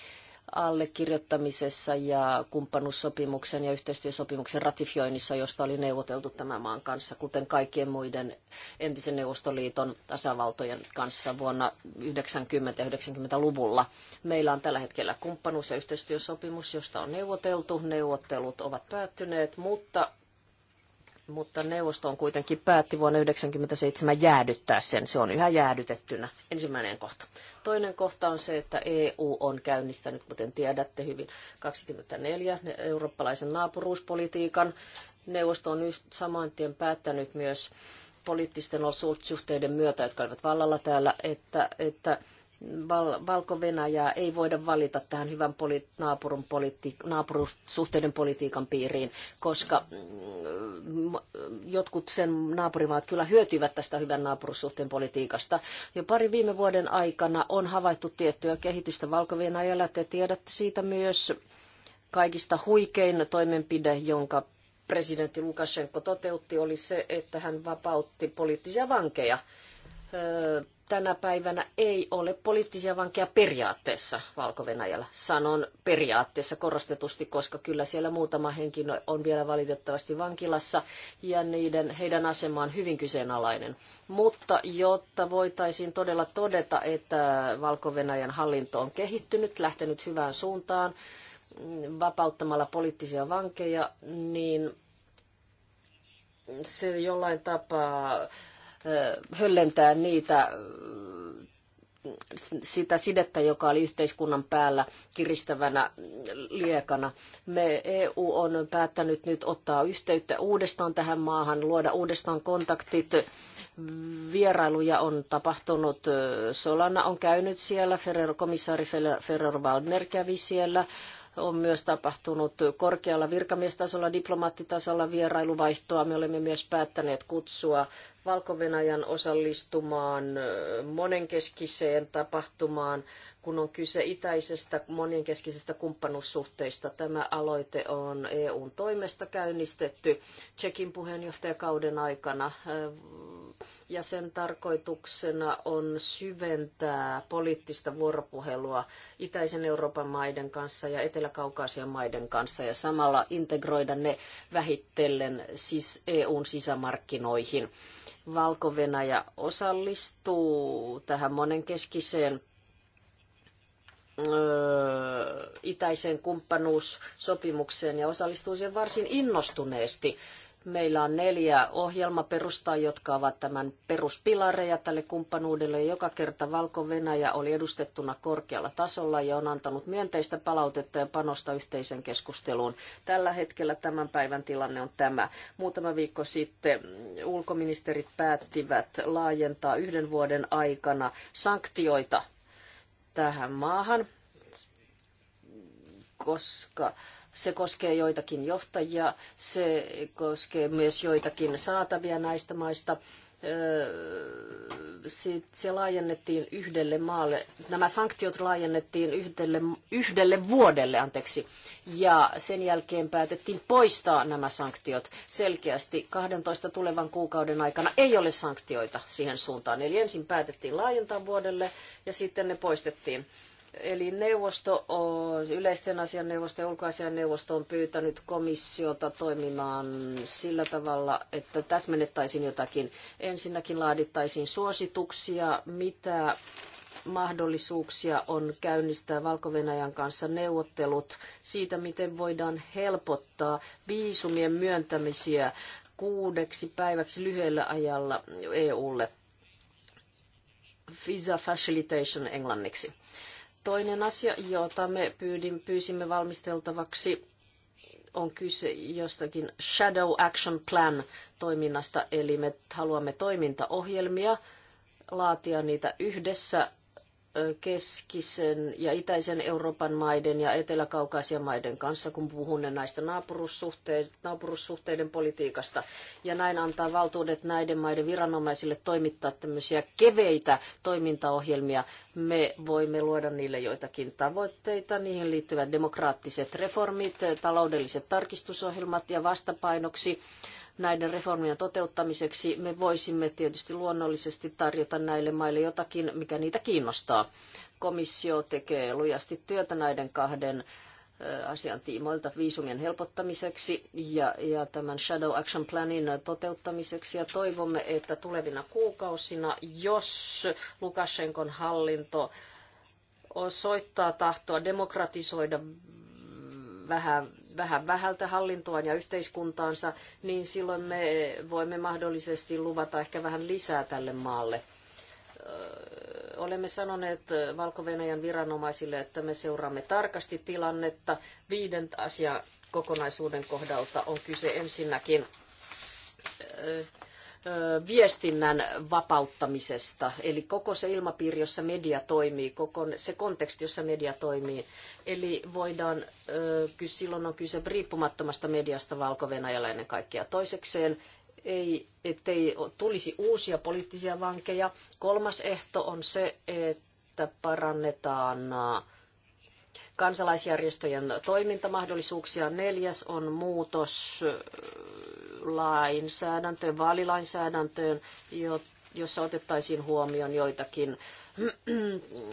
allekirjoittamisessa ja kumppanuussopimuksen ja yhteistyösopimuksen ratifioinnissa, josta oli neuvoteltu tämän maan kanssa, kuten kaikkien muiden entisen Neuvostoliiton tasavaltojen kanssa vuonna 90 90-luvulla. Meillä on tällä hetkellä kumppanuus- ja yhteistyösopimus, josta on neuvoteltu. Neuvottelut ovat päättyneet, mutta mutta neuvosto on kuitenkin päätti vuonna 1997 jäädyttää sen. Se on yhä jäädytettynä. Ensimmäinen kohta. Toinen kohta on se, että EU on käynnistänyt, kuten tiedätte hyvin, 24 eurooppalaisen naapuruuspolitiikan. Neuvosto on nyt saman tien päättänyt myös poliittisten osuussuhteiden myötä, jotka olivat vallalla täällä, että, että Val- Valko-Venäjää ei voida valita tähän hyvän poli- naapurun politi- naapuruussuhteiden politiikan piiriin, koska mm, jotkut sen naapurimaat kyllä hyötyvät tästä hyvän naapuruussuhteen politiikasta. Jo pari viime vuoden aikana on havaittu tiettyä kehitystä Valko-Venäjällä. Te tiedätte siitä myös kaikista huikein toimenpide, jonka presidentti Lukashenko toteutti, oli se, että hän vapautti poliittisia vankeja öö, tänä päivänä ei ole poliittisia vankeja periaatteessa valko -Venäjällä. Sanon periaatteessa korostetusti, koska kyllä siellä muutama henkilö no- on vielä valitettavasti vankilassa ja niiden, heidän asema on hyvin kyseenalainen. Mutta jotta voitaisiin todella todeta, että valko hallinto on kehittynyt, lähtenyt hyvään suuntaan, mm, vapauttamalla poliittisia vankeja, niin se jollain tapaa höllentää niitä sitä sidettä, joka oli yhteiskunnan päällä kiristävänä liekana. Me EU on päättänyt nyt ottaa yhteyttä uudestaan tähän maahan, luoda uudestaan kontaktit. Vierailuja on tapahtunut. Solana on käynyt siellä, Ferrer, komissaari Ferrer Waldner kävi siellä on myös tapahtunut korkealla virkamiestasolla, diplomaattitasolla vierailuvaihtoa. Me olemme myös päättäneet kutsua valko osallistumaan monenkeskiseen tapahtumaan, kun on kyse itäisestä monenkeskisestä kumppanuussuhteista. Tämä aloite on EUn toimesta käynnistetty Tsekin puheenjohtajakauden aikana ja sen tarkoituksena on syventää poliittista vuoropuhelua itäisen Euroopan maiden kanssa ja Etelä-Kaukaasian maiden kanssa ja samalla integroida ne vähitellen siis EUn sisämarkkinoihin. Valko-Venäjä osallistuu tähän monenkeskiseen öö, itäiseen kumppanuussopimukseen ja osallistuu sen varsin innostuneesti. Meillä on neljä ohjelmaperustaa, jotka ovat tämän peruspilareja tälle kumppanuudelle. Joka kerta Valko-Venäjä oli edustettuna korkealla tasolla ja on antanut myönteistä palautetta ja panosta yhteisen keskusteluun. Tällä hetkellä tämän päivän tilanne on tämä. Muutama viikko sitten ulkoministerit päättivät laajentaa yhden vuoden aikana sanktioita tähän maahan, koska se koskee joitakin johtajia, se koskee myös joitakin saatavia näistä maista. Öö, sitten se laajennettiin yhdelle maalle, nämä sanktiot laajennettiin yhdelle, yhdelle vuodelle, anteeksi, ja sen jälkeen päätettiin poistaa nämä sanktiot selkeästi. 12 tulevan kuukauden aikana ei ole sanktioita siihen suuntaan, eli ensin päätettiin laajentaa vuodelle ja sitten ne poistettiin. Eli neuvosto, yleisten asian neuvosto ja ulkoasian neuvosto on pyytänyt komissiota toimimaan sillä tavalla, että täsmennettäisiin jotakin. Ensinnäkin laadittaisiin suosituksia, mitä mahdollisuuksia on käynnistää valko kanssa neuvottelut siitä, miten voidaan helpottaa viisumien myöntämisiä kuudeksi päiväksi lyhyellä ajalla EUlle. Visa Facilitation englanniksi. Toinen asia, jota me pyydin, pyysimme valmisteltavaksi, on kyse jostakin Shadow Action Plan toiminnasta, eli me haluamme toimintaohjelmia, laatia niitä yhdessä keskisen ja itäisen Euroopan maiden ja eteläkaukaisian maiden kanssa, kun puhumme näistä naapurussuhteiden, naapurussuhteiden politiikasta. Ja näin antaa valtuudet näiden maiden viranomaisille toimittaa tämmöisiä keveitä toimintaohjelmia. Me voimme luoda niille joitakin tavoitteita, niihin liittyvät demokraattiset reformit, taloudelliset tarkistusohjelmat ja vastapainoksi näiden reformien toteuttamiseksi. Me voisimme tietysti luonnollisesti tarjota näille maille jotakin, mikä niitä kiinnostaa. Komissio tekee lujasti työtä näiden kahden asian tiimoilta viisumien helpottamiseksi ja, ja tämän Shadow Action Planin toteuttamiseksi. Ja toivomme, että tulevina kuukausina, jos Lukashenkon hallinto osoittaa tahtoa demokratisoida vähän vähän vähältä hallintoaan ja yhteiskuntaansa, niin silloin me voimme mahdollisesti luvata ehkä vähän lisää tälle maalle olemme sanoneet valko viranomaisille, että me seuraamme tarkasti tilannetta viiden asian kokonaisuuden kohdalta. On kyse ensinnäkin viestinnän vapauttamisesta, eli koko se ilmapiiri, jossa media toimii, koko se konteksti, jossa media toimii. Eli voidaan, silloin on kyse riippumattomasta mediasta Valko-Venäjällä ennen kaikkea. Toisekseen ei, ettei tulisi uusia poliittisia vankeja. Kolmas ehto on se, että parannetaan kansalaisjärjestöjen toimintamahdollisuuksia. Neljäs on muutos äh, lainsäädäntöön, vaalilainsäädäntöön, jossa otettaisiin huomioon joitakin äh, äh,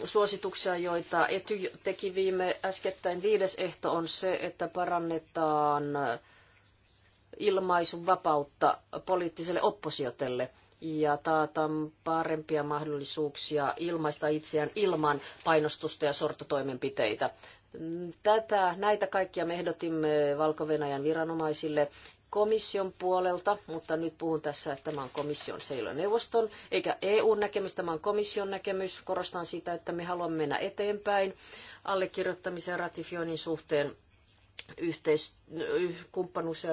suosituksia, joita Ety teki viime äskettäin. Viides ehto on se, että parannetaan ilmaisun vapautta poliittiselle oppositiolle ja taataan parempia mahdollisuuksia ilmaista itseään ilman painostusta ja sortotoimenpiteitä. Tätä, näitä kaikkia me ehdotimme valko viranomaisille komission puolelta, mutta nyt puhun tässä, että tämä on komission, se neuvoston, eikä EU-näkemys, tämä on komission näkemys. Korostan sitä, että me haluamme mennä eteenpäin allekirjoittamisen ja ratifioinnin suhteen yhteis- kumppanuus- ja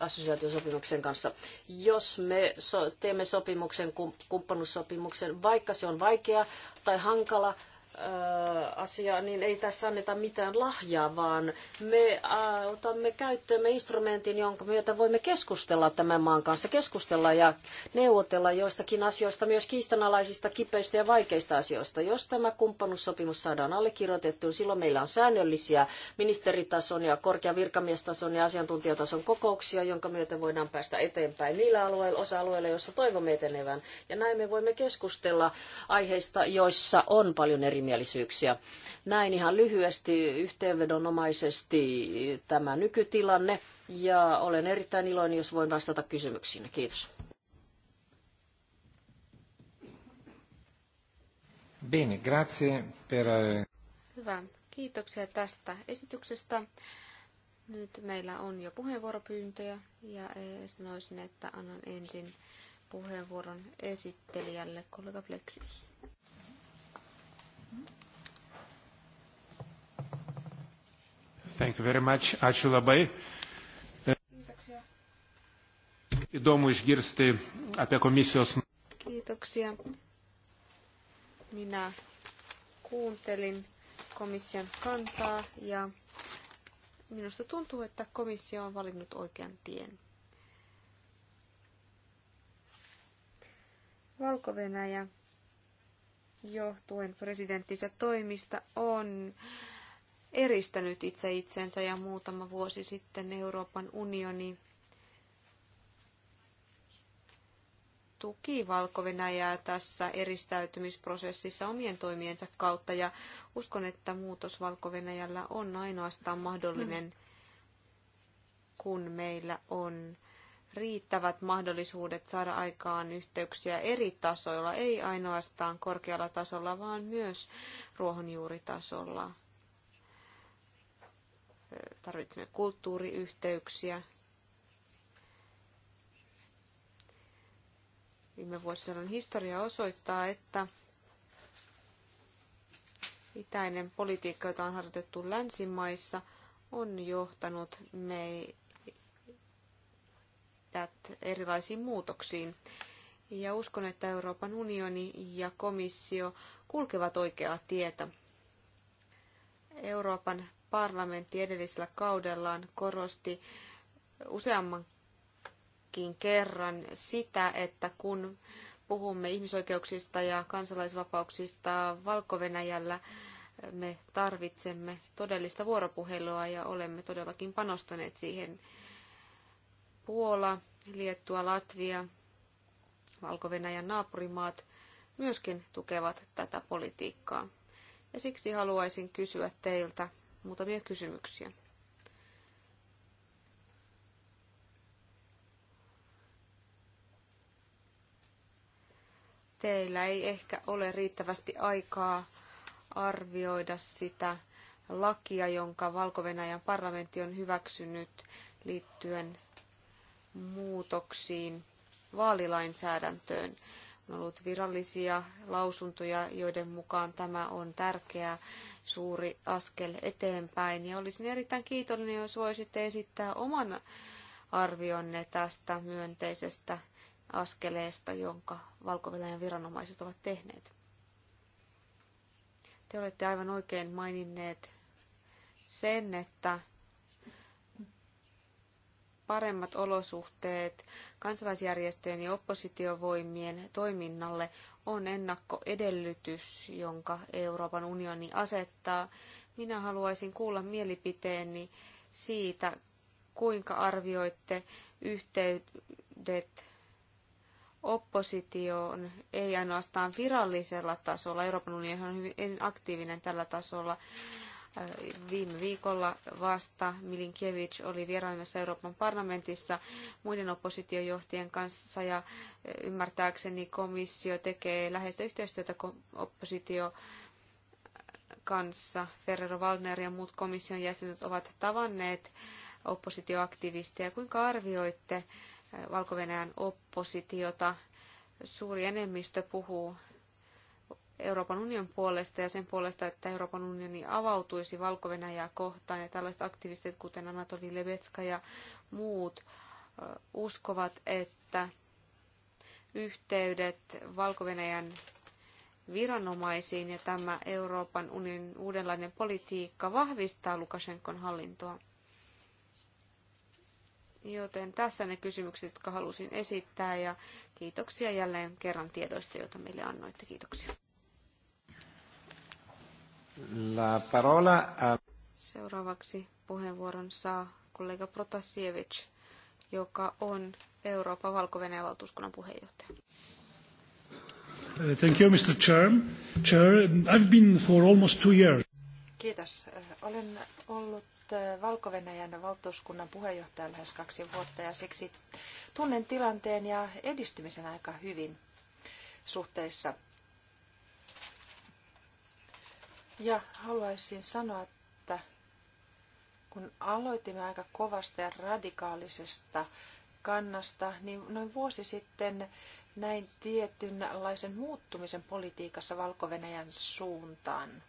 assosiaatiosopimuksen kanssa. Jos me teemme sopimuksen, kumppanuussopimuksen, vaikka se on vaikea tai hankala, Äh, asiaa, niin ei tässä anneta mitään lahjaa, vaan me äh, otamme käyttöömme instrumentin, jonka myötä voimme keskustella tämän maan kanssa, keskustella ja neuvotella joistakin asioista, myös kiistanalaisista, kipeistä ja vaikeista asioista. Jos tämä kumppanuussopimus saadaan allekirjoitettua, silloin meillä on säännöllisiä ministeritason ja korkean virkamiestason ja asiantuntijatason kokouksia, jonka myötä voidaan päästä eteenpäin niillä alueilla, osa-alueilla, joissa toivomme etenevän. Ja näin me voimme keskustella aiheista, joissa on paljon erimielisyyttä erimielisyyksiä. Näin ihan lyhyesti yhteenvedonomaisesti tämä nykytilanne ja olen erittäin iloinen, jos voin vastata kysymyksiin. Kiitos. Bene, grazie per... Eh, Hyvä. Kiitoksia tästä esityksestä. Nyt meillä on jo puheenvuoropyyntöjä ja eh, sanoisin, että annan ensin puheenvuoron esittelijälle kollega Plexis. Thank you very much. Ačiū labai. Kiitoksia. Įdomu išgirsti apie komisijos. Kiitoksia. Minä kuuntelin komission kantaa ja minusta tuntuu, että komissio on valinnut oikean tien. Valko-Venäjä johtuen presidenttinsä toimista on eristänyt itse itsensä ja muutama vuosi sitten Euroopan unioni tuki valko tässä eristäytymisprosessissa omien toimiensa kautta ja uskon, että muutos valko on ainoastaan mahdollinen, kun meillä on riittävät mahdollisuudet saada aikaan yhteyksiä eri tasoilla, ei ainoastaan korkealla tasolla, vaan myös ruohonjuuritasolla tarvitsemme kulttuuriyhteyksiä. Viime vuosien historia osoittaa, että itäinen politiikka, jota on harjoitettu länsimaissa, on johtanut meidät erilaisiin muutoksiin. Ja uskon, että Euroopan unioni ja komissio kulkevat oikeaa tietä. Euroopan parlamentti edellisellä kaudellaan korosti useammankin kerran sitä, että kun puhumme ihmisoikeuksista ja kansalaisvapauksista Valko-Venäjällä, me tarvitsemme todellista vuoropuhelua ja olemme todellakin panostaneet siihen. Puola, Liettua, Latvia, Valko-Venäjän naapurimaat myöskin tukevat tätä politiikkaa. Ja siksi haluaisin kysyä teiltä, muutamia kysymyksiä. Teillä ei ehkä ole riittävästi aikaa arvioida sitä lakia, jonka valko parlamentti on hyväksynyt liittyen muutoksiin vaalilainsäädäntöön. On ollut virallisia lausuntoja, joiden mukaan tämä on tärkeä suuri askel eteenpäin. Ja olisin erittäin kiitollinen, jos voisitte esittää oman arvionne tästä myönteisestä askeleesta, jonka valko viranomaiset ovat tehneet. Te olette aivan oikein maininneet sen, että paremmat olosuhteet kansalaisjärjestöjen ja oppositiovoimien toiminnalle on ennakkoedellytys, jonka Euroopan unioni asettaa. Minä haluaisin kuulla mielipiteeni siitä, kuinka arvioitte yhteydet oppositioon, ei ainoastaan virallisella tasolla, Euroopan unioni on hyvin aktiivinen tällä tasolla, Viime viikolla vasta Milinkiewicz oli vierailemassa Euroopan parlamentissa muiden oppositiojohtien kanssa ja ymmärtääkseni komissio tekee läheistä yhteistyötä oppositio kanssa. Ferrero Waldner ja muut komission jäsenet ovat tavanneet oppositioaktivisteja. Kuinka arvioitte valko oppositiota? Suuri enemmistö puhuu Euroopan unionin puolesta ja sen puolesta, että Euroopan unioni avautuisi valko kohtaan. Ja tällaiset aktivistit, kuten Anatoli Levetska ja muut, uskovat, että yhteydet valko viranomaisiin ja tämä Euroopan unionin uudenlainen politiikka vahvistaa Lukashenkon hallintoa. Joten tässä ne kysymykset, jotka halusin esittää ja kiitoksia jälleen kerran tiedoista, joita meille annoitte. Kiitoksia. La parola a... Seuraavaksi puheenvuoron saa kollega Protasiewicz, joka on Euroopan valko valtuuskunnan puheenjohtaja. Thank you, Mr. Chair. Chair, I've been for almost two years. Kiitos. Olen ollut valko valtuuskunnan puheenjohtaja lähes kaksi vuotta ja siksi tunnen tilanteen ja edistymisen aika hyvin suhteessa Ja haluaisin sanoa, että kun aloitimme aika kovasta ja radikaalisesta kannasta, niin noin vuosi sitten näin tietynlaisen muuttumisen politiikassa valko suuntaan.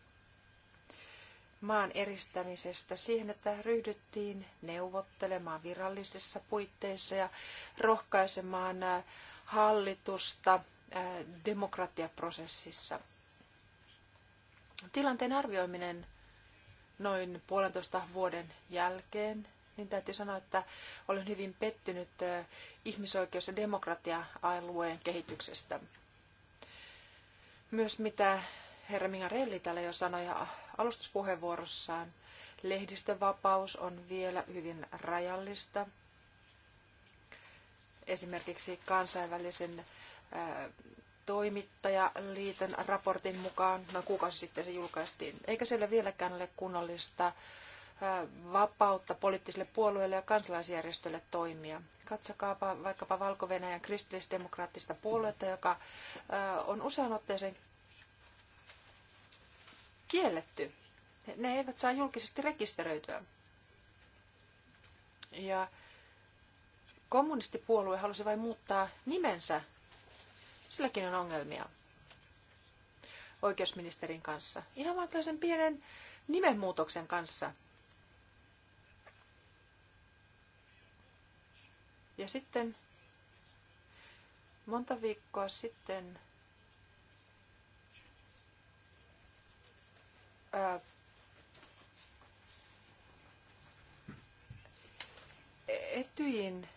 Maan eristämisestä siihen, että ryhdyttiin neuvottelemaan virallisissa puitteissa ja rohkaisemaan äh, hallitusta äh, demokratiaprosessissa. Tilanteen arvioiminen noin puolentoista vuoden jälkeen, niin täytyy sanoa, että olen hyvin pettynyt ihmisoikeus- ja demokratia-alueen kehityksestä. Myös mitä herra Relli täällä jo sanoi alustuspuheenvuorossaan, lehdistönvapaus on vielä hyvin rajallista. Esimerkiksi kansainvälisen toimittajaliiton raportin mukaan, noin kuukausi sitten se julkaistiin, eikä siellä vieläkään ole kunnollista vapautta poliittisille puolueille ja kansalaisjärjestöille toimia. Katsokaapa vaikkapa Valko-Venäjän kristillisdemokraattista puoluetta, joka on usean otteeseen kielletty. Ne eivät saa julkisesti rekisteröityä. Ja kommunistipuolue halusi vain muuttaa nimensä Silläkin on ongelmia oikeusministerin kanssa. Ihan vaan tällaisen pienen nimenmuutoksen kanssa. Ja sitten monta viikkoa sitten ää, etyin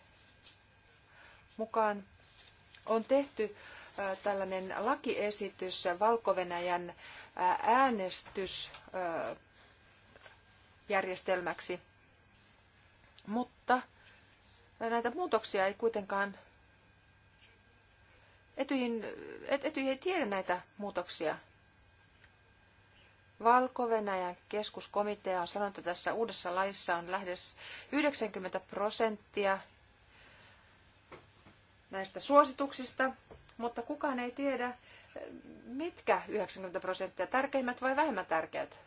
mukaan on tehty äh, tällainen lakiesitys äh, Valko-Venäjän äh, äänestysjärjestelmäksi, mutta näitä muutoksia ei kuitenkaan Etyjin, et, Etyj ei tiedä näitä muutoksia. Valko-Venäjän keskuskomitea on sanonut, että tässä uudessa laissa on lähes 90 prosenttia näistä suosituksista, mutta kukaan ei tiedä, mitkä 90 prosenttia tärkeimmät vai vähemmän tärkeät.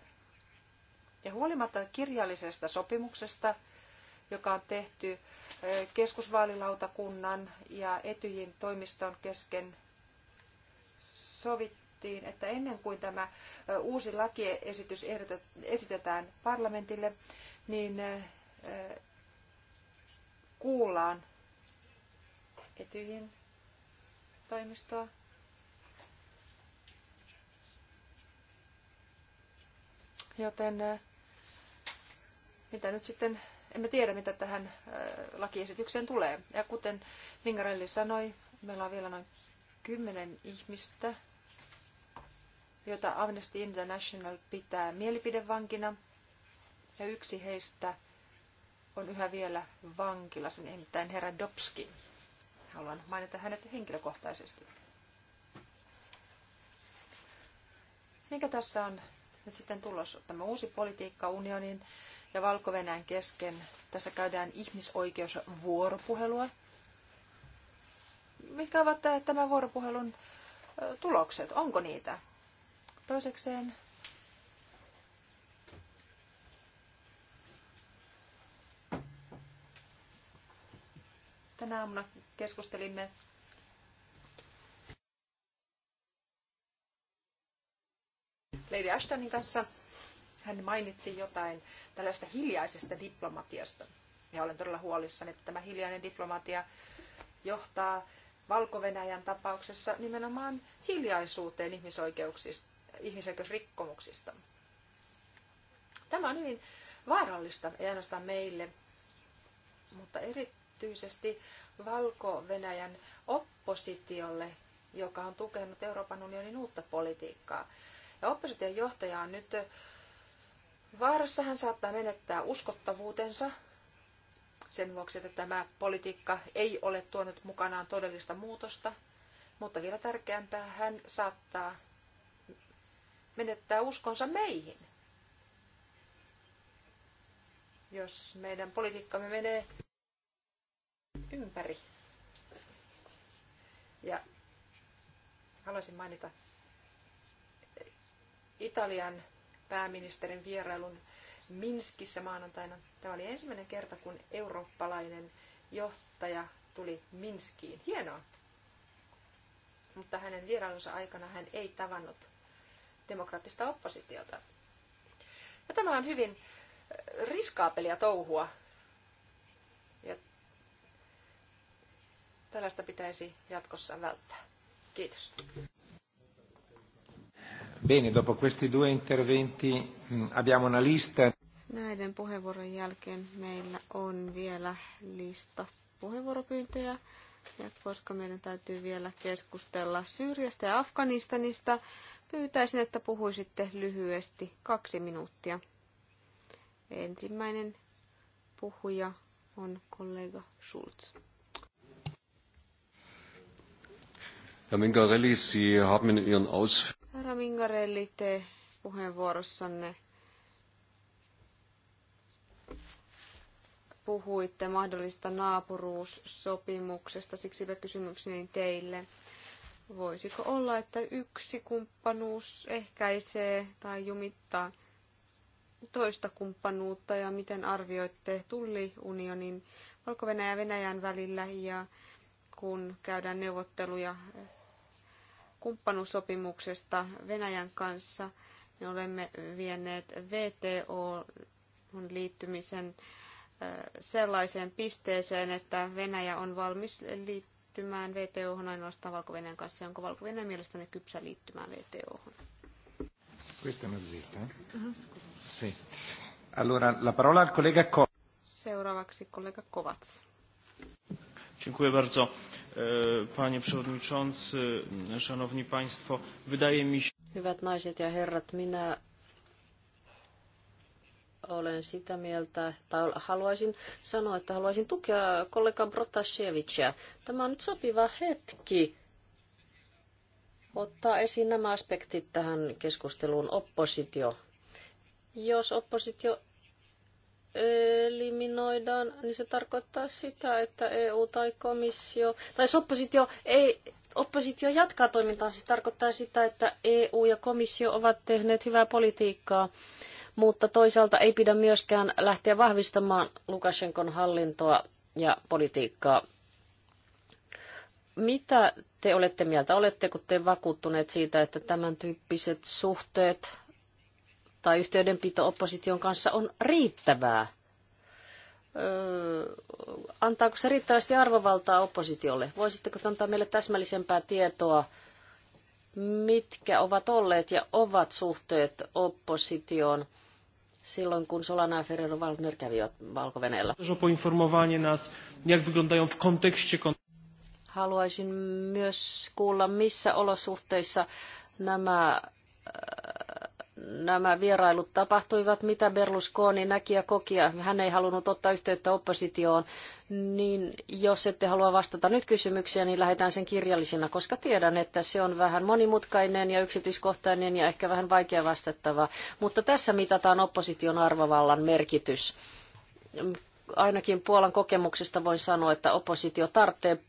Ja huolimatta kirjallisesta sopimuksesta, joka on tehty eh, keskusvaalilautakunnan ja Etyjin toimiston kesken, sovittiin, että ennen kuin tämä eh, uusi lakiesitys esitetään parlamentille, niin eh, kuullaan Etyjin toimistoa. Joten äh, mitä nyt sitten, emme tiedä mitä tähän äh, lakiesitykseen tulee. Ja kuten Vingarelli sanoi, meillä on vielä noin kymmenen ihmistä, joita Amnesty International pitää mielipidevankina. Ja yksi heistä on yhä vielä vankilassa, nimittäin herra Dobski. Haluan mainita hänet henkilökohtaisesti. Mikä tässä on nyt sitten tulos? Tämä uusi politiikka unionin ja valko kesken. Tässä käydään ihmisoikeusvuoropuhelua. Mitkä ovat tämän vuoropuhelun tulokset? Onko niitä? Toisekseen Tänä aamuna keskustelimme Lady Ashtonin kanssa. Hän mainitsi jotain tällaista hiljaisesta diplomatiasta. Ja olen todella huolissani, että tämä hiljainen diplomatia johtaa valko tapauksessa nimenomaan hiljaisuuteen ihmisoikeuksista, ihmisoikeusrikkomuksista. Tämä on hyvin vaarallista, ei ainoastaan meille, mutta eri erityisesti Valko-Venäjän oppositiolle, joka on tukenut Euroopan unionin uutta politiikkaa. Ja opposition johtaja on nyt vaarassa, hän saattaa menettää uskottavuutensa sen vuoksi, että tämä politiikka ei ole tuonut mukanaan todellista muutosta, mutta vielä tärkeämpää, hän saattaa menettää uskonsa meihin. Jos meidän politiikkamme menee ympäri. Ja haluaisin mainita Italian pääministerin vierailun Minskissä maanantaina. Tämä oli ensimmäinen kerta, kun eurooppalainen johtaja tuli Minskiin. Hienoa! Mutta hänen vierailunsa aikana hän ei tavannut demokraattista oppositiota. Ja tämä on hyvin riskaapelia touhua Tällaista pitäisi jatkossa välttää. Kiitos. Bene, dopo questi due interventi mm, abbiamo una lista. Näiden puheenvuoron jälkeen meillä on vielä lista puheenvuoropyyntöjä. Ja koska meidän täytyy vielä keskustella Syyriasta ja Afganistanista, pyytäisin, että puhuisitte lyhyesti kaksi minuuttia. Ensimmäinen puhuja on kollega Schulz. Herr Mingarelli, Sie haben in Ihren Herra Mingarelli, te puheenvuorossanne puhuitte mahdollista naapuruussopimuksesta, siksipä kysymykseni teille. Voisiko olla, että yksi kumppanuus ehkäisee tai jumittaa toista kumppanuutta ja miten arvioitte tulliunionin valko venäjän ja Venäjän välillä ja kun käydään neuvotteluja kumppanuussopimuksesta Venäjän kanssa. Me olemme vienneet VTO liittymisen sellaiseen pisteeseen, että Venäjä on valmis liittymään vto ainoastaan valko kanssa. Onko valko mielestäni kypsä liittymään VTOhon? Questa è eh? mhm. Sì. Allora, la parola al collega Seuraavaksi kollega Kovats. Dziękuję bardzo, e, panie przewodniczący, szanowni państwo. Wydaje mi się... Hyvät naiset ja herrat, minä olen sitä mieltä, tai haluaisin sanoa, että haluaisin tukea kollega Brotashevicia. Tämä on nyt sopiva hetki ottaa esiin nämä aspektit tähän keskusteluun oppositio. Jos oppositio eliminoidaan, niin se tarkoittaa sitä, että EU tai komissio, tai oppositio ei, oppositio jatkaa toimintaa, se tarkoittaa sitä, että EU ja komissio ovat tehneet hyvää politiikkaa, mutta toisaalta ei pidä myöskään lähteä vahvistamaan Lukashenkon hallintoa ja politiikkaa. Mitä te olette mieltä? Oletteko te vakuuttuneet siitä, että tämän tyyppiset suhteet tai yhteydenpito opposition kanssa on riittävää? antaako se riittävästi arvovaltaa oppositiolle? Voisitteko antaa meille täsmällisempää tietoa, mitkä ovat olleet ja ovat suhteet oppositioon silloin, kun Solana ja Ferrero Wagner kävi Valko-Venäjällä? Haluaisin myös kuulla, missä olosuhteissa nämä nämä vierailut tapahtuivat, mitä Berlusconi näki ja koki, ja hän ei halunnut ottaa yhteyttä oppositioon, niin jos ette halua vastata nyt kysymyksiä, niin lähetään sen kirjallisena, koska tiedän, että se on vähän monimutkainen ja yksityiskohtainen ja ehkä vähän vaikea vastattava. Mutta tässä mitataan opposition arvovallan merkitys ainakin Puolan kokemuksesta voin sanoa, että oppositio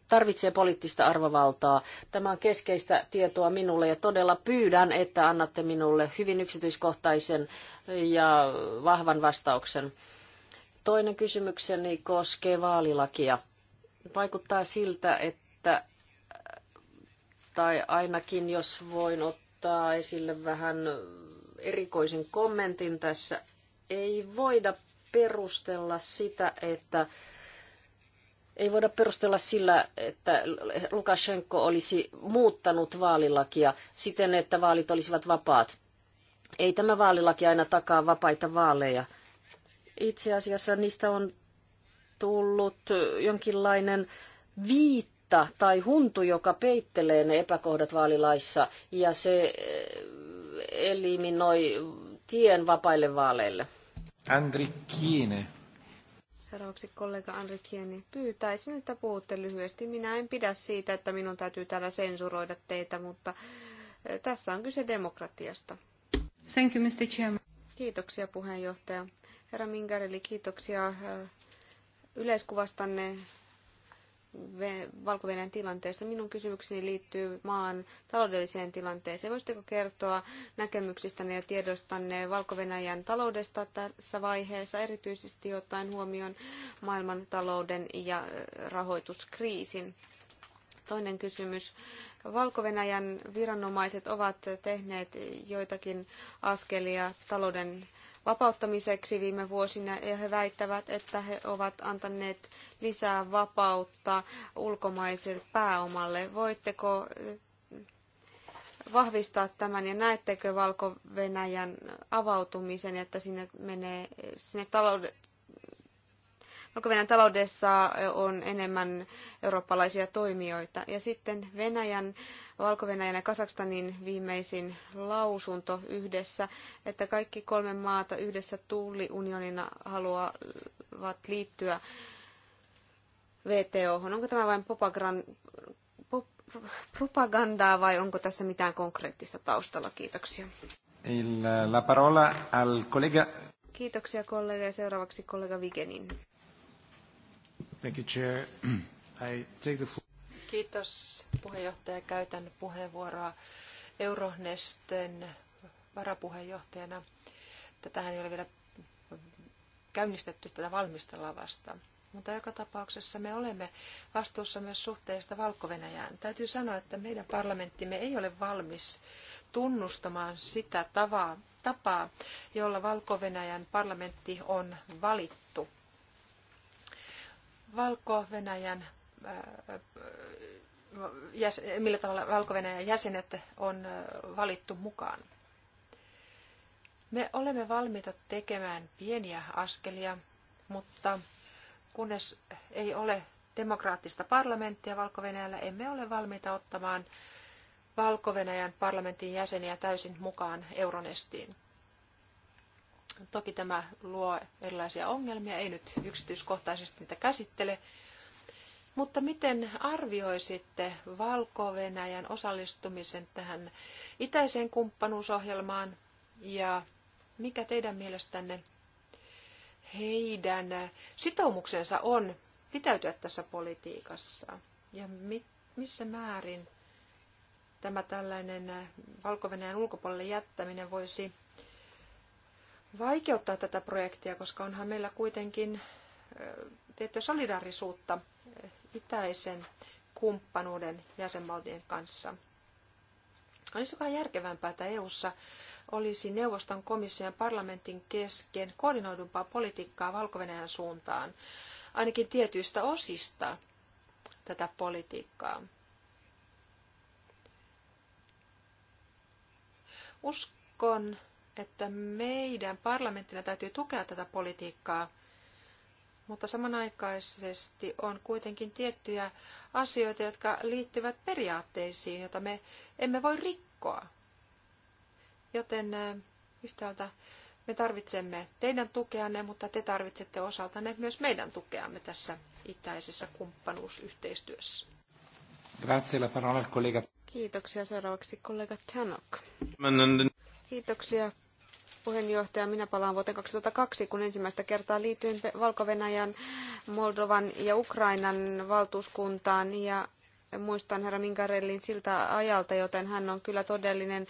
tarvitsee poliittista arvovaltaa. Tämä on keskeistä tietoa minulle ja todella pyydän, että annatte minulle hyvin yksityiskohtaisen ja vahvan vastauksen. Toinen kysymykseni koskee vaalilakia. Vaikuttaa siltä, että tai ainakin jos voin ottaa esille vähän erikoisen kommentin tässä, ei voida perustella sitä, että ei voida perustella sillä, että Lukashenko olisi muuttanut vaalilakia siten, että vaalit olisivat vapaat. Ei tämä vaalilaki aina takaa vapaita vaaleja. Itse asiassa niistä on tullut jonkinlainen viitta tai huntu, joka peittelee ne epäkohdat vaalilaissa ja se eliminoi tien vapaille vaaleille. Andri Kiine. Seuraavaksi kollega Andri Pyytäisin, että puhutte lyhyesti. Minä en pidä siitä, että minun täytyy täällä sensuroida teitä, mutta eh, tässä on kyse demokratiasta. Thank you, Mr. Chairman. Kiitoksia puheenjohtaja. Herra Mingarelli, kiitoksia eh, yleiskuvastanne valko tilanteesta. Minun kysymykseni liittyy maan taloudelliseen tilanteeseen. Voisitteko kertoa näkemyksistänne ja tiedostanne valko taloudesta tässä vaiheessa, erityisesti ottaen huomioon maailman talouden ja rahoituskriisin? Toinen kysymys. valko viranomaiset ovat tehneet joitakin askelia talouden vapauttamiseksi viime vuosina ja he väittävät, että he ovat antaneet lisää vapautta ulkomaiselle pääomalle. Voitteko eh, vahvistaa tämän ja näettekö Valko-Venäjän avautumisen, että sinne menee, sinne taloudet valko taloudessa on enemmän eurooppalaisia toimijoita. Ja sitten Venäjän, valko -Venäjän ja Kazakstanin viimeisin lausunto yhdessä, että kaikki kolme maata yhdessä tulliunionina haluavat liittyä VTO. -hon. Onko tämä vain propagandaa vai onko tässä mitään konkreettista taustalla? Kiitoksia. Il, la parola al collega... Kiitoksia kollega ja seuraavaksi kollega Vigenin. Thank you, Chair. I take the Kiitos puheenjohtaja. Käytän puheenvuoroa Euronesten varapuheenjohtajana. Tätähän ei ole vielä käynnistetty, tätä valmistellaan vasta. Mutta joka tapauksessa me olemme vastuussa myös suhteesta valko -Venäjään. Täytyy sanoa, että meidän parlamenttimme ei ole valmis tunnustamaan sitä tavaa, tapaa, jolla valko parlamentti on valittu. Valko-Venäjän äh, millä tavalla valko jäsenet on äh, valittu mukaan. Me olemme valmiita tekemään pieniä askelia, mutta kunnes ei ole demokraattista parlamenttia valko emme ole valmiita ottamaan valko parlamentin jäseniä täysin mukaan Euronestiin. Toki tämä luo erilaisia ongelmia, ei nyt yksityiskohtaisesti niitä käsittele, mutta miten arvioisitte Valko-Venäjän osallistumisen tähän itäiseen kumppanuusohjelmaan ja mikä teidän mielestänne heidän sitoumuksensa on pitäytyä tässä politiikassa ja mit, missä määrin tämä tällainen valko ulkopuolelle jättäminen voisi vaikeuttaa tätä projektia, koska onhan meillä kuitenkin tiettyä solidarisuutta itäisen kumppanuuden jäsenvaltien kanssa. Olisikohan järkevämpää, että EU:ssa olisi neuvoston, komission ja parlamentin kesken koordinoidumpaa politiikkaa valko suuntaan, ainakin tietyistä osista tätä politiikkaa. Uskon, että meidän parlamenttina täytyy tukea tätä politiikkaa, mutta samanaikaisesti on kuitenkin tiettyjä asioita, jotka liittyvät periaatteisiin, joita me emme voi rikkoa. Joten yhtäältä me tarvitsemme teidän tukeanne, mutta te tarvitsette osaltanne myös meidän tukeamme tässä itäisessä kumppanuusyhteistyössä. Grazie, la collega. Kiitoksia. Seuraavaksi kollega Tanok. Kiitoksia puheenjohtaja. Minä palaan vuoteen 2002, kun ensimmäistä kertaa liityin Valko-Venäjän, Moldovan ja Ukrainan valtuuskuntaan. Ja muistan herra Minkarellin siltä ajalta, joten hän on kyllä todellinen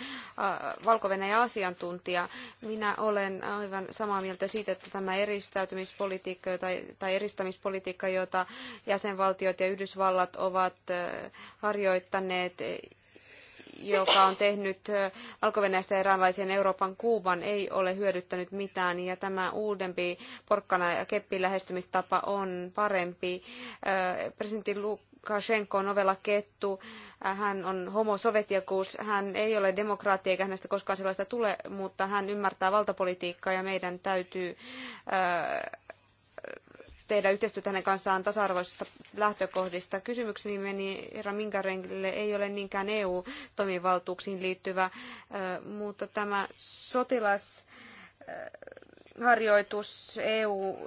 valko asiantuntija. Minä olen aivan samaa mieltä siitä, että tämä eristäytymispolitiikka tai eristämispolitiikka, jota jäsenvaltiot ja Yhdysvallat ovat harjoittaneet joka on tehnyt alko eräänlaisen Euroopan Kuuban, ei ole hyödyttänyt mitään. Ja tämä uudempi porkkana ja keppi lähestymistapa on parempi. Presidentti Lukashenko on ovella kettu. Hän on homo sovetiakus. Hän ei ole demokraatti eikä hänestä koskaan sellaista tule, mutta hän ymmärtää valtapolitiikkaa ja meidän täytyy tehdä yhteistyötä hänen kanssaan tasa-arvoisista lähtökohdista. Kysymykseni meni herra Minkarengille, ei ole niinkään EU-toimivaltuuksiin liittyvä, mutta tämä sotilas harjoitus, EU,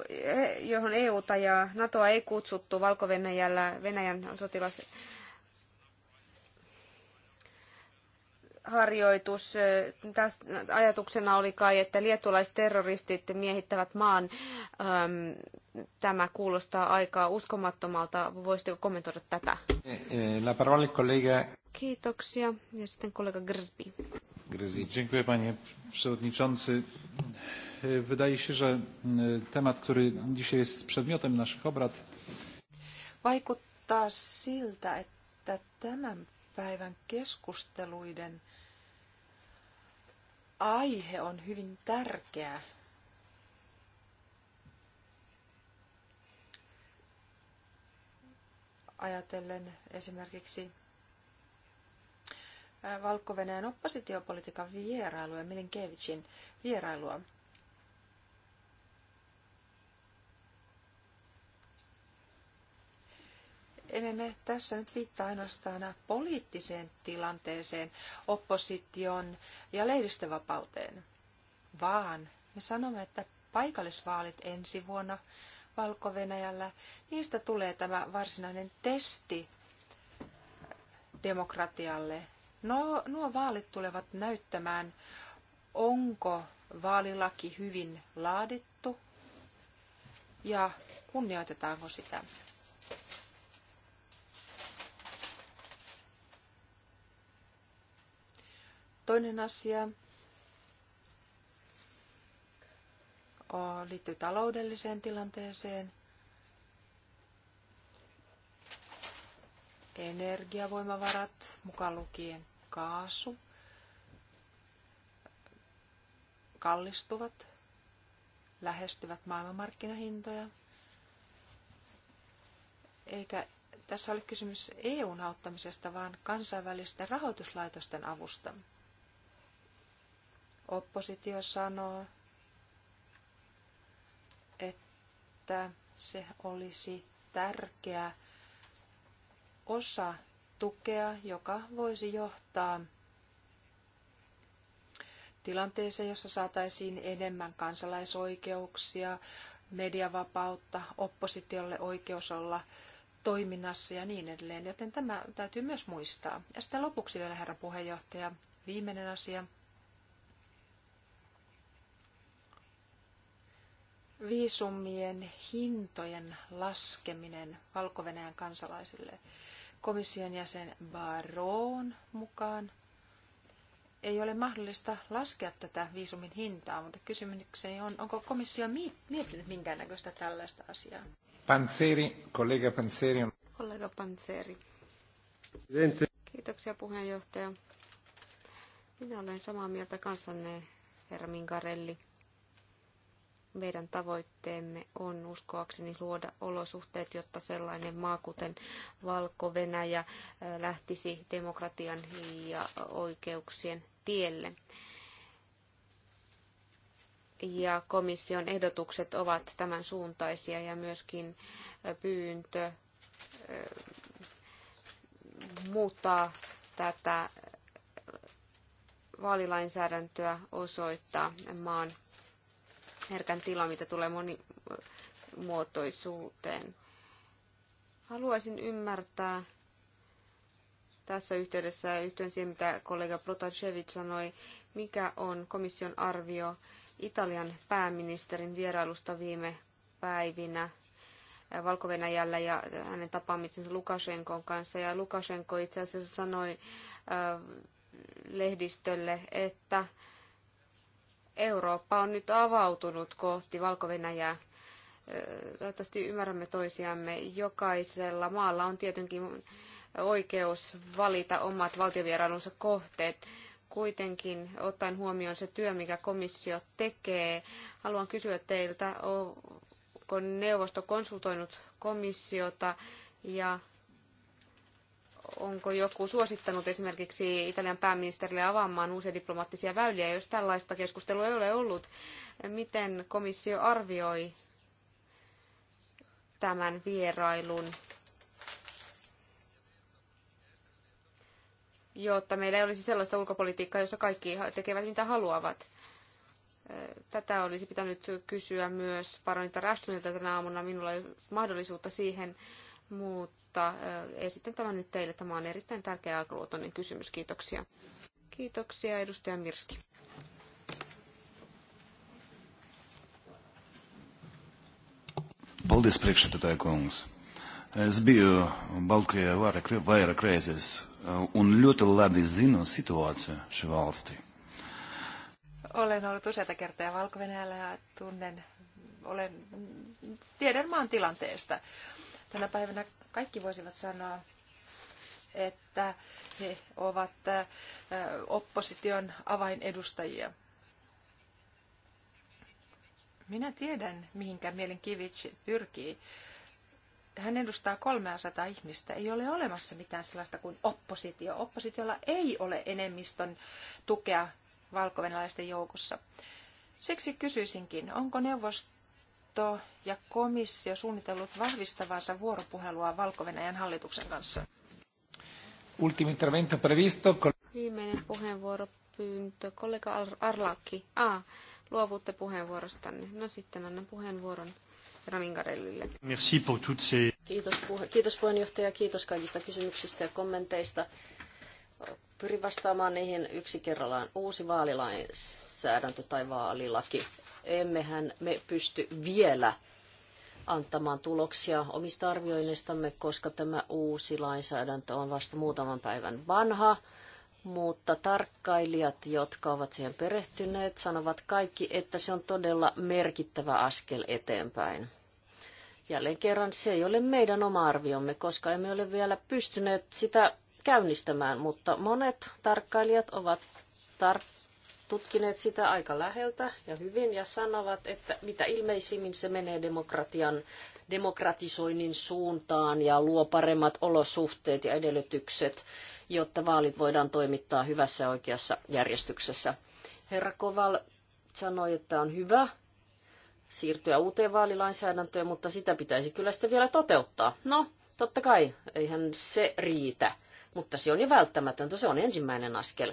johon EUta ja NATOa ei kutsuttu valko -Venäjällä Venäjän sotilas harjoitus. Tästä ajatuksena oli kai, että liettualaisterroristit miehittävät maan. Tämä kuulostaa aika uskomattomalta. Voisitteko kommentoida tätä? Eh, eh, la parola collega. Kiitoksia. Ja sitten kollega Grzbi. Grzbi. Dziękuję panie przewodniczący. E, wydaje się, że e, temat, który dzisiaj jest przedmiotem naszych obrad. Vaikuttaa siltä, että tämän päivän keskusteluiden aihe on hyvin tärkeä. Ajatellen esimerkiksi Valko-Venäjän oppositiopolitiikan vierailua ja Milinkevicin vierailua. emme me tässä nyt viittaa ainoastaan poliittiseen tilanteeseen, opposition ja lehdistövapauteen, vaan me sanomme, että paikallisvaalit ensi vuonna Valko-Venäjällä, niistä tulee tämä varsinainen testi demokratialle. No, nuo vaalit tulevat näyttämään, onko vaalilaki hyvin laadittu ja kunnioitetaanko sitä. Toinen asia liittyy taloudelliseen tilanteeseen. Energiavoimavarat, mukaan lukien kaasu, kallistuvat, lähestyvät maailmanmarkkinahintoja. Eikä tässä ole kysymys EUn auttamisesta, vaan kansainvälisten rahoituslaitosten avusta. Oppositio sanoo, että se olisi tärkeä osa tukea, joka voisi johtaa tilanteeseen, jossa saataisiin enemmän kansalaisoikeuksia, mediavapautta, oppositiolle oikeus olla toiminnassa ja niin edelleen, joten tämä täytyy myös muistaa. Ja sitten lopuksi vielä, herra puheenjohtaja, viimeinen asia – viisumien hintojen laskeminen valko kansalaisille komission jäsen Baron mukaan. Ei ole mahdollista laskea tätä viisumin hintaa, mutta kysymykseni on, onko komissio miettinyt minkäännäköistä tällaista asiaa? Panseri, kollega Panseri. Kollega Panseri. Kiitoksia puheenjohtaja. Minä olen samaa mieltä kanssanne, herra Minkarelli meidän tavoitteemme on uskoakseni luoda olosuhteet, jotta sellainen maa kuten Valko-Venäjä lähtisi demokratian ja oikeuksien tielle ja komission ehdotukset ovat tämän suuntaisia ja myöskin pyyntö muuttaa tätä vaalilainsäädäntöä osoittaa maan herkän tila, mitä tulee monimuotoisuuteen. Haluaisin ymmärtää tässä yhteydessä yhteen siihen, mitä kollega Protasevic sanoi, mikä on komission arvio Italian pääministerin vierailusta viime päivinä valko ja hänen tapaamisensa Lukashenkon kanssa. Ja Lukashenko itse asiassa sanoi äh, lehdistölle, että Eurooppa on nyt avautunut kohti valko -Venäjää. Toivottavasti ymmärrämme toisiamme. Jokaisella maalla on tietenkin oikeus valita omat valtiovierailunsa kohteet. Kuitenkin ottaen huomioon se työ, mikä komissio tekee, haluan kysyä teiltä, onko neuvosto konsultoinut komissiota ja onko joku suosittanut esimerkiksi Italian pääministerille avaamaan uusia diplomaattisia väyliä, jos tällaista keskustelua ei ole ollut. Miten komissio arvioi tämän vierailun, jotta meillä ei olisi sellaista ulkopolitiikkaa, jossa kaikki tekevät mitä haluavat? Tätä olisi pitänyt kysyä myös paronita Rashtonilta tänä aamuna. Minulla ei ollut mahdollisuutta siihen mutta esitän tämän nyt teille. Tämä on erittäin tärkeä alkuluotoinen kysymys. Kiitoksia. Kiitoksia, edustaja Mirski. Paldies priekšsēdētāja kungs. Es biju Baltkrievijā vairāk reizes un ļoti labi zinu situāciju šī valstī. Olen ollut useita kertoja valko ja tunnen, olen, tiedän maan tilanteesta. Tänä päivänä kaikki voisivat sanoa, että he ovat äh, opposition avainedustajia. Minä tiedän, mihinkä Mielinkivits pyrkii. Hän edustaa 300 ihmistä. Ei ole olemassa mitään sellaista kuin oppositio. Oppositiolla ei ole enemmistön tukea valkovenäläisten joukossa. Siksi kysyisinkin, onko neuvosto neuvosto ja komissio suunnitellut vahvistavansa vuoropuhelua valko hallituksen kanssa? Ultimo intervento previsto. Viimeinen puheenvuoropyyntö. Kollega Arlaki. A, Ah, luovuutte puheenvuorostanne. No sitten annan puheenvuoron Ramingarellille. Merci pour toutes ces... Kiitos, puhe- kiitos puheenjohtaja, kiitos kaikista kysymyksistä ja kommenteista. Pyrin vastaamaan niihin yksi kerrallaan. Uusi vaalilainsäädäntö tai vaalilaki emmehän me pysty vielä antamaan tuloksia omista arvioinnistamme, koska tämä uusi lainsäädäntö on vasta muutaman päivän vanha. Mutta tarkkailijat, jotka ovat siihen perehtyneet, sanovat kaikki, että se on todella merkittävä askel eteenpäin. Jälleen kerran se ei ole meidän oma arviomme, koska emme ole vielä pystyneet sitä käynnistämään, mutta monet tarkkailijat ovat tar- tutkineet sitä aika läheltä ja hyvin ja sanovat, että mitä ilmeisimmin se menee demokratian demokratisoinnin suuntaan ja luo paremmat olosuhteet ja edellytykset, jotta vaalit voidaan toimittaa hyvässä ja oikeassa järjestyksessä. Herra Koval sanoi, että on hyvä siirtyä uuteen vaalilainsäädäntöön, mutta sitä pitäisi kyllä sitten vielä toteuttaa. No, totta kai, eihän se riitä, mutta se on jo välttämätöntä, se on ensimmäinen askel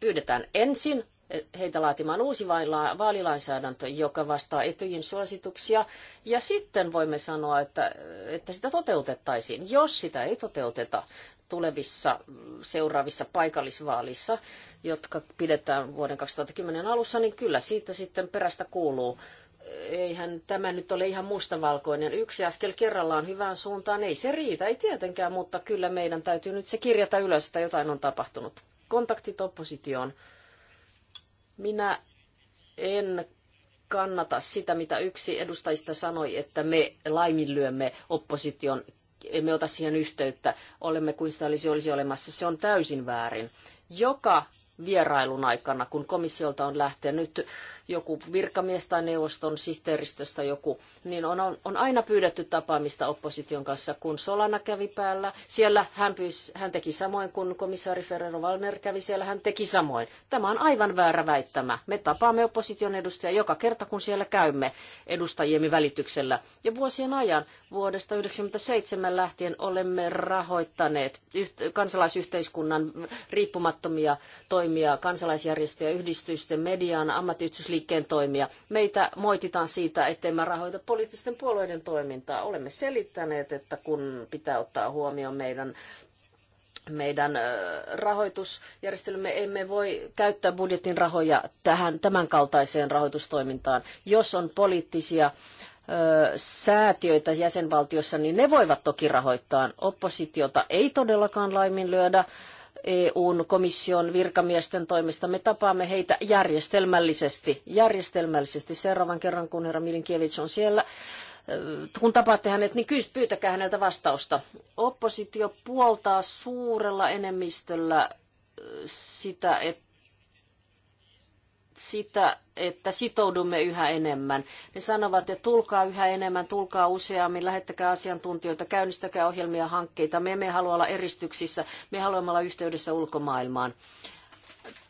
pyydetään ensin heitä laatimaan uusi vaalilainsäädäntö, joka vastaa etyjin suosituksia, ja sitten voimme sanoa, että, että sitä toteutettaisiin. Jos sitä ei toteuteta tulevissa seuraavissa paikallisvaalissa, jotka pidetään vuoden 2010 alussa, niin kyllä siitä sitten perästä kuuluu eihän tämä nyt ole ihan mustavalkoinen. Yksi askel kerrallaan hyvään suuntaan, ei se riitä, ei tietenkään, mutta kyllä meidän täytyy nyt se kirjata ylös, että jotain on tapahtunut kontaktit oppositioon. Minä en kannata sitä, mitä yksi edustajista sanoi, että me laiminlyömme opposition, emme ota siihen yhteyttä, olemme kuin sitä olisi, olisi olemassa. Se on täysin väärin. Joka vierailun aikana, kun komissiolta on lähtenyt joku virkamies tai neuvoston sihteeristöstä joku, niin on, on aina pyydetty tapaamista opposition kanssa. Kun Solana kävi päällä, siellä hän, pyys, hän teki samoin, kun komissaari Ferrero Valner kävi siellä, hän teki samoin. Tämä on aivan väärä väittämä. Me tapaamme opposition edustajia joka kerta, kun siellä käymme edustajiemme välityksellä. Ja vuosien ajan, vuodesta 1997 lähtien, olemme rahoittaneet kansalaisyhteiskunnan riippumattomia toimia, kansalaisjärjestöjä, yhdistysten, median, ammattiyhdistysliikkeen, ammattiyhdistysliikkeen toimia. Meitä moititaan siitä, ettei mä rahoita poliittisten puolueiden toimintaa. Olemme selittäneet, että kun pitää ottaa huomioon meidän meidän rahoitusjärjestelmämme emme voi käyttää budjetin rahoja tähän tämän kaltaiseen rahoitustoimintaan. Jos on poliittisia säätiöitä jäsenvaltiossa, niin ne voivat toki rahoittaa. Oppositiota ei todellakaan laiminlyödä EUn komission virkamiesten toimesta. Me tapaamme heitä järjestelmällisesti, järjestelmällisesti seuraavan kerran, kun herra Milinkiewicz on siellä äh, kun tapaatte hänet, niin pyytäkää häneltä vastausta. Oppositio puoltaa suurella enemmistöllä äh, sitä, että sitä, että sitoudumme yhä enemmän. Ne sanovat, että tulkaa yhä enemmän, tulkaa useammin, lähettäkää asiantuntijoita, käynnistäkää ohjelmia hankkeita. Me emme halua olla eristyksissä, me haluamme olla yhteydessä ulkomaailmaan.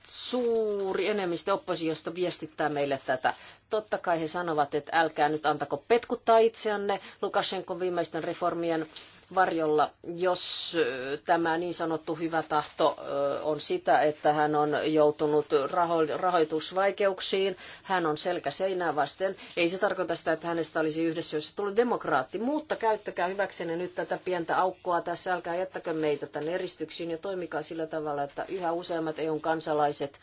Suuri enemmistö oppositiosta viestittää meille tätä. Totta kai he sanovat, että älkää nyt antako petkuttaa itseänne Lukashenkon viimeisten reformien varjolla, jos tämä niin sanottu hyvä tahto on sitä, että hän on joutunut raho- rahoitusvaikeuksiin, hän on selkä seinää vasten. Ei se tarkoita sitä, että hänestä olisi yhdessä, jos tullut demokraatti, mutta käyttäkää hyväksenne nyt tätä pientä aukkoa tässä, älkää jättäkö meitä tänne eristyksiin ja toimikaa sillä tavalla, että yhä useammat EUn kansalaiset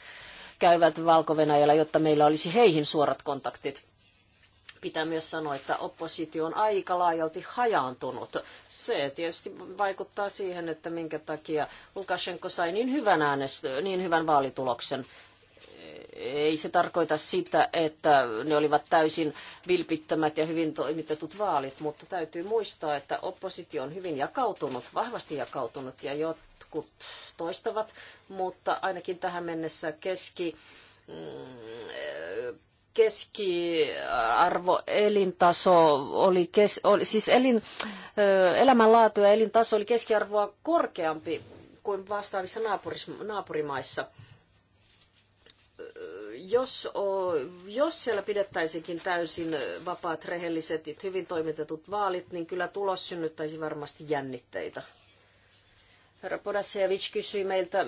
käyvät valko jotta meillä olisi heihin suorat kontaktit. Pitää myös sanoa, että oppositio on aika laajalti hajaantunut. Se tietysti vaikuttaa siihen, että minkä takia Lukashenko sai niin hyvän, äänestö, niin hyvän vaalituloksen ei se tarkoita sitä, että ne olivat täysin vilpittömät ja hyvin toimitetut vaalit, mutta täytyy muistaa, että oppositio on hyvin jakautunut, vahvasti jakautunut ja jotkut toistavat, mutta ainakin tähän mennessä keski mm, keskiarvo, elintaso oli, kes, oli siis elin, elämänlaatu ja elintaso oli keskiarvoa korkeampi kuin vastaavissa naapurimaissa jos, jos siellä pidettäisikin täysin vapaat, rehelliset, hyvin toimitetut vaalit, niin kyllä tulos synnyttäisi varmasti jännitteitä. Herra Podasiewicz kysyi meiltä,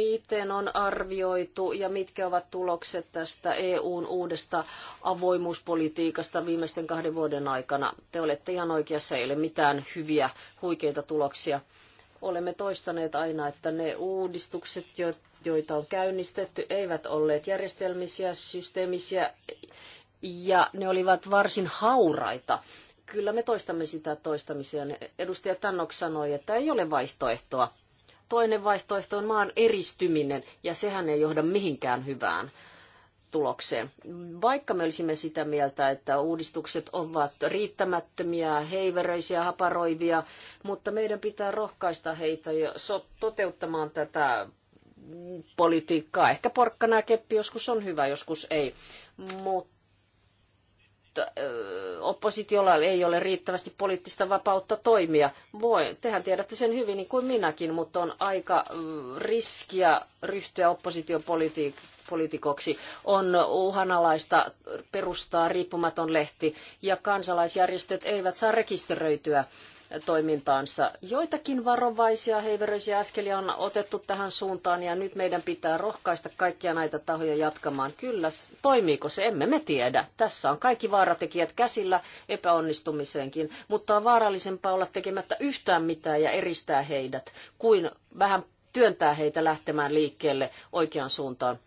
miten on arvioitu ja mitkä ovat tulokset tästä EUn uudesta avoimuuspolitiikasta viimeisten kahden vuoden aikana. Te olette ihan oikeassa, ei ole mitään hyviä, huikeita tuloksia. Olemme toistaneet aina, että ne uudistukset, joita on käynnistetty, eivät olleet järjestelmisiä, systeemisiä ja ne olivat varsin hauraita. Kyllä me toistamme sitä toistamisia. Edustaja Tannok sanoi, että ei ole vaihtoehtoa. Toinen vaihtoehto on maan eristyminen, ja sehän ei johda mihinkään hyvään tulokseen. Vaikka me olisimme sitä mieltä, että uudistukset ovat riittämättömiä, heiveröisiä, haparoivia, mutta meidän pitää rohkaista heitä ja toteuttamaan tätä politiikkaa. Ehkä porkkana ja keppi joskus on hyvä, joskus ei. Mutta oppositiolla ei ole riittävästi poliittista vapautta toimia. Voi, tehän tiedätte sen hyvin niin kuin minäkin, mutta on aika riskiä ryhtyä oppositiopoliitikoksi. On uhanalaista perustaa riippumaton lehti ja kansalaisjärjestöt eivät saa rekisteröityä toimintaansa. Joitakin varovaisia heiveröisiä askelia on otettu tähän suuntaan ja nyt meidän pitää rohkaista kaikkia näitä tahoja jatkamaan. Kyllä, toimiiko se? Emme me tiedä. Tässä on kaikki vaaratekijät käsillä epäonnistumiseenkin, mutta on vaarallisempaa olla tekemättä yhtään mitään ja eristää heidät kuin vähän työntää heitä lähtemään liikkeelle oikeaan suuntaan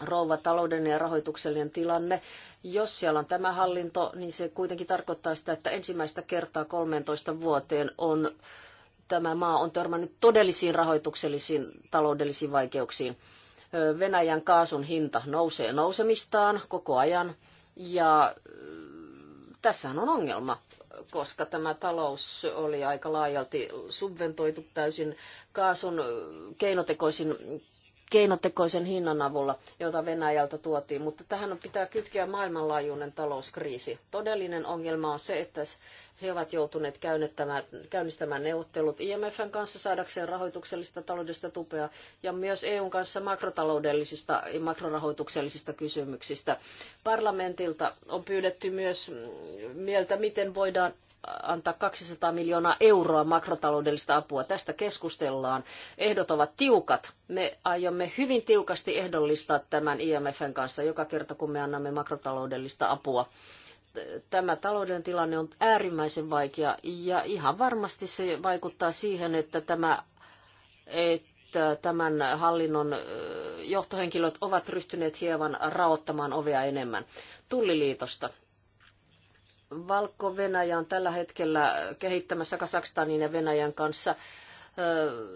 rouva taloudellinen ja rahoituksellinen tilanne. Jos siellä on tämä hallinto, niin se kuitenkin tarkoittaa sitä, että ensimmäistä kertaa 13 vuoteen on tämä maa on törmännyt todellisiin rahoituksellisiin taloudellisiin vaikeuksiin. Venäjän kaasun hinta nousee nousemistaan koko ajan ja tässä on ongelma, koska tämä talous oli aika laajalti subventoitu täysin kaasun keinotekoisin keinotekoisen hinnan avulla, jota Venäjältä tuotiin, mutta tähän pitää kytkeä maailmanlaajuinen talouskriisi. Todellinen ongelma on se, että he ovat joutuneet käynnistämään neuvottelut IMFn kanssa saadakseen rahoituksellista taloudellista tupea ja myös EUn kanssa makrotaloudellisista ja makrorahoituksellisista kysymyksistä. Parlamentilta on pyydetty myös mm, mieltä, miten voidaan antaa 200 miljoonaa euroa makrotaloudellista apua. Tästä keskustellaan. Ehdot ovat tiukat. Me aiomme hyvin tiukasti ehdollistaa tämän IMFn kanssa joka kerta, kun me annamme makrotaloudellista apua tämä talouden tilanne on äärimmäisen vaikea ja ihan varmasti se vaikuttaa siihen, että tämä, että tämän hallinnon johtohenkilöt ovat ryhtyneet hieman raottamaan ovea enemmän. Tulliliitosta. Valko-Venäjä on tällä hetkellä kehittämässä Kasakstanin ja Venäjän kanssa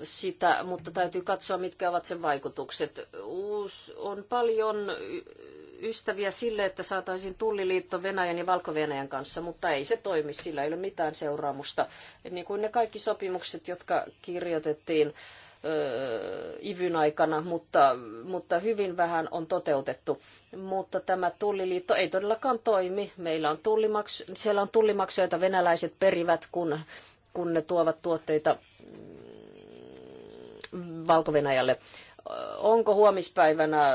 sitä, mutta täytyy katsoa, mitkä ovat sen vaikutukset. Uus, on paljon ystäviä sille, että saataisiin tulliliitto Venäjän ja valko -Venäjän kanssa, mutta ei se toimi, sillä ei ole mitään seuraamusta. Niin kuin ne kaikki sopimukset, jotka kirjoitettiin IVYn aikana, mutta, mutta hyvin vähän on toteutettu. Mutta tämä tulliliitto ei todellakaan toimi. Meillä on tullimaksu, siellä on tullimaksuja, joita venäläiset perivät, kun, kun ne tuovat tuotteita valko -Venäjälle. Onko huomispäivänä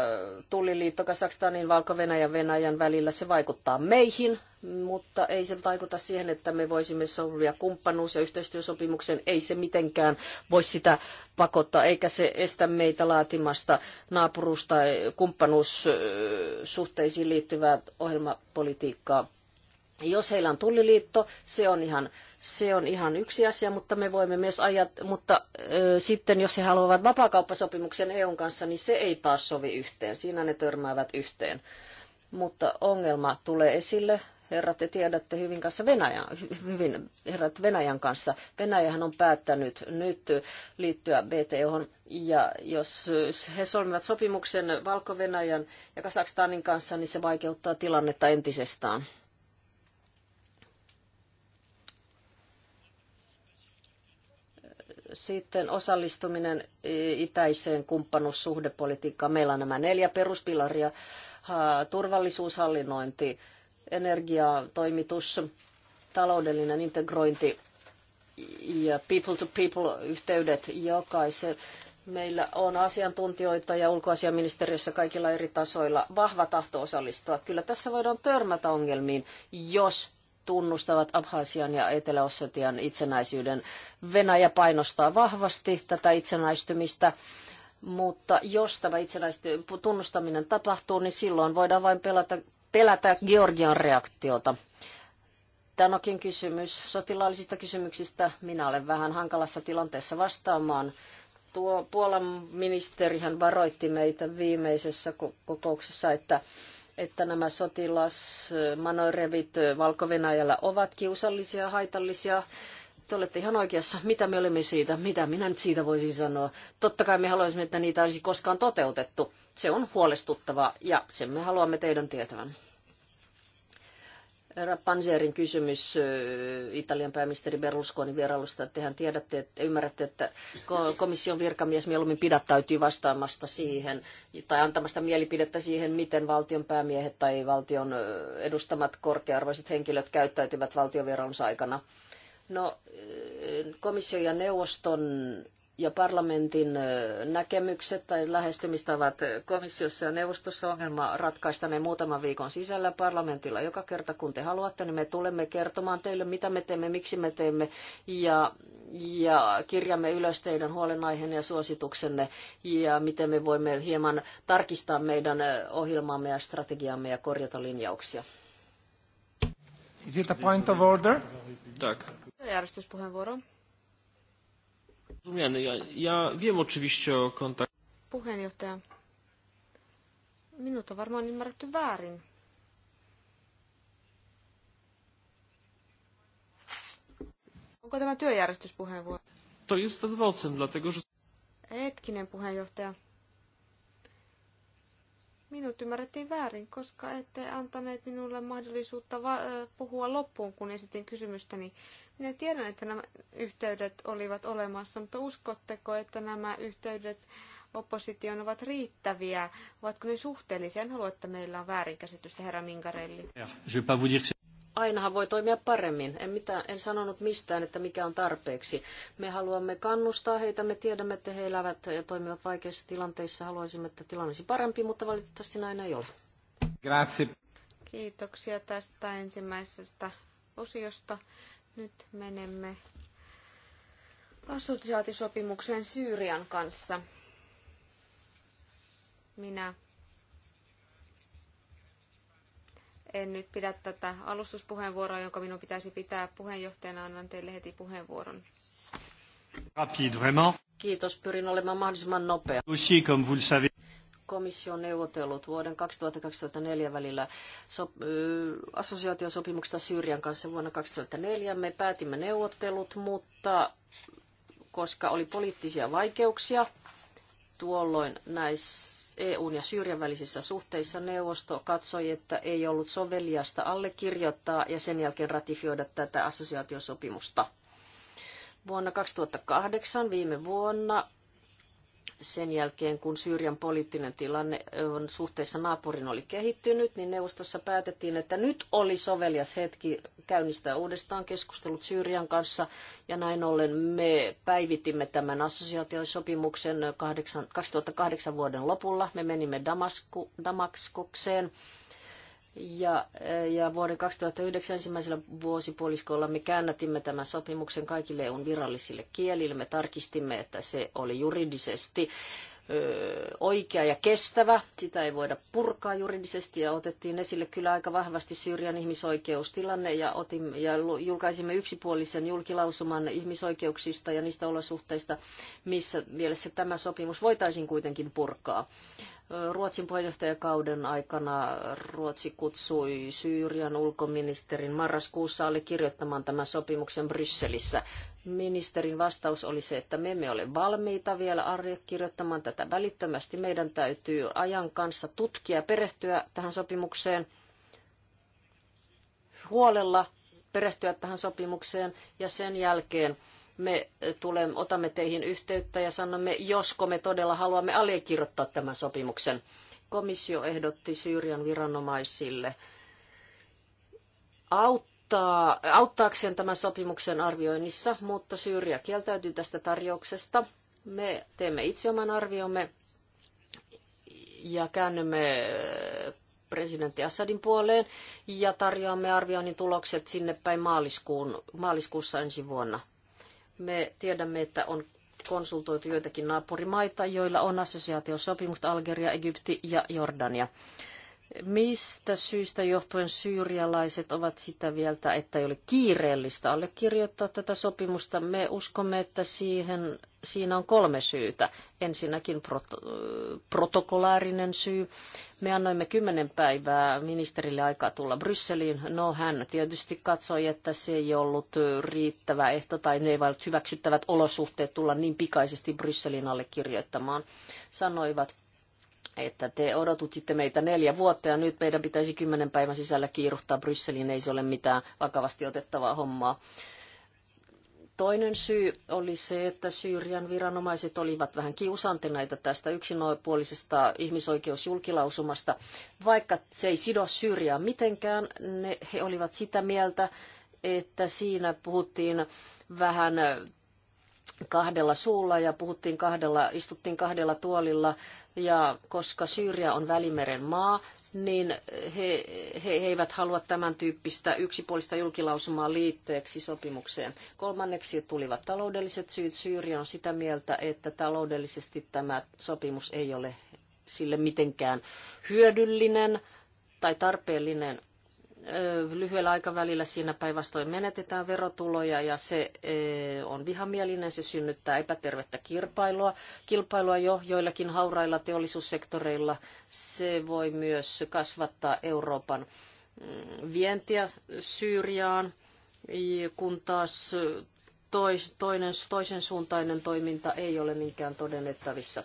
tulliliitto Kasakstanin, valko ja Venäjän välillä? Se vaikuttaa meihin, mutta ei se vaikuta siihen, että me voisimme sovia kumppanuus- ja yhteistyösopimuksen. Ei se mitenkään voi sitä pakottaa, eikä se estä meitä laatimasta naapuruus- tai kumppanuussuhteisiin liittyvää ohjelmapolitiikkaa. Jos heillä on tulliliitto, se on ihan se on ihan yksi asia, mutta me voimme myös ajat, mutta ö, sitten jos he haluavat vapakauppasopimuksen EUn kanssa, niin se ei taas sovi yhteen. Siinä ne törmäävät yhteen. Mutta ongelma tulee esille herrat, te tiedätte hyvin, kanssa Venäjän, hyvin herrat Venäjän kanssa. Venäjähän on päättänyt nyt liittyä BTOhon ja jos he solmivat sopimuksen Valko-Venäjän ja Kasakstanin kanssa, niin se vaikeuttaa tilannetta entisestään. Sitten osallistuminen e, itäiseen kumppanuussuhdepolitiikkaan. Meillä on nämä neljä peruspilaria. Turvallisuushallinnointi, energiatoimitus, taloudellinen integrointi ja people-to-people-yhteydet jokaisen. Meillä on asiantuntijoita ja ulkoasiaministeriössä kaikilla eri tasoilla vahva tahto osallistua. Kyllä tässä voidaan törmätä ongelmiin, jos tunnustavat Abhasian ja Etelä-Ossetian itsenäisyyden. Venäjä painostaa vahvasti tätä itsenäistymistä. Mutta jos tämä tunnustaminen tapahtuu, niin silloin voidaan vain pelätä, pelätä Georgian reaktiota. Tanokin kysymys sotilaallisista kysymyksistä. Minä olen vähän hankalassa tilanteessa vastaamaan. Tuo Puolan ministerihän varoitti meitä viimeisessä kokouksessa, että että nämä sotilasmanoirevit valko ovat kiusallisia, haitallisia. Te olette ihan oikeassa. Mitä me olemme siitä? Mitä minä nyt siitä voisin sanoa? Totta kai me haluaisimme, että niitä olisi koskaan toteutettu. Se on huolestuttavaa ja sen me haluamme teidän tietävän. Herra Panzerin kysymys Italian pääministeri Berlusconin vierailusta. Tehän tiedätte, että ymmärrätte, että komission virkamies mieluummin pidättäytyy vastaamasta siihen tai antamasta mielipidettä siihen, miten valtion päämiehet tai valtion edustamat korkearvoiset henkilöt käyttäytyvät valtion aikana. No, komission ja neuvoston ja parlamentin näkemykset tai lähestymistavat komissiossa ja neuvostossa ongelma ratkaista ne muutaman viikon sisällä parlamentilla. Joka kerta kun te haluatte, niin me tulemme kertomaan teille, mitä me teemme, miksi me teemme ja, ja kirjamme ylös teidän huolenaiheenne ja suosituksenne ja miten me voimme hieman tarkistaa meidän ohjelmaamme ja strategiaamme ja korjata linjauksia. Is it a point of order? Tak. Järjestyspuheenvuoro. Ja, ja wiem oczywiście o kontakt... Puheenjohtaja, minut on varmaan ymmärretty väärin. Onko tämä työjärjestyspuheenvuoro? To jest adwocem, dlatego że... Hetkinen puheenjohtaja. Minut ymmärrettiin väärin, koska ette antaneet minulle mahdollisuutta puhua loppuun, kun esitin kysymystäni. Minä tiedän, että nämä yhteydet olivat olemassa, mutta uskotteko, että nämä yhteydet opposition ovat riittäviä? Ovatko ne suhteellisia? En halua, että meillä on väärinkäsitystä, herra Minkarelli ainahan voi toimia paremmin. En, mitään, en sanonut mistään, että mikä on tarpeeksi. Me haluamme kannustaa heitä, me tiedämme, että he elävät ja toimivat vaikeissa tilanteissa. Haluaisimme, että tilanne olisi parempi, mutta valitettavasti näin ei ole. Grazie. Kiitoksia tästä ensimmäisestä osiosta. Nyt menemme assosiaatisopimukseen Syyrian kanssa. Minä En nyt pidä tätä alustuspuheenvuoroa, jonka minun pitäisi pitää puheenjohtajana. Annan teille heti puheenvuoron. Kiitos, pyrin olemaan mahdollisimman nopea. Aussi, comme vous le savez. Komission neuvotellut vuoden 2004 välillä sop- assosiaatiosopimuksesta Syyrian kanssa vuonna 2004. Me päätimme neuvottelut, mutta koska oli poliittisia vaikeuksia tuolloin näissä EUn ja Syyrian välisissä suhteissa neuvosto katsoi, että ei ollut soveliasta allekirjoittaa ja sen jälkeen ratifioida tätä assosiaatiosopimusta. Vuonna 2008 viime vuonna sen jälkeen, kun Syyrian poliittinen tilanne suhteessa naapurin oli kehittynyt, niin neuvostossa päätettiin, että nyt oli sovelias hetki käynnistää uudestaan keskustelut Syyrian kanssa. Ja näin ollen me päivitimme tämän assosiaatiosopimuksen 2008 vuoden lopulla. Me menimme Damasku, Damaskukseen ja, eh, ja vuoden 2009 ensimmäisellä vuosipuoliskolla me käännätimme tämän sopimuksen kaikille EUn virallisille kielille. Me tarkistimme, että se oli juridisesti oikea ja kestävä. Sitä ei voida purkaa juridisesti ja otettiin esille kyllä aika vahvasti Syyrian ihmisoikeustilanne ja, otimme, ja julkaisimme yksipuolisen julkilausuman ihmisoikeuksista ja niistä olosuhteista, missä mielessä tämä sopimus voitaisiin kuitenkin purkaa. Ruotsin puheenjohtajakauden aikana Ruotsi kutsui Syyrian ulkoministerin marraskuussa kirjoittamaan tämän sopimuksen Brysselissä. Ministerin vastaus oli se, että me emme ole valmiita vielä kirjoittamaan tätä välittömästi. Meidän täytyy ajan kanssa tutkia ja perehtyä tähän sopimukseen huolella perehtyä tähän sopimukseen ja sen jälkeen me tulemme, otamme teihin yhteyttä ja sanomme, josko me todella haluamme allekirjoittaa tämän sopimuksen. Komissio ehdotti Syyrian viranomaisille auttaa, auttaakseen tämän sopimuksen arvioinnissa, mutta Syyria kieltäytyy tästä tarjouksesta. Me teemme itse oman arviomme ja käännymme presidentti Assadin puoleen ja tarjoamme arvioinnin tulokset sinne päin maaliskuun, maaliskuussa ensi vuonna. Me tiedämme, että on konsultoitu joitakin naapurimaita, joilla on assosiaatiosopimukset Algeria, Egypti ja Jordania. Mistä syystä johtuen syyrialaiset ovat sitä mieltä, että ei ole kiireellistä allekirjoittaa tätä sopimusta? Me uskomme, että siihen Siinä on kolme syytä. Ensinnäkin prot- protokolaarinen syy. Me annoimme kymmenen päivää ministerille aikaa tulla Brysseliin. No hän tietysti katsoi, että se ei ollut riittävä ehto tai ne eivät hyväksyttävät olosuhteet tulla niin pikaisesti Brysselin allekirjoittamaan. Sanoivat että te odotutitte meitä neljä vuotta ja nyt meidän pitäisi kymmenen päivän sisällä kiiruhtaa Brysseliin, ei se ole mitään vakavasti otettavaa hommaa. Toinen syy oli se, että Syyrian viranomaiset olivat vähän kiusantineita tästä yksinoipuolisesta ihmisoikeusjulkilausumasta. Vaikka se ei sido Syyriaa mitenkään, ne, he olivat sitä mieltä, että siinä puhuttiin vähän kahdella suulla ja puhuttiin kahdella, istuttiin kahdella tuolilla. Ja koska Syyria on Välimeren maa, niin he, he eivät halua tämän tyyppistä yksipuolista julkilausumaa liitteeksi sopimukseen. Kolmanneksi tulivat taloudelliset syyt. Syyri on sitä mieltä, että taloudellisesti tämä sopimus ei ole sille mitenkään hyödyllinen tai tarpeellinen lyhyellä aikavälillä siinä päinvastoin menetetään verotuloja ja se on vihamielinen, se synnyttää epätervettä kilpailua, kilpailua jo joillakin haurailla teollisuussektoreilla. Se voi myös kasvattaa Euroopan mm, vientiä Syyriaan, kun taas tois, toinen, toisen suuntainen toiminta ei ole niinkään todennettavissa.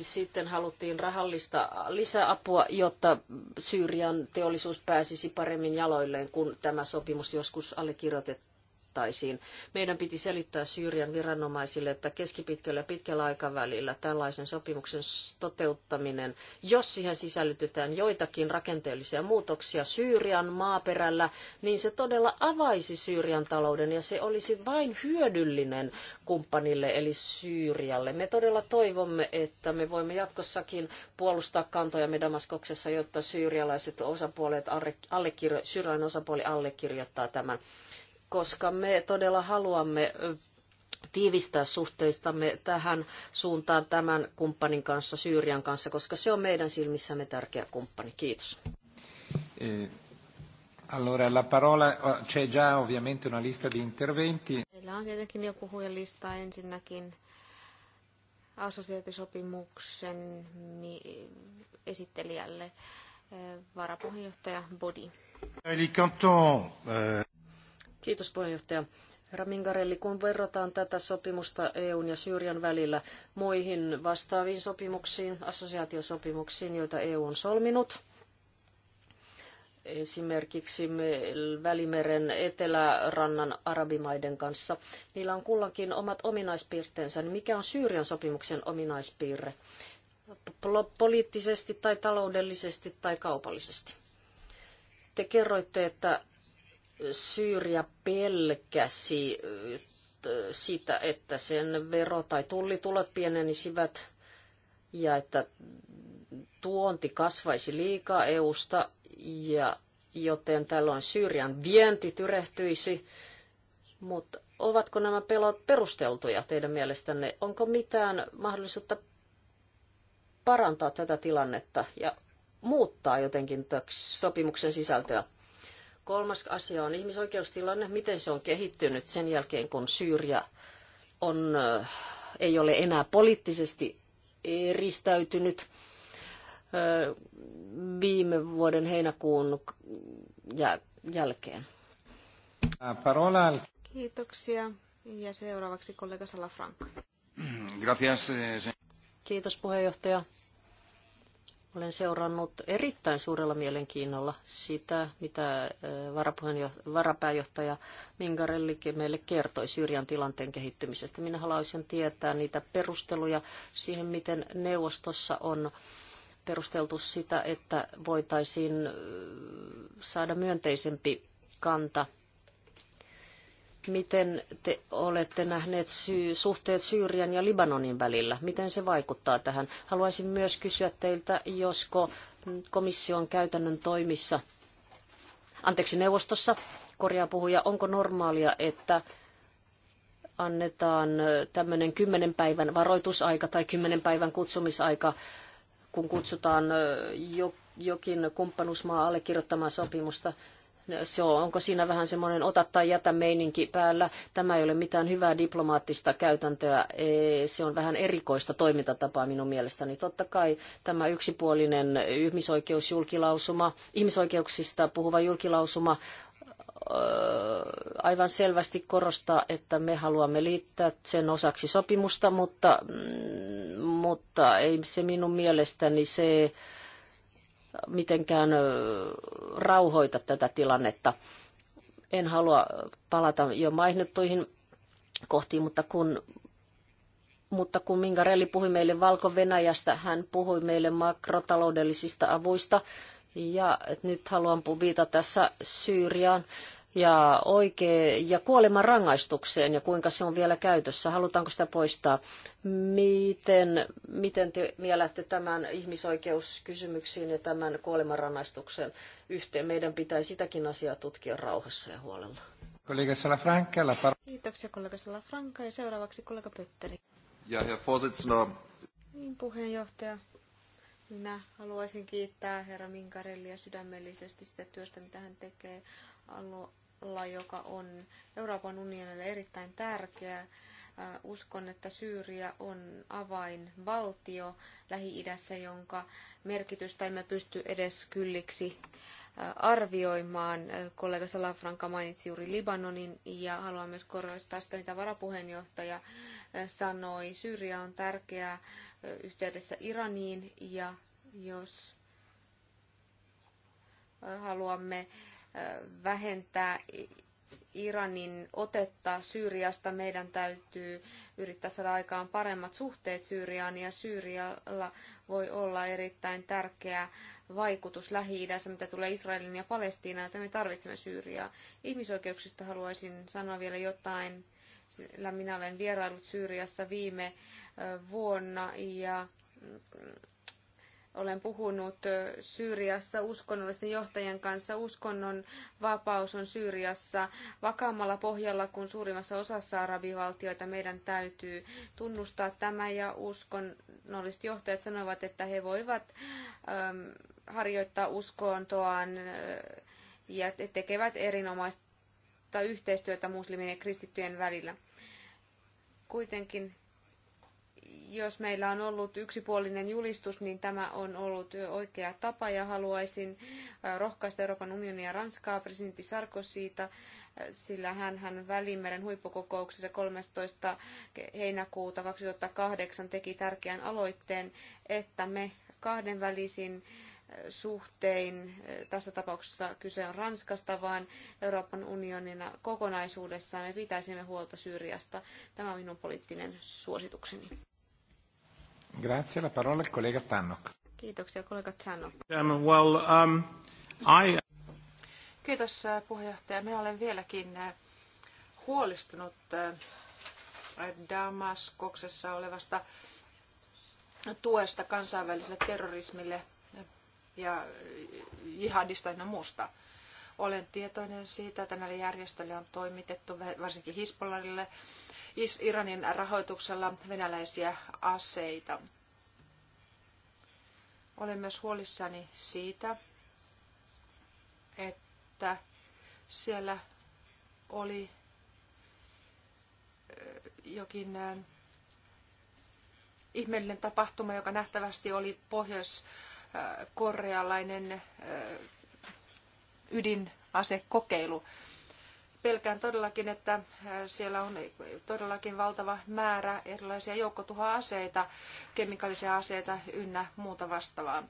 Sitten haluttiin rahallista lisäapua, jotta Syyrian teollisuus pääsisi paremmin jaloilleen, kun tämä sopimus joskus allekirjoitettiin korvattaisiin. Meidän piti selittää Syyrian viranomaisille, että keskipitkällä ja pitkällä aikavälillä tällaisen sopimuksen toteuttaminen, jos siihen sisällytetään joitakin rakenteellisia muutoksia Syyrian maaperällä, niin se todella avaisi Syyrian talouden ja se olisi vain hyödyllinen kumppanille eli Syyrialle. Me todella toivomme, että me voimme jatkossakin puolustaa kantojamme Damaskoksessa, jotta syyrialaiset osapuolet, allekirjo, syyrialainen osapuoli allekirjoittaa tämän koska me todella haluamme tiivistää suhteistamme tähän suuntaan tämän kumppanin kanssa, Syyrian kanssa, koska se on meidän silmissämme tärkeä kumppani. Kiitos. Eh, allora, la parola eh, c'è già ovviamente una lista di interventi. Meillä on tietenkin jo puhujan listaa ensinnäkin assosiaatisopimuksen esittelijälle eh, varapuheenjohtaja Bodi. Eli canton, Kiitos puheenjohtaja. Herra Mingarelli, kun verrataan tätä sopimusta EUn ja Syyrian välillä muihin vastaaviin sopimuksiin, assosiaatiosopimuksiin, joita EU on solminut, esimerkiksi Välimeren etelärannan arabimaiden kanssa. Niillä on kullakin omat ominaispiirteensä. Mikä on Syyrian sopimuksen ominaispiirre? Poliittisesti tai taloudellisesti tai kaupallisesti? Te kerroitte, että Syyria pelkäsi sitä, että sen vero- tai tullitulot pienenisivät ja että tuonti kasvaisi liikaa EUsta, ja joten tällöin Syyrian vienti tyrehtyisi. Mutta ovatko nämä pelot perusteltuja teidän mielestänne? Onko mitään mahdollisuutta parantaa tätä tilannetta ja muuttaa jotenkin sopimuksen sisältöä? Kolmas asia on ihmisoikeustilanne, miten se on kehittynyt sen jälkeen, kun Syyria on, äh, ei ole enää poliittisesti eristäytynyt äh, viime vuoden heinäkuun jälkeen. Parola. Kiitoksia. Ja seuraavaksi kollega Salafranca. Gracias. Eh, Kiitos puheenjohtaja. Olen seurannut erittäin suurella mielenkiinnolla sitä, mitä varapääjohtaja Mingarelli meille kertoi Syyrian tilanteen kehittymisestä. Minä haluaisin tietää niitä perusteluja siihen, miten neuvostossa on perusteltu sitä, että voitaisiin saada myönteisempi kanta Miten te olette nähneet syy, suhteet Syyrian ja Libanonin välillä? Miten se vaikuttaa tähän? Haluaisin myös kysyä teiltä, josko komission käytännön toimissa, anteeksi neuvostossa, korjaa puhuja, onko normaalia, että annetaan tämmöinen kymmenen päivän varoitusaika tai kymmenen päivän kutsumisaika, kun kutsutaan jokin kumppanuusmaa allekirjoittamaan sopimusta se on, onko siinä vähän semmoinen ota tai jätä meininki päällä. Tämä ei ole mitään hyvää diplomaattista käytäntöä. E, se on vähän erikoista toimintatapaa minun mielestäni. Totta kai tämä yksipuolinen ihmisoikeusjulkilausuma, ihmisoikeuksista puhuva julkilausuma aivan selvästi korostaa, että me haluamme liittää sen osaksi sopimusta, mutta, mm, mutta ei se minun mielestäni se mitenkään rauhoita tätä tilannetta. En halua palata jo mainittuihin kohtiin, mutta kun, mutta kun Mingarelli puhui meille Valko-Venäjästä, hän puhui meille makrotaloudellisista avuista, ja nyt haluan viitata tässä Syyriaan ja, oikea, ja kuoleman rangaistukseen ja kuinka se on vielä käytössä. Halutaanko sitä poistaa? Miten, miten te mielätte tämän ihmisoikeuskysymyksiin ja tämän kuoleman rangaistuksen yhteen? Meidän pitää sitäkin asiaa tutkia rauhassa ja huolella. la par- Kiitoksia kollega Salafranca ja seuraavaksi kollega Pötteri. Ja herra Vorsitzender. Niin puheenjohtaja. Minä haluaisin kiittää herra Minkarellia sydämellisesti sitä työstä, mitä hän tekee alalla, joka on Euroopan unionille erittäin tärkeä. Äh, uskon, että Syyria on avainvaltio Lähi-idässä, jonka merkitystä emme pysty edes kylliksi äh, arvioimaan. Kollega Salafranka mainitsi juuri Libanonin ja haluan myös korostaa sitä, mitä varapuheenjohtaja äh, sanoi. Syyria on tärkeää yhteydessä Iraniin ja jos haluamme vähentää Iranin otetta Syyriasta. Meidän täytyy yrittää saada aikaan paremmat suhteet Syyriaan ja Syyrialla voi olla erittäin tärkeä vaikutus Lähi-idässä, mitä tulee Israelin ja Palestiinaan, että me tarvitsemme Syyriaa. Ihmisoikeuksista haluaisin sanoa vielä jotain, sillä minä olen vierailut Syyriassa viime vuonna ja mm, olen puhunut Syyriassa uskonnollisten johtajien kanssa. Uskonnon vapaus on Syyriassa vakaammalla pohjalla kuin suurimmassa osassa arabivaltioita. Meidän täytyy tunnustaa tämä ja uskonnolliset johtajat sanovat, että he voivat äm, harjoittaa uskontoaan ja tekevät erinomaista yhteistyötä muslimien ja kristittyjen välillä. Kuitenkin jos meillä on ollut yksipuolinen julistus, niin tämä on ollut oikea tapa ja haluaisin rohkaista Euroopan unionia ja Ranskaa presidentti Sarkozyta, sillä hän, hän Välimeren huippukokouksessa 13. heinäkuuta 2008 teki tärkeän aloitteen, että me kahdenvälisin suhtein, tässä tapauksessa kyse on Ranskasta, vaan Euroopan unionina kokonaisuudessaan me pitäisimme huolta Syyriasta. Tämä on minun poliittinen suositukseni. Grazie, la parola Kiitoksia, kollega Tannock. Um, well, um, I... Kiitos äh, puheenjohtaja. Minä olen vieläkin äh, huolestunut äh, Damaskoksessa olevasta tuesta kansainväliselle terrorismille ja jihadista ja muusta. Olen tietoinen siitä, että näille järjestöille on toimitettu, varsinkin Hispolarille, Iranin rahoituksella venäläisiä aseita. Olen myös huolissani siitä, että siellä oli jokin ihmeellinen tapahtuma, joka nähtävästi oli pohjois-korealainen ydinasekokeilu. Pelkään todellakin, että äh, siellä on todellakin valtava määrä erilaisia joukkotuhoaseita, kemikaalisia aseita ynnä muuta vastaavaa.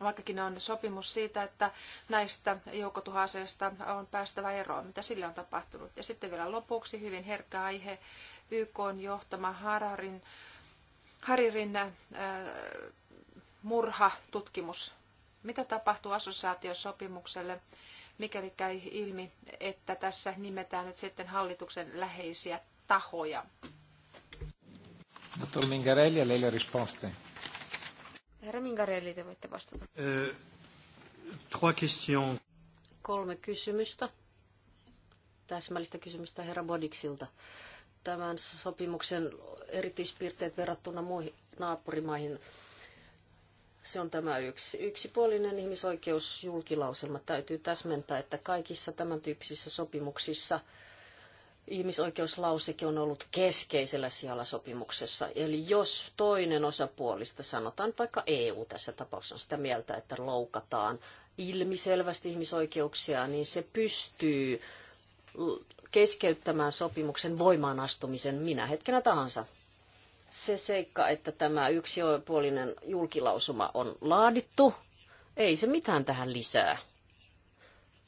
Vaikkakin on sopimus siitä, että näistä joukkotuhoaseista on päästävä eroon, mitä sille on tapahtunut. Ja sitten vielä lopuksi hyvin herkkä aihe, YK on johtama Hararin, Haririn äh, murhatutkimus. Mitä tapahtuu assosiaatiosopimukselle? sopimukselle? mikäli käy ilmi, että tässä nimetään nyt sitten hallituksen läheisiä tahoja. Dottor Mingarelli, lei risposte. Herra Mingarelli, te voitte vastata. Uh, trois questions. Kolme kysymystä. Täsmällistä kysymystä herra Bodiksilta. Tämän sopimuksen erityispiirteet verrattuna muihin naapurimaihin se on tämä yksi. Yksipuolinen ihmisoikeusjulkilauselma täytyy täsmentää, että kaikissa tämän tyyppisissä sopimuksissa ihmisoikeuslauseke on ollut keskeisellä sijalla sopimuksessa. Eli jos toinen osapuolista, sanotaan vaikka EU tässä tapauksessa, on sitä mieltä, että loukataan ilmiselvästi ihmisoikeuksia, niin se pystyy keskeyttämään sopimuksen voimaan astumisen minä hetkenä tahansa se seikka, että tämä yksipuolinen julkilausuma on laadittu, ei se mitään tähän lisää.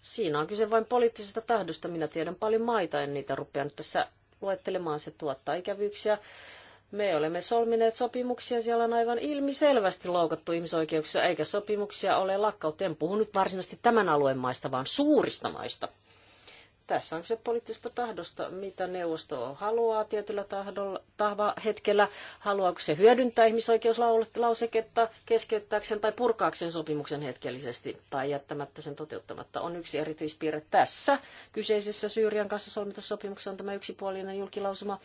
Siinä on kyse vain poliittisesta tahdosta. Minä tiedän paljon maita, en niitä rupea nyt tässä luettelemaan. Se tuottaa ikävyyksiä. Me olemme solmineet sopimuksia, siellä on aivan ilmiselvästi loukattu ihmisoikeuksia, eikä sopimuksia ole lakkautettu. En puhu nyt varsinaisesti tämän alueen maista, vaan suurista maista. Tässä on se poliittisesta tahdosta, mitä neuvosto haluaa tietyllä tahdolla, tahva hetkellä. Haluaako se hyödyntää ihmisoikeuslauseketta keskeyttääkseen tai purkaakseen sopimuksen hetkellisesti tai jättämättä sen toteuttamatta? On yksi erityispiirre tässä kyseisessä Syyrian kanssa solmitussa sopimuksessa on tämä yksipuolinen julkilausuma,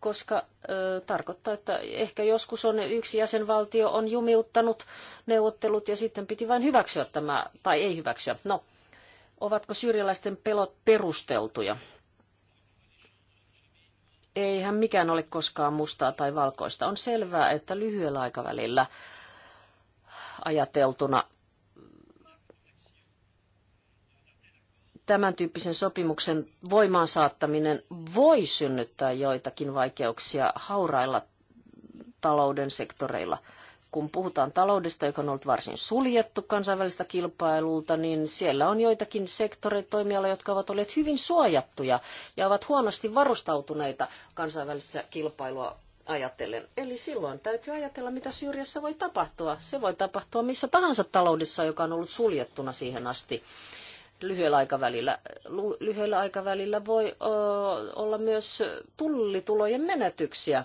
koska ö, tarkoittaa, että ehkä joskus on yksi jäsenvaltio on jumiuttanut neuvottelut ja sitten piti vain hyväksyä tämä tai ei hyväksyä. No, Ovatko syyrialaisten pelot perusteltuja? Eihän mikään ole koskaan mustaa tai valkoista. On selvää, että lyhyellä aikavälillä ajateltuna tämän tyyppisen sopimuksen voimaan saattaminen voi synnyttää joitakin vaikeuksia haurailla talouden sektoreilla – kun puhutaan taloudesta, joka on ollut varsin suljettu kansainvälistä kilpailulta, niin siellä on joitakin sektoreita toimialoja, jotka ovat olleet hyvin suojattuja ja ovat huonosti varustautuneita kansainvälistä kilpailua ajatellen. Eli silloin täytyy ajatella, mitä Syyriassa voi tapahtua. Se voi tapahtua missä tahansa taloudessa, joka on ollut suljettuna siihen asti lyhyellä aikavälillä. Lyhyellä aikavälillä voi olla myös tullitulojen menetyksiä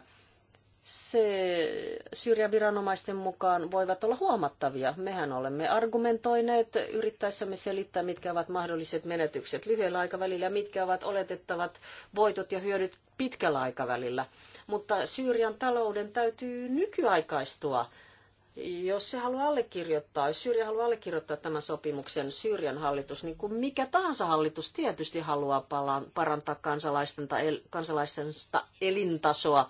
se Syyrian viranomaisten mukaan voivat olla huomattavia. Mehän olemme argumentoineet yrittäessämme selittää, mitkä ovat mahdolliset menetykset lyhyellä aikavälillä ja mitkä ovat oletettavat voitot ja hyödyt pitkällä aikavälillä. Mutta Syyrian talouden täytyy nykyaikaistua. Jos se haluaa allekirjoittaa, jos Syyria haluaa allekirjoittaa tämän sopimuksen, Syyrian hallitus, niin kuin mikä tahansa hallitus tietysti haluaa parantaa kansalaisten kansalaisten elintasoa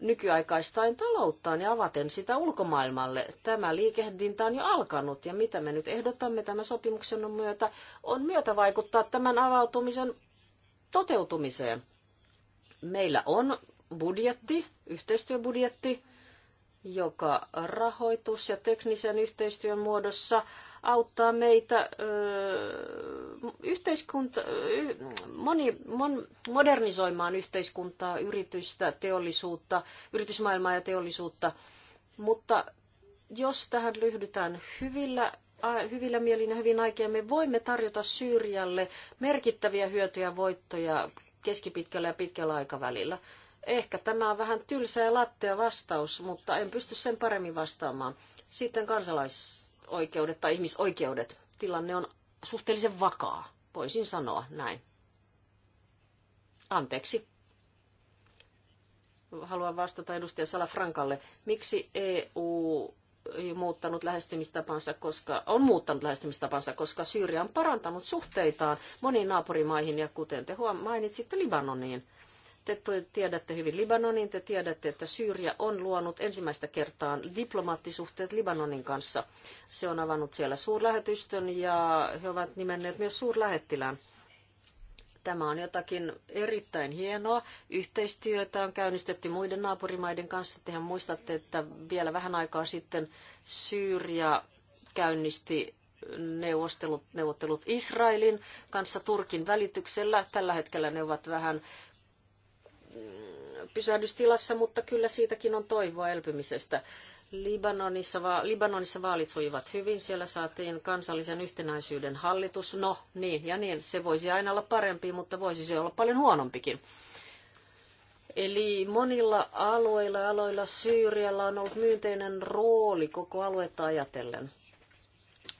nykyaikaistaen talouttaan ja avaten sitä ulkomaailmalle. Tämä liikehdintä on jo alkanut ja mitä me nyt ehdotamme tämän sopimuksen myötä, on myötä vaikuttaa tämän avautumisen toteutumiseen. Meillä on budjetti, yhteistyöbudjetti, joka rahoitus- ja teknisen yhteistyön muodossa auttaa meitä yhteiskunta, moni, mon, modernisoimaan yhteiskuntaa, yritystä, teollisuutta, yritysmaailmaa ja teollisuutta. Mutta jos tähän lyhdytään hyvillä hyvillä mielin ja hyvin aikea, me voimme tarjota Syyrialle merkittäviä hyötyjä voittoja keskipitkällä ja pitkällä aikavälillä. Ehkä tämä on vähän tylsä ja lattea vastaus, mutta en pysty sen paremmin vastaamaan. Sitten kansalaisoikeudet tai ihmisoikeudet. Tilanne on suhteellisen vakaa, voisin sanoa näin. Anteeksi. Haluan vastata edustaja Salafrankalle. Miksi EU muuttanut lähestymistapansa, koska, on muuttanut lähestymistapansa, koska Syyria on parantanut suhteitaan moniin naapurimaihin ja kuten te huom- mainitsitte Libanoniin te tiedätte hyvin Libanonin, te tiedätte, että Syyria on luonut ensimmäistä kertaa diplomaattisuhteet Libanonin kanssa. Se on avannut siellä suurlähetystön ja he ovat nimenneet myös suurlähettilään. Tämä on jotakin erittäin hienoa. Yhteistyötä on käynnistetty muiden naapurimaiden kanssa. Tehän muistatte, että vielä vähän aikaa sitten Syyria käynnisti neuvottelut Israelin kanssa Turkin välityksellä. Tällä hetkellä ne ovat vähän Mm, pysähdystilassa, mutta kyllä siitäkin on toivoa elpymisestä. Libanonissa, va- Libanonissa vaalit sujuvat hyvin, siellä saatiin kansallisen yhtenäisyyden hallitus. No niin ja niin, se voisi aina olla parempi, mutta voisi se olla paljon huonompikin. Eli monilla alueilla, aloilla Syyrialla on ollut myönteinen rooli koko aluetta ajatellen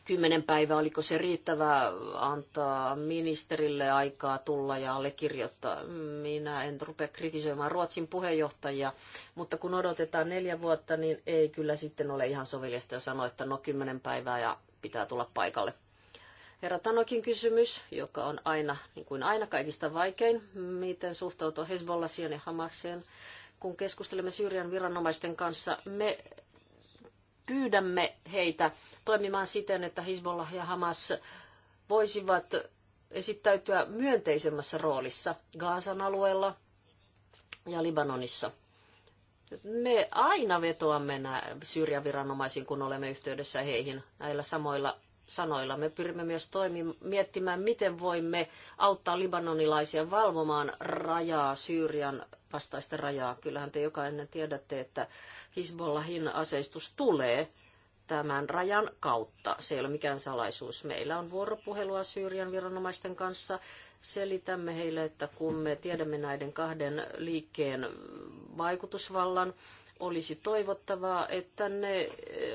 kymmenen päivää, oliko se riittävää antaa ministerille aikaa tulla ja allekirjoittaa. Minä en rupea kritisoimaan Ruotsin puheenjohtajia, mutta kun odotetaan neljä vuotta, niin ei kyllä sitten ole ihan sovellista sanoa, että no kymmenen päivää ja pitää tulla paikalle. Herra Tanokin kysymys, joka on aina, niin kuin aina kaikista vaikein, miten suhtautua Hezbollasiin ja Hamakseen kun keskustelemme Syyrian viranomaisten kanssa, me pyydämme heitä toimimaan siten, että Hezbollah ja Hamas voisivat esittäytyä myönteisemmässä roolissa Gaasan alueella ja Libanonissa. Me aina vetoamme Syyrian viranomaisiin, kun olemme yhteydessä heihin näillä samoilla sanoilla. Me pyrimme myös toimi, miettimään, miten voimme auttaa libanonilaisia valvomaan rajaa, Syyrian vastaista rajaa. Kyllähän te jokainen tiedätte, että Hisbollahin aseistus tulee tämän rajan kautta. Se ei ole mikään salaisuus. Meillä on vuoropuhelua Syyrian viranomaisten kanssa. Selitämme heille, että kun me tiedämme näiden kahden liikkeen vaikutusvallan, olisi toivottavaa, että ne eh,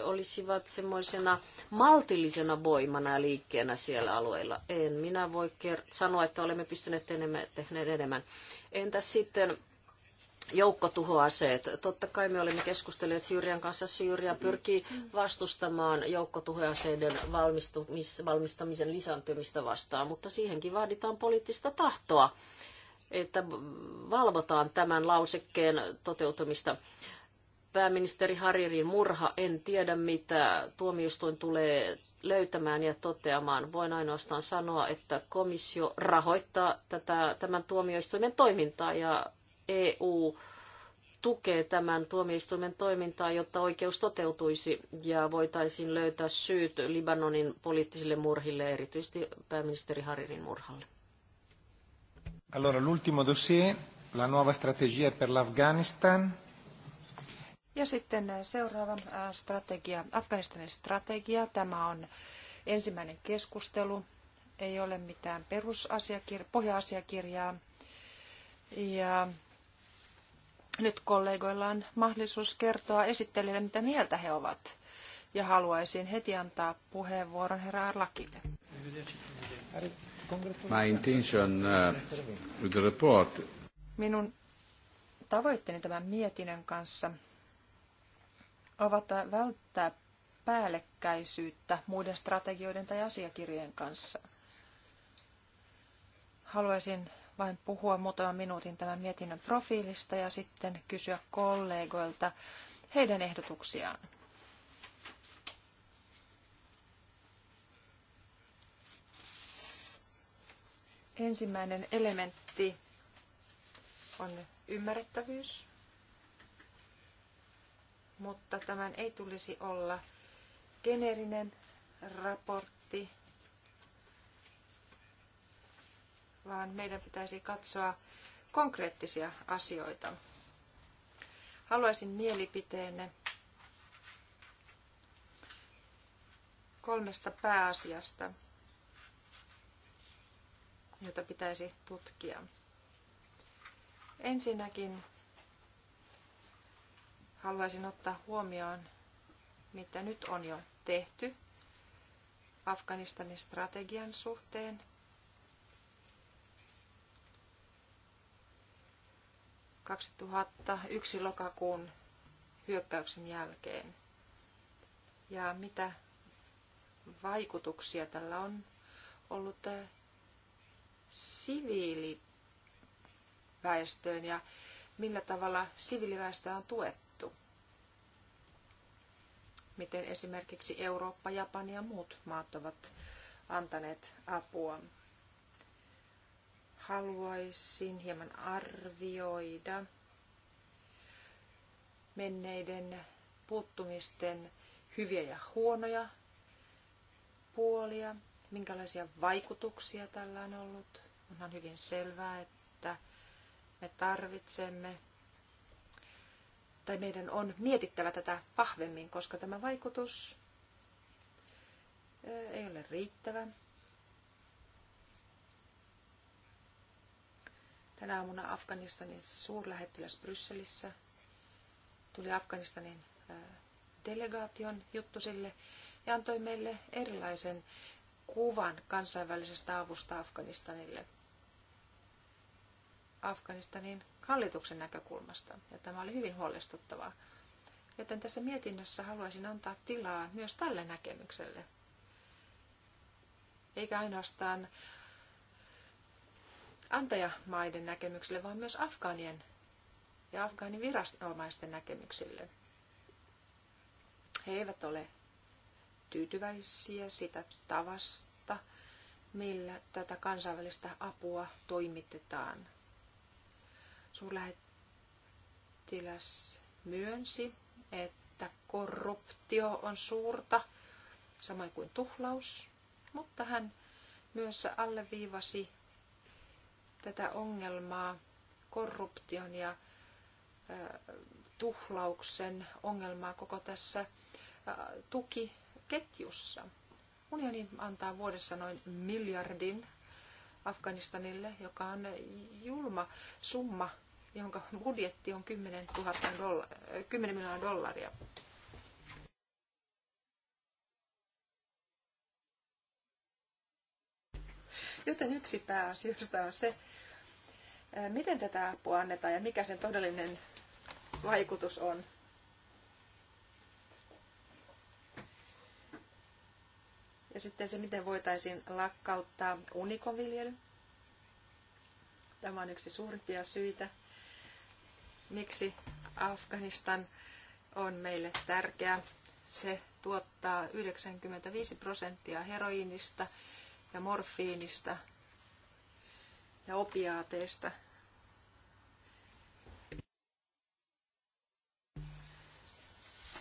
olisivat semmoisena maltillisena voimana ja liikkeenä siellä alueilla. En minä voi sanoa, että olemme pystyneet enemmän, tehneet enemmän. Entä sitten joukkotuhoaseet. Totta kai me olemme keskustelleet Syyrian kanssa. Syyria pyrkii vastustamaan joukkotuhoaseiden valmistamisen lisääntymistä vastaan, mutta siihenkin vaaditaan poliittista tahtoa, että valvotaan tämän lausekkeen toteutumista pääministeri Haririn murha, en tiedä mitä tuomioistuin tulee löytämään ja toteamaan. Voin ainoastaan sanoa, että komissio rahoittaa tätä, tämän tuomioistuimen toimintaa ja EU tukee tämän tuomioistuimen toimintaa, jotta oikeus toteutuisi ja voitaisiin löytää syyt Libanonin poliittisille murhille, erityisesti pääministeri Haririn murhalle. Allora, l'ultimo dossier, la nuova strategia per l'Afghanistan. Ja sitten äh, seuraava äh, strategia, Afganistanin strategia. Tämä on ensimmäinen keskustelu. Ei ole mitään perusasiakirjaa, pohja-asiakirjaa. Ja nyt kollegoilla on mahdollisuus kertoa esittelijälle, mitä mieltä he ovat. Ja haluaisin heti antaa puheenvuoron herra Arlakille. My intention uh, with the report. Minun tavoitteeni tämän mietinnön kanssa ovat välttää päällekkäisyyttä muiden strategioiden tai asiakirjojen kanssa. Haluaisin vain puhua muutaman minuutin tämän mietinnön profiilista ja sitten kysyä kollegoilta heidän ehdotuksiaan. Ensimmäinen elementti on ymmärrettävyys mutta tämän ei tulisi olla geneerinen raportti, vaan meidän pitäisi katsoa konkreettisia asioita. Haluaisin mielipiteenne kolmesta pääasiasta, jota pitäisi tutkia. Ensinnäkin haluaisin ottaa huomioon, mitä nyt on jo tehty Afganistanin strategian suhteen. yksi lokakuun hyökkäyksen jälkeen. Ja mitä vaikutuksia tällä on ollut äh, siviiliväestöön ja millä tavalla siviiliväestöä on tuettu miten esimerkiksi Eurooppa, Japani ja muut maat ovat antaneet apua. Haluaisin hieman arvioida menneiden puuttumisten hyviä ja huonoja puolia, minkälaisia vaikutuksia tällä on ollut. Onhan hyvin selvää, että me tarvitsemme tai meidän on mietittävä tätä vahvemmin, koska tämä vaikutus ei ole riittävä. Tänä aamuna Afganistanin suurlähettiläs Brysselissä tuli Afganistanin delegaation juttu sille ja antoi meille erilaisen kuvan kansainvälisestä avusta Afganistanille. Afganistanin hallituksen näkökulmasta, ja tämä oli hyvin huolestuttavaa. Joten tässä mietinnössä haluaisin antaa tilaa myös tälle näkemykselle, eikä ainoastaan antajamaiden näkemyksille, vaan myös afgaanien ja afgaanin viranomaisten näkemyksille. He eivät ole tyytyväisiä sitä tavasta, millä tätä kansainvälistä apua toimitetaan – Suurlähettiläs myönsi, että korruptio on suurta, samoin kuin tuhlaus, mutta hän myös alleviivasi tätä ongelmaa korruption ja tuhlauksen ongelmaa koko tässä tukiketjussa. Unioni antaa vuodessa noin miljardin Afganistanille, joka on julma summa, jonka budjetti on 10, 000 dollaria, 10 miljoonaa dollaria. Joten yksi pääasioista on se, äh, miten tätä apua annetaan ja mikä sen todellinen vaikutus on. Ja sitten se, miten voitaisiin lakkauttaa unikoviljely. Tämä on yksi suurimpia syitä, miksi Afganistan on meille tärkeä. Se tuottaa 95 prosenttia heroiinista ja morfiinista ja opiaateista.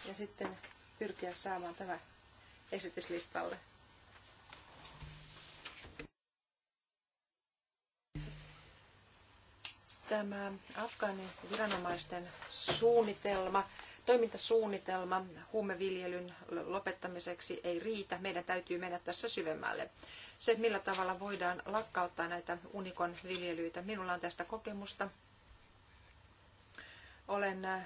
Ja sitten pyrkiä saamaan tämä esityslistalle. tämä Afganin viranomaisten suunnitelma, toimintasuunnitelma huumeviljelyn lopettamiseksi ei riitä. Meidän täytyy mennä tässä syvemmälle. Se, millä tavalla voidaan lakkauttaa näitä unikon viljelyitä. Minulla on tästä kokemusta. Olen, äh,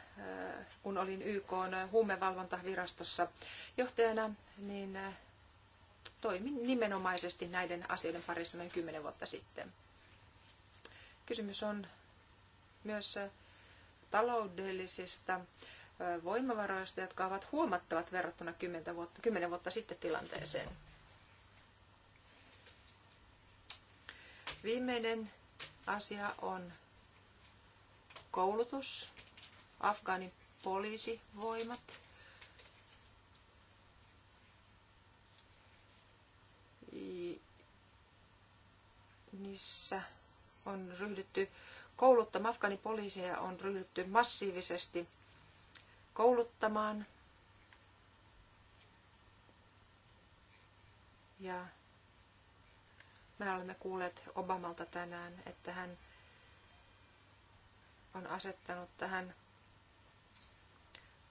kun olin YK huumevalvontavirastossa johtajana, niin äh, toimin nimenomaisesti näiden asioiden parissa noin kymmenen vuotta sitten. Kysymys on myös äh, taloudellisista äh, voimavaroista, jotka ovat huomattavat verrattuna 10 vuotta, 10 vuotta sitten tilanteeseen. Viimeinen asia on koulutus, Afgaanin poliisivoimat. Niissä on ryhdytty kouluttamaan. Afganipoliiseja on ryhdytty massiivisesti kouluttamaan. Ja me olemme kuulleet Obamalta tänään, että hän on asettanut tähän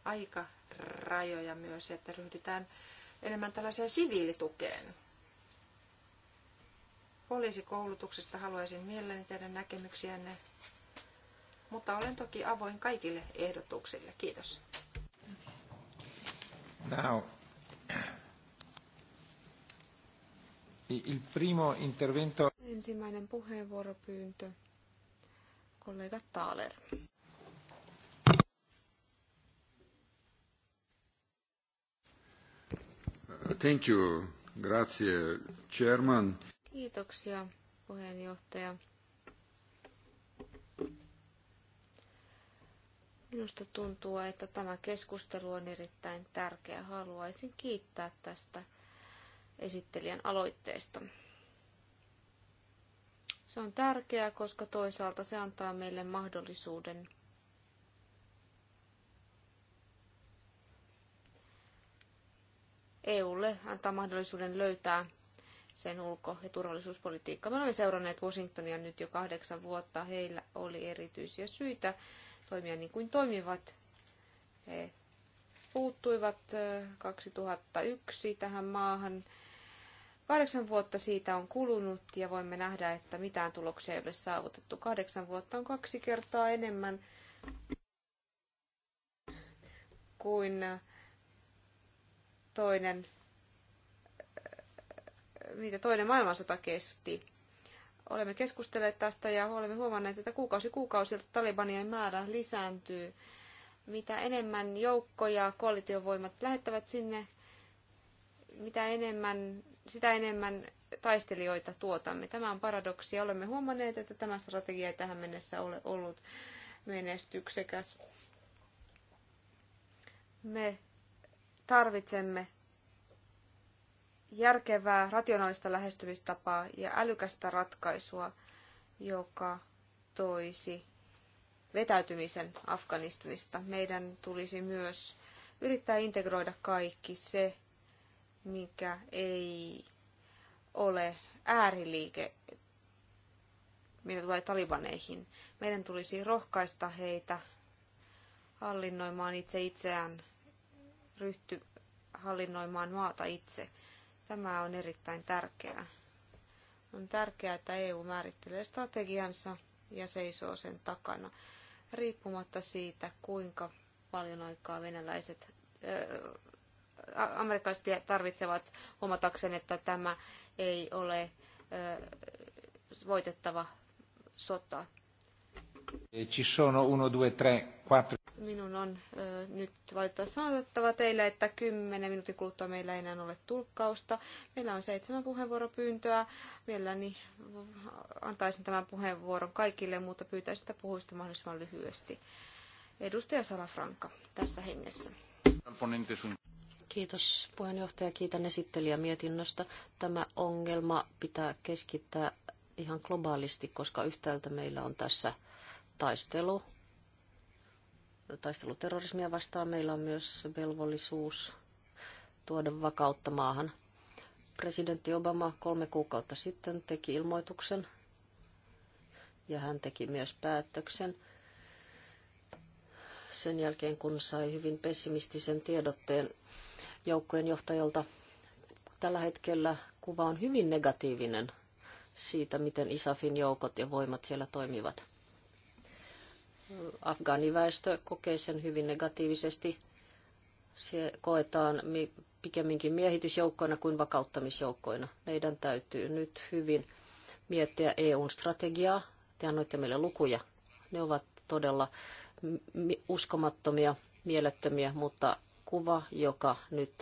aikarajoja myös, että ryhdytään enemmän tällaiseen siviilitukeen poliisikoulutuksesta haluaisin mielelläni teidän näkemyksiänne, mutta olen toki avoin kaikille ehdotuksille. Kiitos. Now. Il primo intervento. Ensimmäinen puheenvuoropyyntö. Kollega Taaler. Thank you. Grazie, Chairman. Kiitoksia puheenjohtaja. Minusta tuntuu, että tämä keskustelu on erittäin tärkeä. Haluaisin kiittää tästä esittelijän aloitteesta. Se on tärkeää, koska toisaalta se antaa meille mahdollisuuden EUlle antaa mahdollisuuden löytää sen ulko- ja turvallisuuspolitiikka. Me olemme seuranneet Washingtonia nyt jo kahdeksan vuotta. Heillä oli erityisiä syitä toimia niin kuin toimivat. He puuttuivat 2001 tähän maahan. Kahdeksan vuotta siitä on kulunut ja voimme nähdä, että mitään tuloksia ei ole saavutettu. Kahdeksan vuotta on kaksi kertaa enemmän kuin toinen mitä toinen maailmansota kesti. Olemme keskustelleet tästä ja olemme huomanneet, että kuukausi kuukausilta talibanien määrä lisääntyy. Mitä enemmän joukkoja koalitiovoimat lähettävät sinne, mitä enemmän, sitä enemmän taistelijoita tuotamme. Tämä on paradoksi olemme huomanneet, että tämä strategia ei tähän mennessä ole ollut menestyksekäs. Me tarvitsemme järkevää, rationaalista lähestymistapaa ja älykästä ratkaisua, joka toisi vetäytymisen Afganistanista. Meidän tulisi myös yrittää integroida kaikki se, mikä ei ole ääriliike, mitä tulee talibaneihin. Meidän tulisi rohkaista heitä hallinnoimaan itse itseään, ryhty hallinnoimaan maata itse. Tämä on erittäin tärkeää. On tärkeää, että EU määrittelee strategiansa ja seisoo sen takana, riippumatta siitä, kuinka paljon aikaa venäläiset, ää, amerikkalaiset tarvitsevat huomatakseen, että tämä ei ole ää, voitettava sota. Ci sono uno, due, tre, quattro minun on nyt valitettavasti sanottava teille, että 10 minuutin kuluttua meillä ei enää ole tulkkausta. Meillä on seitsemän puheenvuoropyyntöä. Mielelläni antaisin tämän puheenvuoron kaikille, mutta pyytäisin, että puhuisitte mahdollisimman lyhyesti. Edustaja Salafranka tässä hengessä. Kiitos puheenjohtaja, kiitän esittelijä mietinnöstä. Tämä ongelma pitää keskittää ihan globaalisti, koska yhtäältä meillä on tässä taistelu taistelu terrorismia vastaan. Meillä on myös velvollisuus tuoda vakautta maahan. Presidentti Obama kolme kuukautta sitten teki ilmoituksen ja hän teki myös päätöksen sen jälkeen, kun sai hyvin pessimistisen tiedotteen joukkojen johtajalta. Tällä hetkellä kuva on hyvin negatiivinen siitä, miten ISAFin joukot ja voimat siellä toimivat. Afgaaniväestö kokee sen hyvin negatiivisesti. Se koetaan pikemminkin miehitysjoukkoina kuin vakauttamisjoukkoina. Meidän täytyy nyt hyvin miettiä EUn strategiaa. Te annoitte meille lukuja. Ne ovat todella uskomattomia, mielettömiä, mutta kuva, joka nyt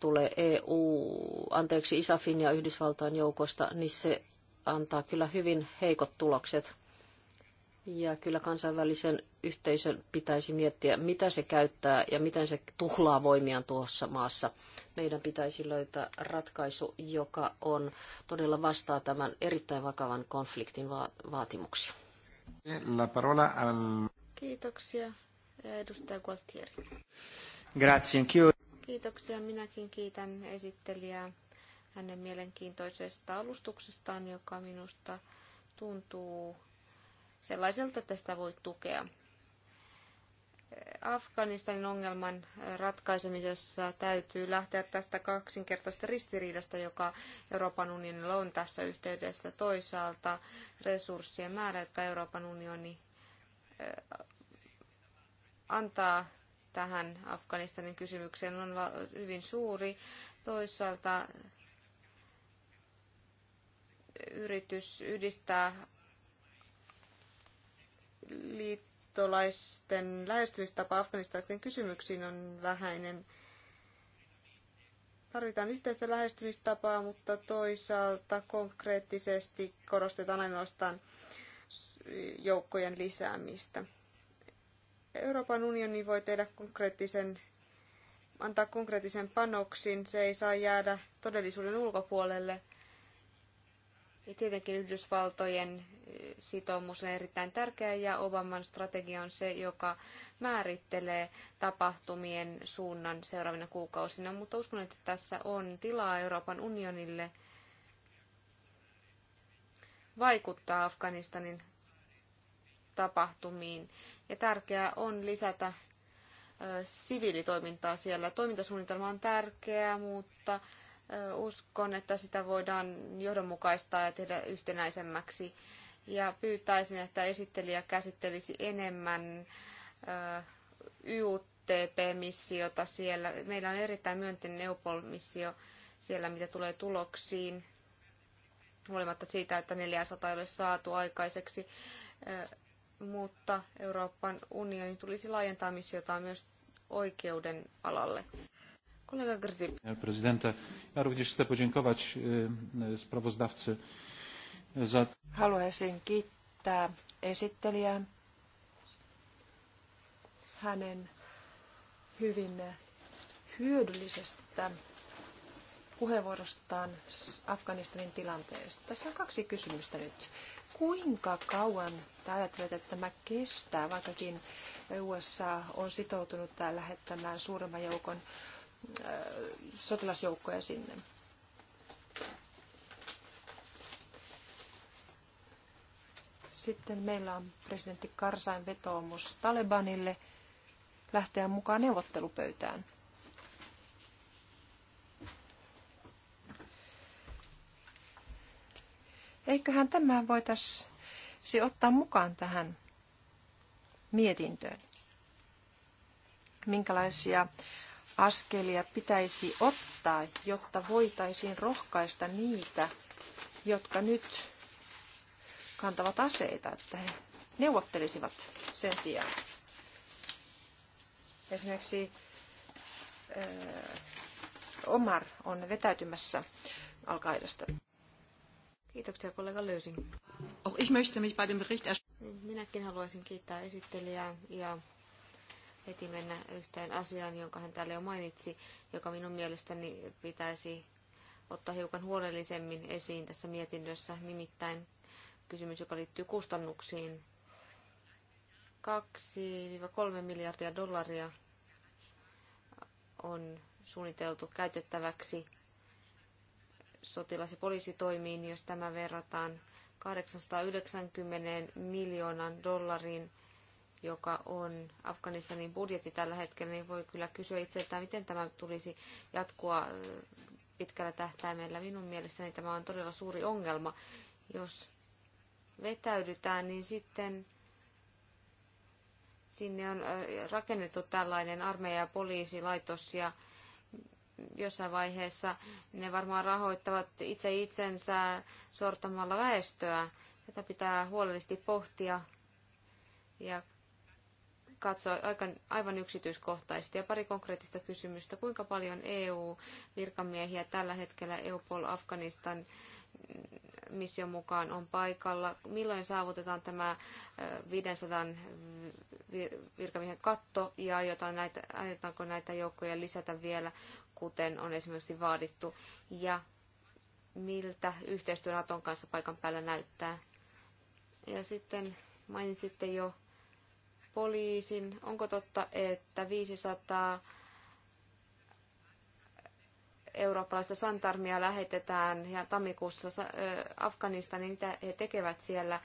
tulee EU, anteeksi ISAFin ja Yhdysvaltain joukosta, niin se antaa kyllä hyvin heikot tulokset. Ja kyllä kansainvälisen yhteisön pitäisi miettiä, mitä se käyttää ja miten se tuhlaa voimiaan tuossa maassa. Meidän pitäisi löytää ratkaisu, joka on todella vastaa tämän erittäin vakavan konfliktin va- vaatimuksia. La parola al... Kiitoksia. Edustaja Gualtieri. Grazie, Kiitoksia. Minäkin kiitän esittelijää hänen mielenkiintoisesta alustuksestaan, joka minusta tuntuu sellaiselta tästä voi tukea. Afganistanin ongelman ratkaisemisessa täytyy lähteä tästä kaksinkertaista ristiriidasta, joka Euroopan unionilla on tässä yhteydessä. Toisaalta resurssien määrä, jotka Euroopan unioni antaa tähän Afganistanin kysymykseen, on hyvin suuri. Toisaalta yritys yhdistää liittolaisten lähestymistapa afganistaisten kysymyksiin on vähäinen. Tarvitaan yhteistä lähestymistapaa, mutta toisaalta konkreettisesti korostetaan ainoastaan joukkojen lisäämistä. Euroopan unioni voi tehdä konkreettisen, antaa konkreettisen panoksin. Se ei saa jäädä todellisuuden ulkopuolelle. Ja tietenkin Yhdysvaltojen sitoumus on erittäin tärkeä ja Obaman strategia on se, joka määrittelee tapahtumien suunnan seuraavina kuukausina, mutta uskon, että tässä on tilaa Euroopan unionille vaikuttaa Afganistanin tapahtumiin. Ja tärkeää on lisätä siviilitoimintaa siellä. Toimintasuunnitelma on tärkeä, mutta Uskon, että sitä voidaan johdonmukaistaa ja tehdä yhtenäisemmäksi. Ja pyytäisin, että esittelijä käsittelisi enemmän YUTP-missiota siellä. Meillä on erittäin myönteinen EUPOL-missio siellä, mitä tulee tuloksiin, huolimatta siitä, että 400 ei ole saatu aikaiseksi. Mutta Euroopan unionin tulisi laajentaa missiotaan myös oikeuden alalle. Kolega Grzyb. ja również chcę podziękować sprawozdawcy za... Haluaisin kiittää esittelijää hänen hyvin hyödyllisestä puheenvuorostaan Afganistanin tilanteesta. Tässä on kaksi kysymystä nyt. Kuinka kauan te ajattelette, että tämä kestää, vaikkakin USA on sitoutunut lähettämään suuremman joukon sotilasjoukkoja sinne. Sitten meillä on presidentti Karsain vetoomus Talebanille lähteä mukaan neuvottelupöytään. Eiköhän tämä voitaisiin ottaa mukaan tähän mietintöön. Minkälaisia askelia pitäisi ottaa, jotta voitaisiin rohkaista niitä, jotka nyt kantavat aseita, että he neuvottelisivat sen sijaan. Esimerkiksi Omar on vetäytymässä Al-Qaidasta. Kiitoksia kollega Löysin. Minäkin haluaisin kiittää esittelijää ja heti mennä yhteen asiaan, jonka hän täällä jo mainitsi, joka minun mielestäni pitäisi ottaa hiukan huolellisemmin esiin tässä mietinnössä, nimittäin kysymys, joka liittyy kustannuksiin. 2-3 miljardia dollaria on suunniteltu käytettäväksi sotilas- ja poliisitoimiin, jos tämä verrataan 890 miljoonan dollarin joka on Afganistanin budjetti tällä hetkellä, niin voi kyllä kysyä itseltään, miten tämä tulisi jatkua pitkällä tähtäimellä. Minun mielestäni tämä on todella suuri ongelma. Jos vetäydytään, niin sitten sinne on rakennettu tällainen armeija- ja poliisilaitos ja jossain vaiheessa ne varmaan rahoittavat itse itsensä sortamalla väestöä. Tätä pitää huolellisesti pohtia ja katsoa aivan yksityiskohtaisesti. Ja pari konkreettista kysymystä. Kuinka paljon EU-virkamiehiä tällä hetkellä EUPOL Afganistan mission mukaan on paikalla? Milloin saavutetaan tämä 500 virkamiehen katto ja näitä, aiotaanko näitä joukkoja lisätä vielä, kuten on esimerkiksi vaadittu? Ja miltä yhteistyö Naton kanssa paikan päällä näyttää? Ja sitten mainitsitte jo poliisin. Onko totta, että 500 eurooppalaista santarmia lähetetään ja tammikuussa Afganistaniin, mitä he tekevät siellä,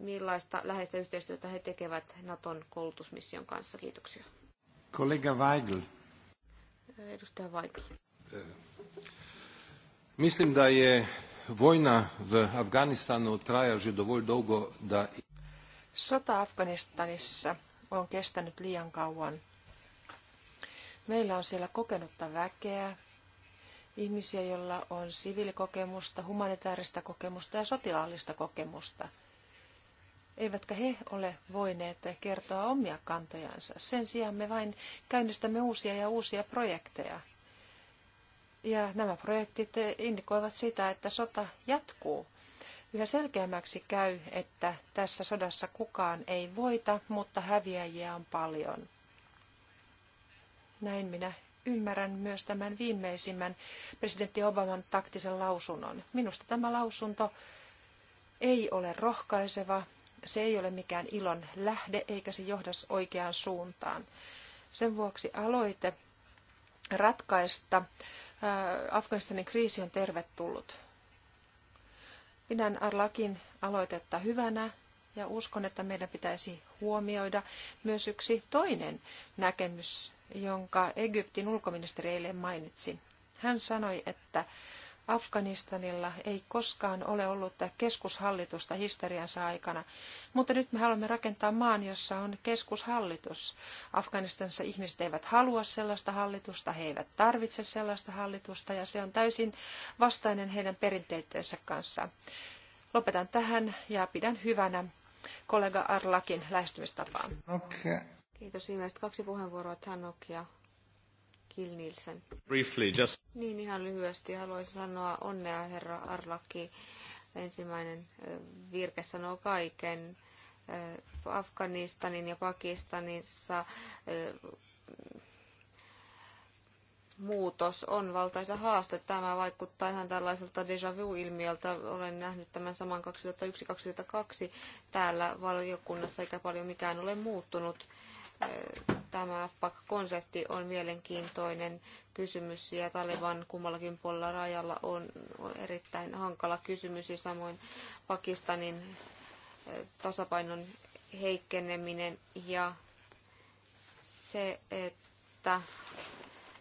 millaista läheistä yhteistyötä he tekevät Naton koulutusmission kanssa. Kiitoksia. Kollega Weigl. Edustaja Weigl. Mislim da je vojna v Afganistanu traja že dovolj dolgo, da... Sota Afganistanissa on kestänyt liian kauan. Meillä on siellä kokenutta väkeä, ihmisiä, joilla on siviilikokemusta, humanitaarista kokemusta ja sotilaallista kokemusta. Eivätkä he ole voineet kertoa omia kantojansa. Sen sijaan me vain käynnistämme uusia ja uusia projekteja. Ja nämä projektit indikoivat sitä, että sota jatkuu Yhä selkeämmäksi käy, että tässä sodassa kukaan ei voita, mutta häviäjiä on paljon. Näin minä ymmärrän myös tämän viimeisimmän presidentti Obaman taktisen lausunnon. Minusta tämä lausunto ei ole rohkaiseva, se ei ole mikään ilon lähde eikä se johda oikeaan suuntaan. Sen vuoksi aloite ratkaista Afganistanin kriisi on tervetullut. Pidän Arlakin aloitetta hyvänä ja uskon, että meidän pitäisi huomioida myös yksi toinen näkemys, jonka Egyptin ulkoministeri eilen mainitsi. Hän sanoi, että Afganistanilla ei koskaan ole ollut keskushallitusta historiansa aikana, mutta nyt me haluamme rakentaa maan, jossa on keskushallitus. Afganistanissa ihmiset eivät halua sellaista hallitusta, he eivät tarvitse sellaista hallitusta ja se on täysin vastainen heidän perinteittensä kanssa. Lopetan tähän ja pidän hyvänä kollega Arlakin lähestymistapaa. Okay. Kiitos viimeiset kaksi puheenvuoroa Tanok ja Kill Nielsen. Briefly, just... Niin ihan lyhyesti haluaisin sanoa onnea herra Arlaki. Ensimmäinen virke sanoo kaiken. Afganistanin ja Pakistanissa muutos on valtaisa haaste. Tämä vaikuttaa ihan tällaiselta déjà vu-ilmiöltä. Olen nähnyt tämän saman 2001-2002 täällä valiokunnassa, eikä paljon mikään ole muuttunut tämä FPAC-konsepti on mielenkiintoinen kysymys ja Taliban kummallakin puolella rajalla on erittäin hankala kysymys ja samoin Pakistanin eh, tasapainon heikkeneminen ja se, että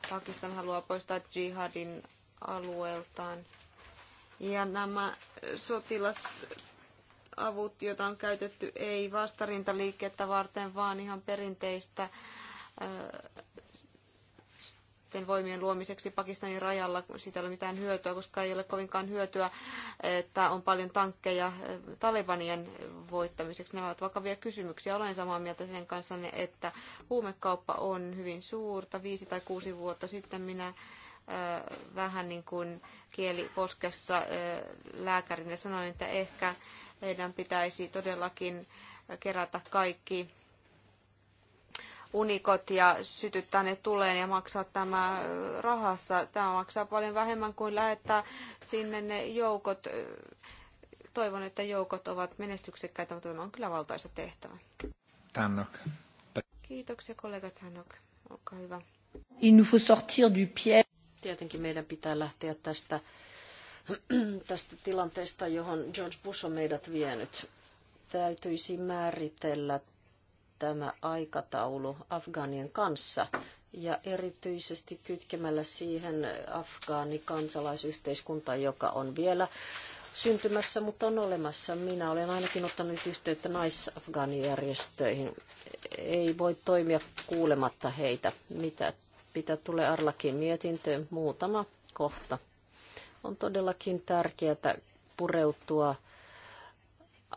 Pakistan haluaa poistaa jihadin alueeltaan. Ja nämä sotilas avut, joita on käytetty ei vastarintaliikettä varten, vaan ihan perinteistä sitten voimien luomiseksi Pakistanin rajalla, kun siitä ei ole mitään hyötyä, koska ei ole kovinkaan hyötyä, että on paljon tankkeja Talibanien voittamiseksi. Nämä ovat vakavia kysymyksiä. Olen samaa mieltä sen kanssa, että huumekauppa on hyvin suurta. Viisi tai kuusi vuotta sitten minä vähän niin kuin kieli poskessa lääkärinä sanoin, että ehkä meidän pitäisi todellakin kerätä kaikki unikot ja sytyttää ne tuleen ja maksaa tämä rahassa. Tämä maksaa paljon vähemmän kuin lähettää sinne ne joukot. Toivon, että joukot ovat menestyksekkäitä, mutta tämä on kyllä valtaisa tehtävä. Tannok. Kiitoksia kollega Tannok. Olkaa hyvä. Il nous faut sortir du pied. Tietenkin meidän pitää lähteä tästä tästä tilanteesta, johon George Bush on meidät vienyt. Täytyisi määritellä tämä aikataulu Afgaanien kanssa ja erityisesti kytkemällä siihen kansalaisyhteiskunta, joka on vielä syntymässä, mutta on olemassa. Minä olen ainakin ottanut yhteyttä naisafgaanijärjestöihin. Ei voi toimia kuulematta heitä, mitä, mitä tulee Arlakin mietintöön. Muutama kohta. On todellakin tärkeää pureutua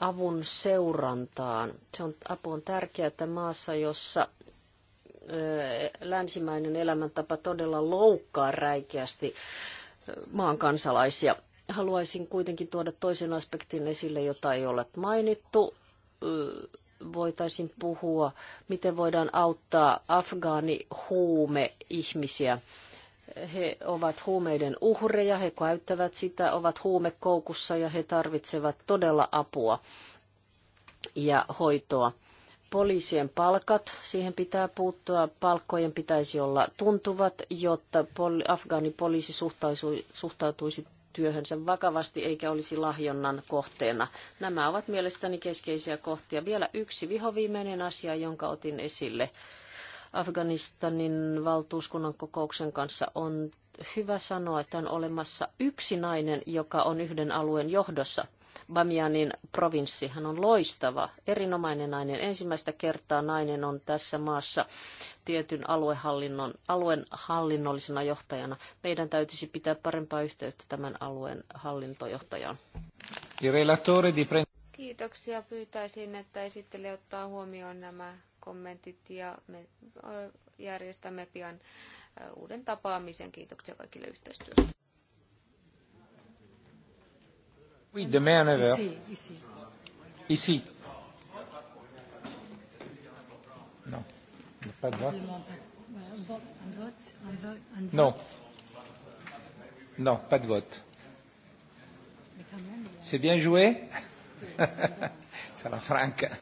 avun seurantaan. Se on, apu on tärkeää maassa, jossa länsimäinen elämäntapa todella loukkaa räikeästi maan kansalaisia. Haluaisin kuitenkin tuoda toisen aspektin esille, jota ei ole mainittu. Voitaisiin puhua, miten voidaan auttaa afgaani huume ihmisiä he ovat huumeiden uhreja, he käyttävät sitä, ovat huumekoukussa ja he tarvitsevat todella apua ja hoitoa. Poliisien palkat, siihen pitää puuttua. Palkkojen pitäisi olla tuntuvat, jotta afgaanipoliisi suhtautuisi työhönsä vakavasti eikä olisi lahjonnan kohteena. Nämä ovat mielestäni keskeisiä kohtia. Vielä yksi vihoviimeinen asia, jonka otin esille Afganistanin valtuuskunnan kokouksen kanssa on hyvä sanoa, että on olemassa yksi nainen, joka on yhden alueen johdossa. Bamianin provinssi. Hän on loistava, erinomainen nainen. Ensimmäistä kertaa nainen on tässä maassa tietyn aluehallinnon, alueen hallinnollisena johtajana. Meidän täytyisi pitää parempaa yhteyttä tämän alueen hallintojohtajaan. Kiitoksia. Pyytäisin, että esittelijä ottaa huomioon nämä kommentit ja me järjestämme pian uuden tapaamisen. Kiitoksia kaikille yhteistyöstä. Oui, demain à Ici, ici. Ici. Non, pas de vote. Non. Non, pas de vote. C'est bien joué Sarà franca.